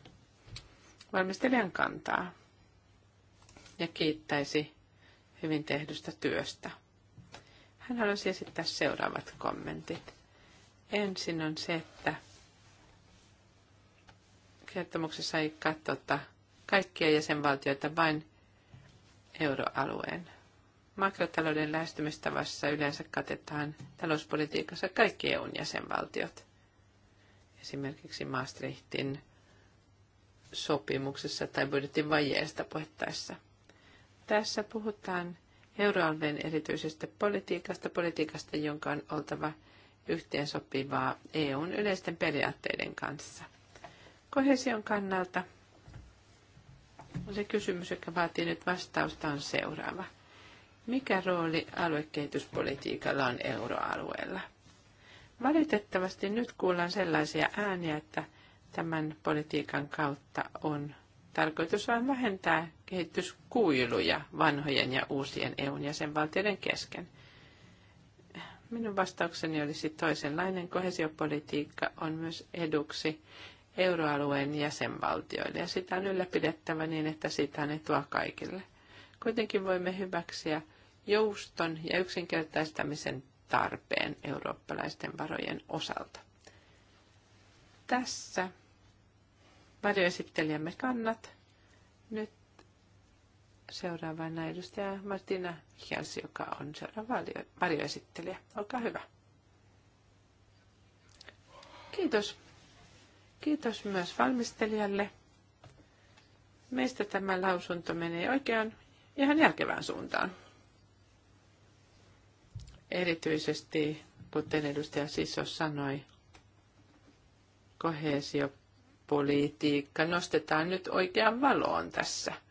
valmistelijan kantaa ja kiittäisi hyvin tehdystä työstä. Hän halusi esittää seuraavat kommentit. Ensin on se, että kertomuksessa ei katsota kaikkia jäsenvaltioita, vain euroalueen. Makrotalouden lähestymistavassa yleensä katetaan talouspolitiikassa kaikki EUn jäsenvaltiot. Esimerkiksi Maastrichtin sopimuksessa tai budjetin vajeesta puhettaessa – tässä puhutaan euroalueen erityisestä politiikasta, politiikasta, jonka on oltava yhteensopivaa EUn yleisten periaatteiden kanssa. Kohesion kannalta se kysymys, joka vaatii nyt vastausta, on seuraava. Mikä rooli aluekehityspolitiikalla on euroalueella? Valitettavasti nyt kuullaan sellaisia ääniä, että tämän politiikan kautta on tarkoitus vain vähentää kehityskuiluja vanhojen ja uusien EUn jäsenvaltioiden kesken. Minun vastaukseni olisi toisenlainen. Kohesiopolitiikka on myös eduksi euroalueen jäsenvaltioille ja sitä on ylläpidettävä niin, että sitä on etua kaikille. Kuitenkin voimme hyväksyä jouston ja yksinkertaistamisen tarpeen eurooppalaisten varojen osalta. Tässä varjoesittelijämme kannat. Nyt seuraavana edustaja Martina Hjans, joka on seuraava varjoesittelijä. Olkaa hyvä. Kiitos. Kiitos myös valmistelijalle. Meistä tämä lausunto menee oikeaan ihan järkevään suuntaan. Erityisesti, kuten edustaja Sisso sanoi, kohesiopolitiikka nostetaan nyt oikeaan valoon tässä –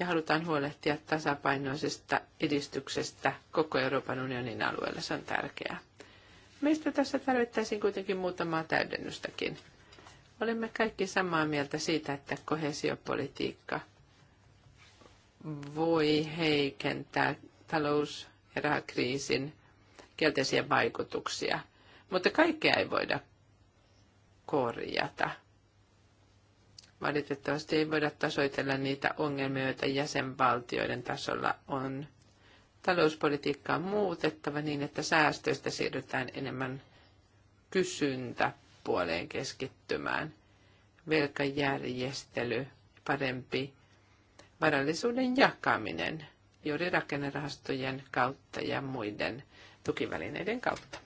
ja halutaan huolehtia tasapainoisesta edistyksestä koko Euroopan unionin alueella. Se on tärkeää. Meistä tässä tarvittaisiin kuitenkin muutamaa täydennystäkin. Olemme kaikki samaa mieltä siitä, että kohesiopolitiikka voi heikentää talous- ja rahakriisin kielteisiä vaikutuksia, mutta kaikkea ei voida korjata – Valitettavasti ei voida tasoitella niitä ongelmia, joita jäsenvaltioiden tasolla on. Talouspolitiikkaa on muutettava niin, että säästöistä siirrytään enemmän kysyntäpuoleen keskittymään. Velkajärjestely, parempi varallisuuden jakaminen juuri rakennerahastojen kautta ja muiden tukivälineiden kautta.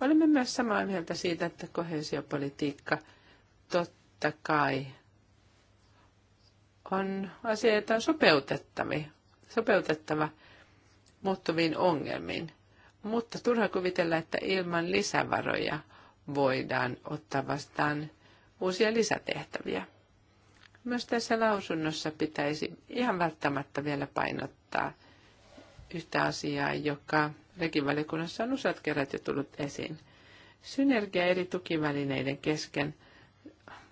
Olemme myös samaa mieltä siitä, että kohesiopolitiikka totta totta kai on asioita sopeutettava, sopeutettava muuttuviin ongelmiin. Mutta turha kuvitella, että ilman lisävaroja voidaan ottaa vastaan uusia lisätehtäviä. Myös tässä lausunnossa pitäisi ihan välttämättä vielä painottaa yhtä asiaa, joka rekivaliokunnassa on useat kerrat jo tullut esiin. Synergia eri tukivälineiden kesken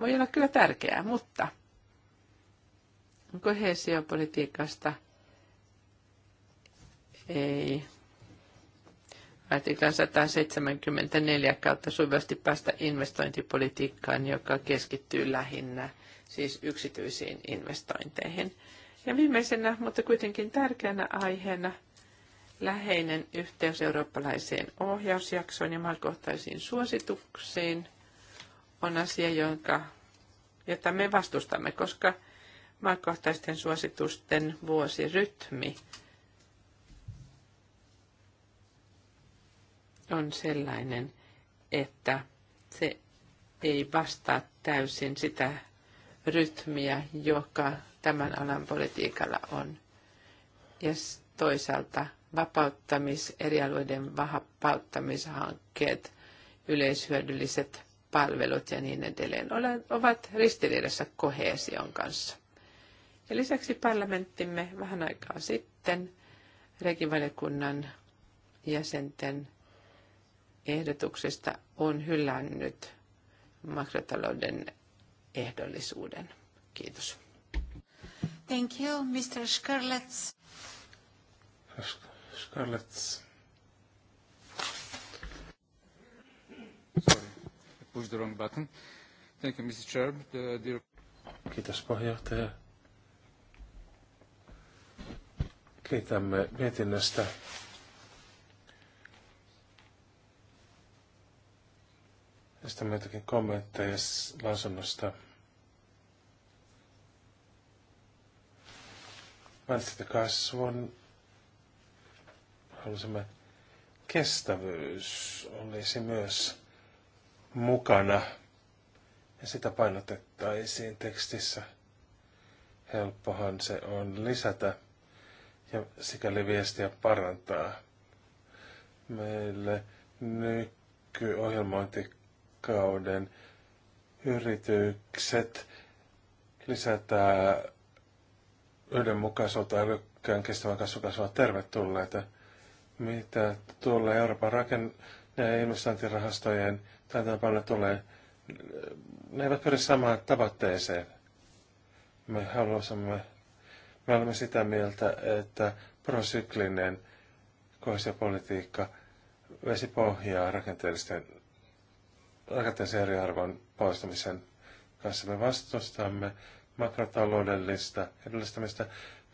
voi olla kyllä tärkeää, mutta kohesiopolitiikasta ei artikla 174 kautta suvasti päästä investointipolitiikkaan, joka keskittyy lähinnä siis yksityisiin investointeihin. Ja viimeisenä, mutta kuitenkin tärkeänä aiheena, läheinen yhteys eurooppalaiseen ohjausjaksoon ja maakohtaisiin suosituksiin – on asia, jonka, jota me vastustamme, koska maakohtaisten suositusten vuosirytmi on sellainen, että se ei vastaa täysin sitä rytmiä, joka tämän alan politiikalla on. Ja toisaalta vapauttamis, eri alueiden vapauttamishankkeet, yleishyödylliset palvelut ja niin edelleen ovat ristiriidassa kohesion kanssa. Ja lisäksi parlamenttimme vähän aikaa sitten regivaliokunnan jäsenten ehdotuksesta on hylännyt makrotalouden ehdollisuuden. Kiitos.
Thank you, Mr. Skarlets.
Skarlets.
push the wrong button. Thank you, Mr. Chair. The, dear... Kiitos puheenjohtaja. Kiitämme mietinnöstä. Tästä jotakin kommentteja lausunnosta. Mainitsitte kasvun. Halusimme kestävyys olisi myös mukana ja sitä painotettaisiin tekstissä. Helppohan se on lisätä ja sikäli viestiä parantaa. Meille nykyohjelmointikauden yritykset lisätään yhdenmukaisuutta lykkään kestävän kasvukasvua tervetulleita. Mitä tulee Euroopan rakenne- ja investointirahastojen taitaa paljon tulee, ne eivät pyri samaan tavoitteeseen. Me haluamme, me olemme sitä mieltä, että prosyklinen kohesiopolitiikka vesi pohjaa rakenteellisten, rakenteellisen eriarvon poistamisen kanssa. Me vastustamme makrotaloudellista edellistämistä,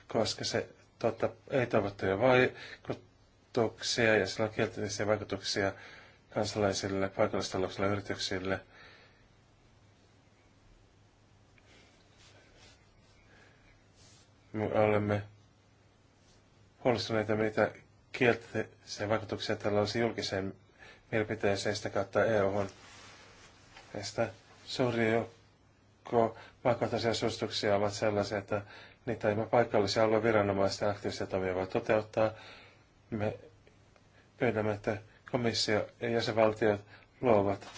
koska se tuota, ei toivottuja vaikutuksia ja sillä on kielteisiä vaikutuksia kansalaisille, paikallistalouksille, yrityksille. Me olemme huolestuneita, mitä kielteisiä vaikutuksia tällä olisi julkiseen mielipiteeseen sitä kautta EU-hon. Näistä suuri joukko maakohtaisia suosituksia ovat sellaisia, että niitä ei me paikallisia alueviranomaisten aktiivisia toimia voi toteuttaa. Me pyydämme, että komissio ja jäsenvaltiot luovat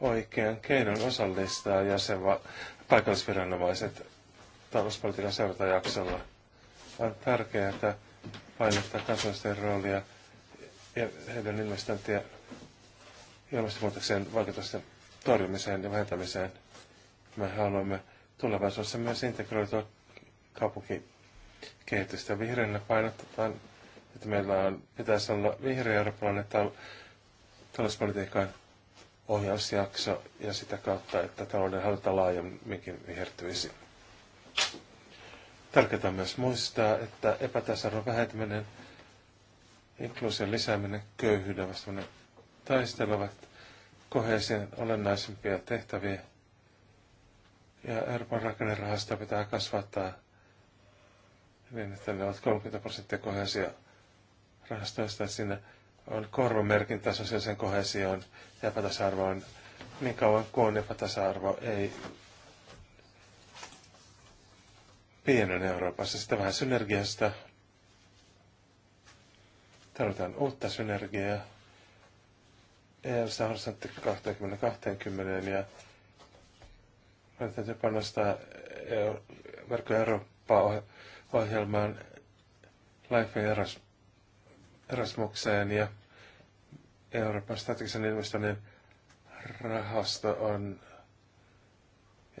oikean keinon osallistaa jäsenva- paikallisviranomaiset talouspolitiikan seurantajaksolla. On tärkeää painottaa kansallisten roolia ja heidän investointia ilmastonmuutoksen vaikutusten torjumiseen ja vähentämiseen. Me haluamme tulevaisuudessa myös integroitua kaupunkikehitystä. Vihreänä painotetaan että meillä on, pitäisi olla vihreä eurooppalainen tal- talouspolitiikan ohjausjakso ja sitä kautta, että talouden hallinta laajemminkin vihertyisi. Tärkeää on myös muistaa, että epätasa vähentäminen, inkluusion lisääminen, köyhyyden vastaaminen taistelevat koheisen olennaisimpia tehtäviä. Ja Euroopan rakennerahastoa pitää kasvattaa niin, että ne ovat 30 prosenttia koheisia rahastoista, että siinä on korvamerkintä sosiaalisen kohesioon ja epätasa-arvoon niin kauan kuin epätasa-arvo ei pienen Euroopassa. Sitä vähän synergiasta. Tarvitaan uutta synergiaa. EUssa horisontti 2020 ja meidän täytyy panostaa e verkko Eurooppa-ohjelmaan Life in Erasmus Erasmukseen ja Euroopan strategisen investoinnin rahasto on,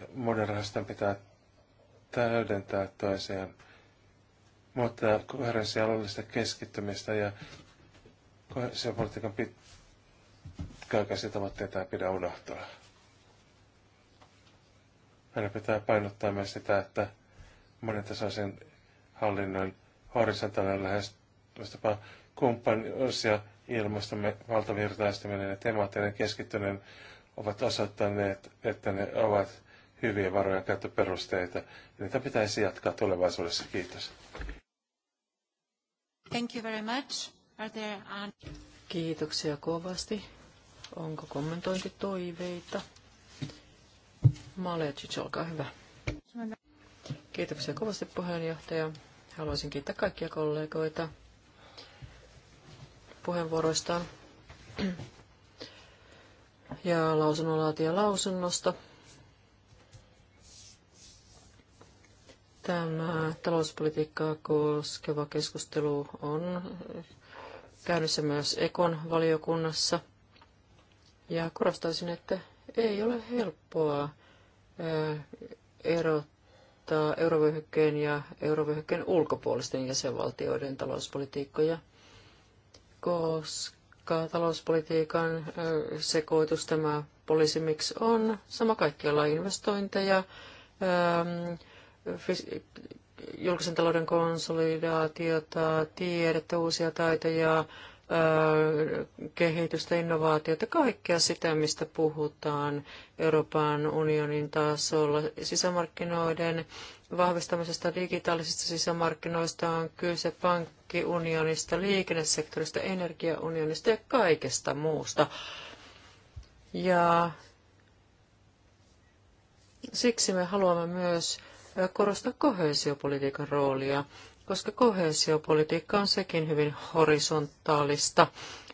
ja monen rahaston pitää täydentää toisiaan, mutta koherenssi alueellista keskittymistä ja politiikan pitkäaikaisia tavoitteita ei pidä unohtaa. Meidän pitää painottaa myös sitä, että monitasoisen hallinnon horisontaalinen lähestymistapa kumppanuusia ilmastomme valtavirtaistaminen ja temaattinen keskittyminen ovat osoittaneet, että ne ovat hyviä varojen käyttöperusteita. Niitä pitäisi jatkaa tulevaisuudessa. Kiitos.
Thank you very much. Are there
any... Kiitoksia kovasti. Onko kommentointitoiveita? Malejic, olkaa hyvä. Kiitoksia kovasti puheenjohtaja. Haluaisin kiittää kaikkia kollegoita puheenvuoroistaan ja lausunnonlaatija lausunnosta. Tämä talouspolitiikkaa koskeva keskustelu on käynnissä myös Ekon valiokunnassa. Ja korostaisin, että ei ole helppoa erottaa eurovyöhykkeen ja eurovyöhykkeen ulkopuolisten jäsenvaltioiden talouspolitiikkoja – koska talouspolitiikan sekoitus tämä miksi on sama kaikkialla investointeja, ähm, julkisen talouden konsolidaatiota, tiedettä, uusia taitoja, äh, kehitystä, innovaatiota, kaikkea sitä, mistä puhutaan Euroopan unionin tasolla sisämarkkinoiden vahvistamisesta digitaalisista sisämarkkinoista on kyse pankkiunionista, liikennesektorista, energiaunionista ja kaikesta muusta. Ja siksi me haluamme myös korostaa koheesiopolitiikan roolia, koska koheesiopolitiikka on sekin hyvin horisontaalista.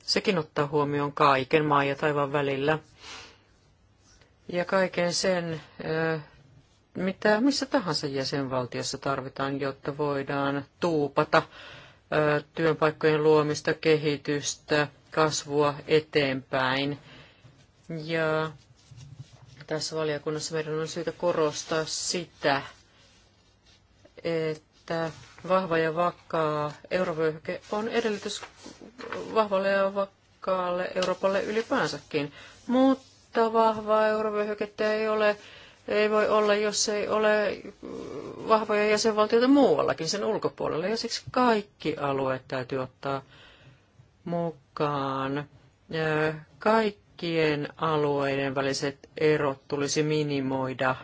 Sekin ottaa huomioon kaiken maan ja taivaan välillä. Ja kaiken sen mitä missä tahansa jäsenvaltiossa tarvitaan, jotta voidaan tuupata ö, työpaikkojen luomista, kehitystä, kasvua eteenpäin. Ja tässä valiokunnassa meidän on syytä korostaa sitä, että vahva ja vakaa eurovyöhyke on edellytys vahvalle ja vakaalle Euroopalle ylipäänsäkin. Mutta vahvaa eurovyöhykettä ei ole ei voi olla, jos ei ole vahvoja jäsenvaltioita muuallakin sen ulkopuolella. Ja siksi kaikki alueet täytyy ottaa mukaan. Kaikkien alueiden väliset erot tulisi minimoida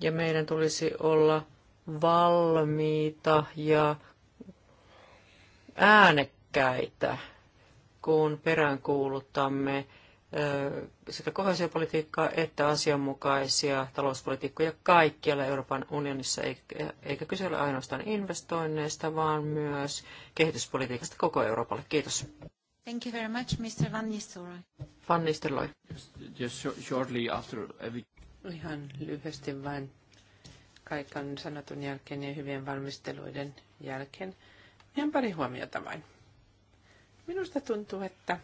ja meidän tulisi olla valmiita ja äänekkäitä, kun peräänkuulutamme sekä kohesiopolitiikkaa että asianmukaisia talouspolitiikkoja kaikkialla Euroopan unionissa, eikä kyse ole ainoastaan investoinneista, vaan myös kehityspolitiikasta koko Euroopalle. Kiitos.
Thank you very much, Mr. Van Nistelrooy.
Van
Nistelrooy. Just, just shortly after every...
Ihan lyhyesti vain kaiken sanotun jälkeen ja hyvien valmisteluiden jälkeen. Ihan pari huomiota vain. Minusta tuntuu, että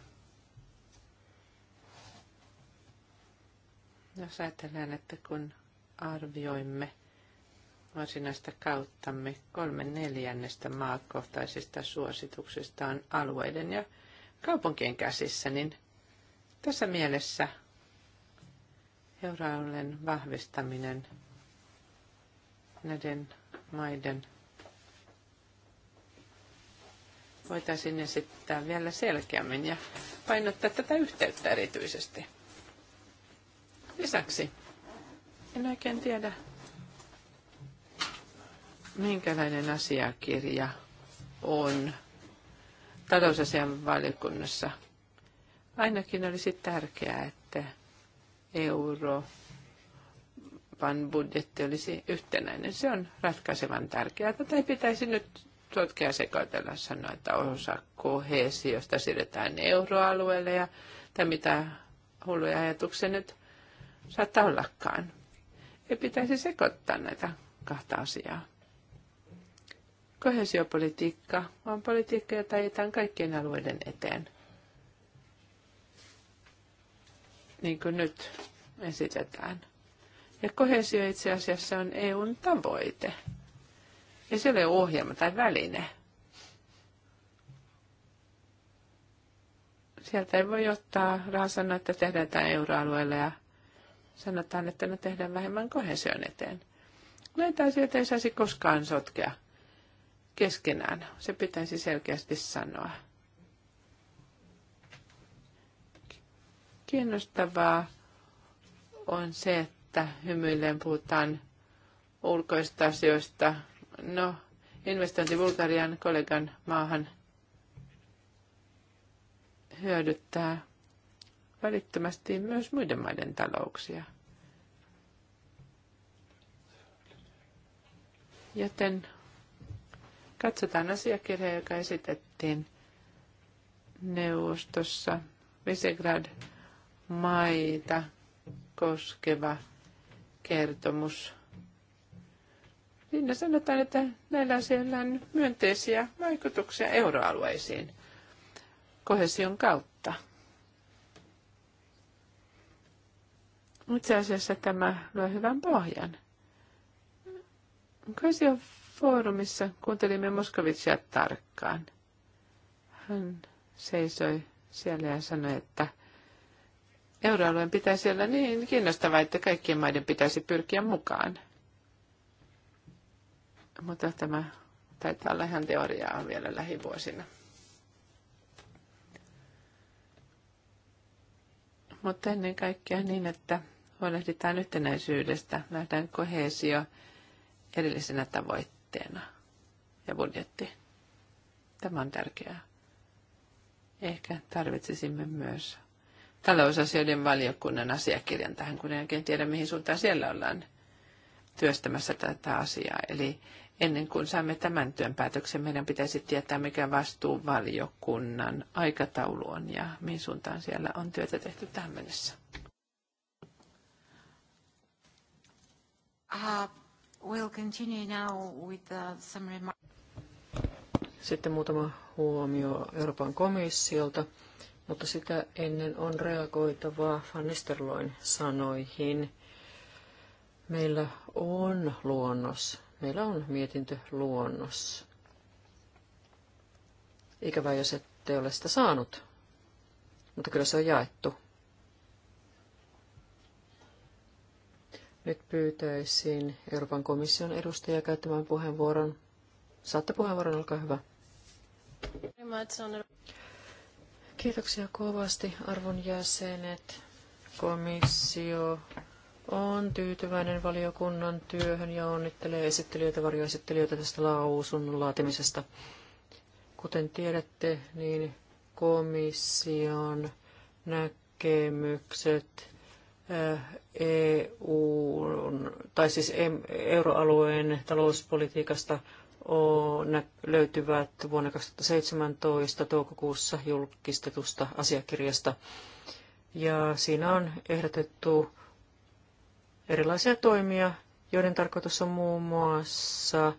Jos ajatellaan, että kun arvioimme varsinaista kauttamme kolme neljännestä maakohtaisista suosituksista on alueiden ja kaupunkien käsissä, niin tässä mielessä euroalueen vahvistaminen näiden maiden voitaisiin esittää vielä selkeämmin ja painottaa tätä yhteyttä erityisesti. Lisäksi en oikein tiedä, minkälainen asiakirja on talousasian valiokunnassa. Ainakin olisi tärkeää, että euro budjetti olisi yhtenäinen. Se on ratkaisevan tärkeää. Tätä ei pitäisi nyt sotkea sekoitella sanoa, että osa kohesiosta siirretään euroalueelle ja tai mitä hulluja ajatuksia nyt saattaa ollakaan. Ei pitäisi sekoittaa näitä kahta asiaa. Kohesiopolitiikka on politiikka, jota ajetaan kaikkien alueiden eteen. Niin kuin nyt esitetään. Ja kohesio itse asiassa on EUn tavoite. Ei se ole ohjelma tai väline. Sieltä ei voi ottaa rahaa että tehdään tämä euroalueella ja sanotaan, että no tehdään vähemmän kohesion eteen. Näitä asioita ei saisi koskaan sotkea keskenään. Se pitäisi selkeästi sanoa. Kiinnostavaa on se, että hymyilleen puhutaan ulkoista asioista. No, investointi Bulgarian kollegan maahan hyödyttää välittömästi myös muiden maiden talouksia. Joten katsotaan asiakirja, joka esitettiin neuvostossa Visegrad maita koskeva kertomus. Siinä sanotaan, että näillä asioilla on myönteisiä vaikutuksia euroalueisiin kohesion kautta. Itse asiassa tämä luo hyvän pohjan. Koision foorumissa kuuntelimme Moskovitsia tarkkaan. Hän seisoi siellä ja sanoi, että euroalueen pitäisi olla niin kiinnostava, että kaikkien maiden pitäisi pyrkiä mukaan. Mutta tämä taitaa olla ihan teoriaa vielä lähivuosina. Mutta ennen kaikkea niin, että huolehditaan yhtenäisyydestä, nähdään kohesio erillisenä tavoitteena ja budjetti. Tämä on tärkeää. Ehkä tarvitsisimme myös talousasioiden valiokunnan asiakirjan tähän, kun en oikein tiedä, mihin suuntaan siellä ollaan työstämässä tätä asiaa. Eli ennen kuin saamme tämän työn päätöksen, meidän pitäisi tietää, mikä valiokunnan aikataulu on ja mihin suuntaan siellä on työtä tehty tähän mennessä.
Uh, we'll continue now with uh, some remarks.
Sitten muutama huomio Euroopan komissiolta, mutta sitä ennen on reagoitava Van Nistelrooyn sanoihin. Meillä on luonnos, meillä on luonnos. Ikävä, jos ette ole sitä saanut, mutta kyllä se on jaettu. Nyt pyytäisin Euroopan komission edustajia käyttämään puheenvuoron. Saatte puheenvuoron, olkaa hyvä. Kiitoksia kovasti arvon jäsenet. Komissio on tyytyväinen valiokunnan työhön ja onnittelee esittelijöitä ja varjoesittelijöitä tästä lausunnon laatimisesta. Kuten tiedätte, niin komission näkemykset EU, tai siis euroalueen talouspolitiikasta on, löytyvät vuonna 2017 toukokuussa julkistetusta asiakirjasta. Ja siinä on ehdotettu erilaisia toimia, joiden tarkoitus on muun muassa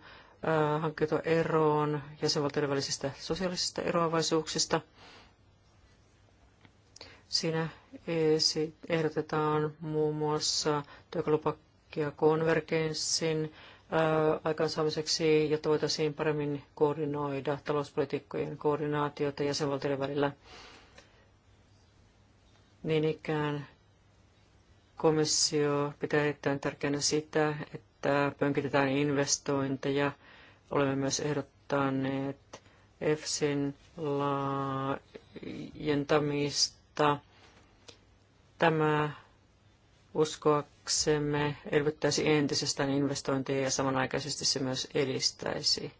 hankkeutua eroon jäsenvaltioiden välisistä sosiaalisista eroavaisuuksista – Siinä ehdotetaan muun muassa työkalupakkia konvergenssin aikaansaamiseksi, jotta voitaisiin paremmin koordinoida talouspolitiikkojen koordinaatiota jäsenvaltioiden välillä. Niin ikään komissio pitää erittäin tärkeänä sitä, että pönkitetään investointeja. Olemme myös ehdottaneet EFSin laajentamista mutta tämä uskoaksemme elvyttäisi entisestään investointeja ja samanaikaisesti se myös edistäisi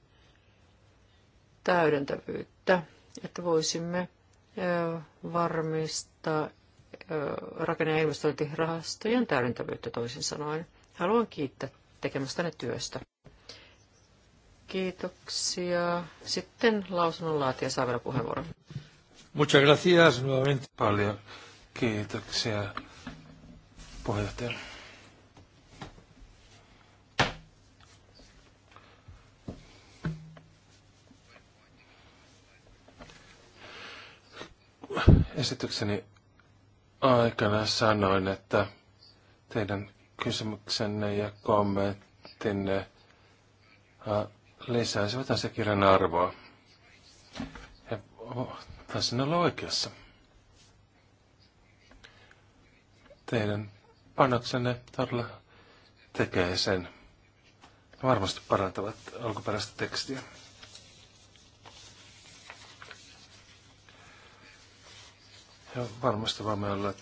täydentävyyttä, että voisimme varmistaa rakenne- ja investointirahastojen täydentävyyttä toisin sanoen. Haluan kiittää tekemästäne työstä. Kiitoksia. Sitten lausunnonlaatija saa vielä puheenvuoron.
Muchas gracias nuevamente. Esitykseni aikana sanoin, että teidän kysymyksenne ja kommenttinne äh, lisäisivät asiakirjan arvoa. Ja Taisin olla oikeassa. Teidän panoksenne todella tekee sen. Varmasti parantavat alkuperäistä tekstiä. Ja varmasti voimme olla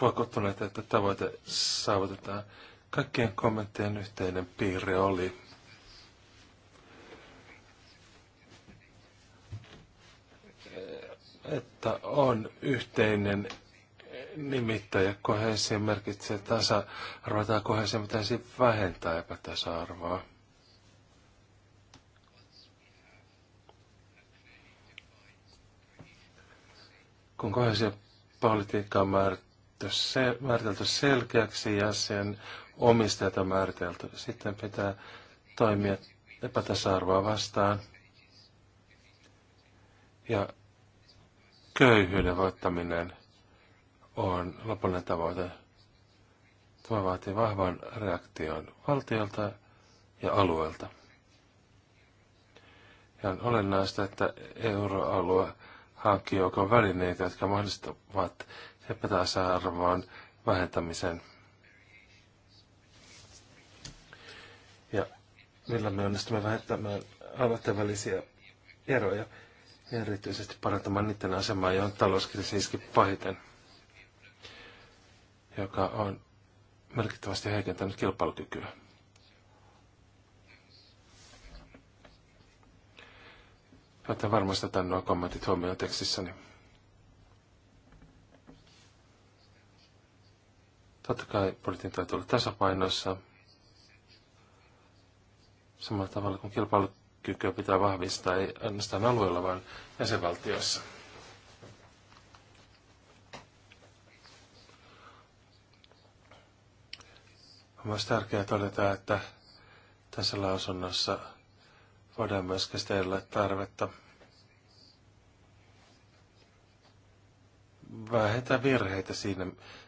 vakuuttuneita, että tavoite saavutetaan. Kaikkien kommenttien yhteinen piirre oli että on yhteinen nimittäjä. Kohesio merkitsee tasa ruvetaan tai pitäisi vähentää epätasa-arvoa. Kun koheesio politiikka on määritelty, se, määritelty selkeäksi ja sen omistajat on määritelty, sitten pitää toimia epätasa-arvoa vastaan. Ja köyhyyden voittaminen on lopullinen tavoite. Tämä vaatii vahvan reaktion valtiolta ja alueelta. Ja on olennaista, että euroalue hankkii joukon välineitä, jotka mahdollistavat epätasa-arvon vähentämisen. Ja millä me onnistumme vähentämään alueiden välisiä eroja erityisesti parantamaan niiden asemaa, johon talouskriisi iski pahiten, joka on merkittävästi heikentänyt kilpailukykyä. Joten varmasti otan nuo kommentit huomioon tekstissäni. Totta kai poliitin täytyy olla tasapainossa samalla tavalla kuin kilpailukyky kykyä pitää vahvistaa ei ainoastaan alueella, vaan jäsenvaltioissa. On myös tärkeää todeta, että tässä lausunnossa voidaan myös käsitellä tarvetta vähentää virheitä siinä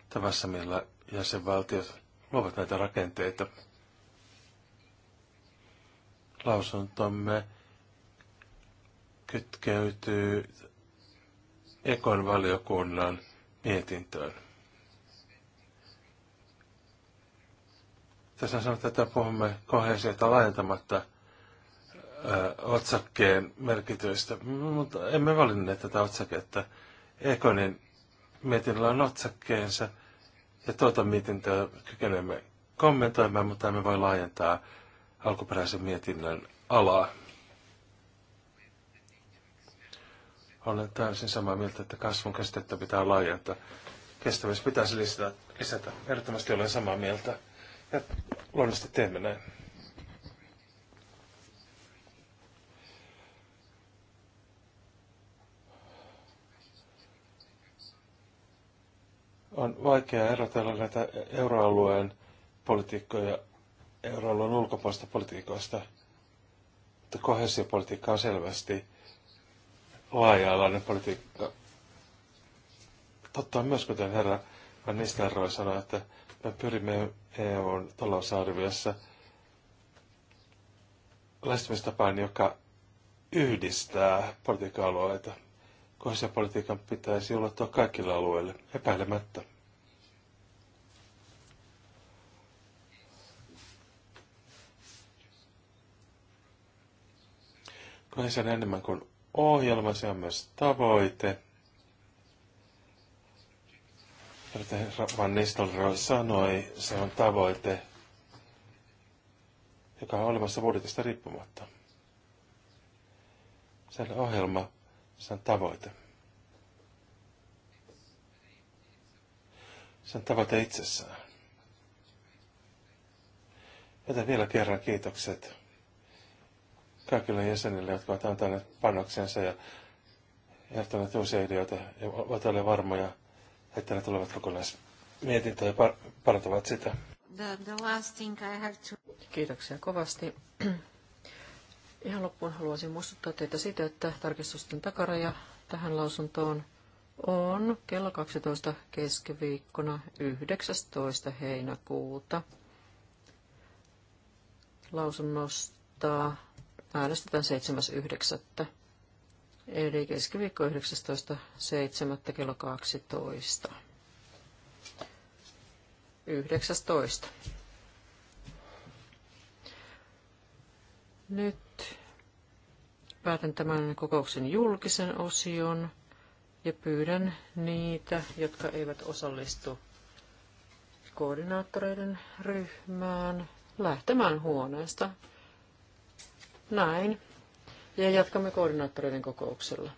tavassa, millä jäsenvaltiot luovat näitä rakenteita lausuntomme kytkeytyy Ekon valiokunnan mietintöön. Tässä sanotaan, että puhumme kohesiota laajentamatta otsakkeen merkitystä, mutta emme valinneet tätä otsaketta. Ekonin mietinnöllä on otsakkeensa ja tuota mietintöä kykenemme kommentoimaan, mutta emme voi laajentaa alkuperäisen mietinnön alaa. Olen täysin samaa mieltä, että kasvun kestettä pitää laajentaa. Kestävyys pitäisi lisätä. lisätä. Ehdottomasti olen samaa mieltä. Ja luonnollisesti teemme näin. on vaikea erotella näitä euroalueen politiikkoja euroalueen ulkopuolista politiikoista. Mutta kohesiopolitiikka on selvästi laaja-alainen politiikka. Totta on myös, kuten herra Van Nistelrooy sanoi, että me pyrimme EUn talousarviossa lähestymistapaan, joka yhdistää politiikka-alueita. Kohesiopolitiikan pitäisi ulottua kaikille alueille, epäilemättä. Kohesion on enemmän kuin ohjelma, se on myös tavoite. Kuten Van Nistelrooy sanoi, se on tavoite, joka on olemassa budjetista riippumatta. Se on ohjelma, se on tavoite. Se on tavoite itsessään. Joten vielä kerran kiitokset kaikille jäsenille, jotka ovat antaneet panoksensa ja jättäneet uusia ideoita ja ovat olleet varmoja, että ne tulevat kokonaismietintöön ja parantavat sitä.
The, the last thing I have to...
Kiitoksia kovasti. Ihan loppuun haluaisin muistuttaa teitä siitä, että tarkistusten takaraja tähän lausuntoon on kello 12 keskiviikkona 19. heinäkuuta. Lausunnosta äänestetään 7.9. Eli keskiviikko 19.7. kello 12. 19. Nyt päätän tämän kokouksen julkisen osion ja pyydän niitä, jotka eivät osallistu koordinaattoreiden ryhmään, lähtemään huoneesta. Näin. Ja jatkamme koordinaattoreiden kokouksella.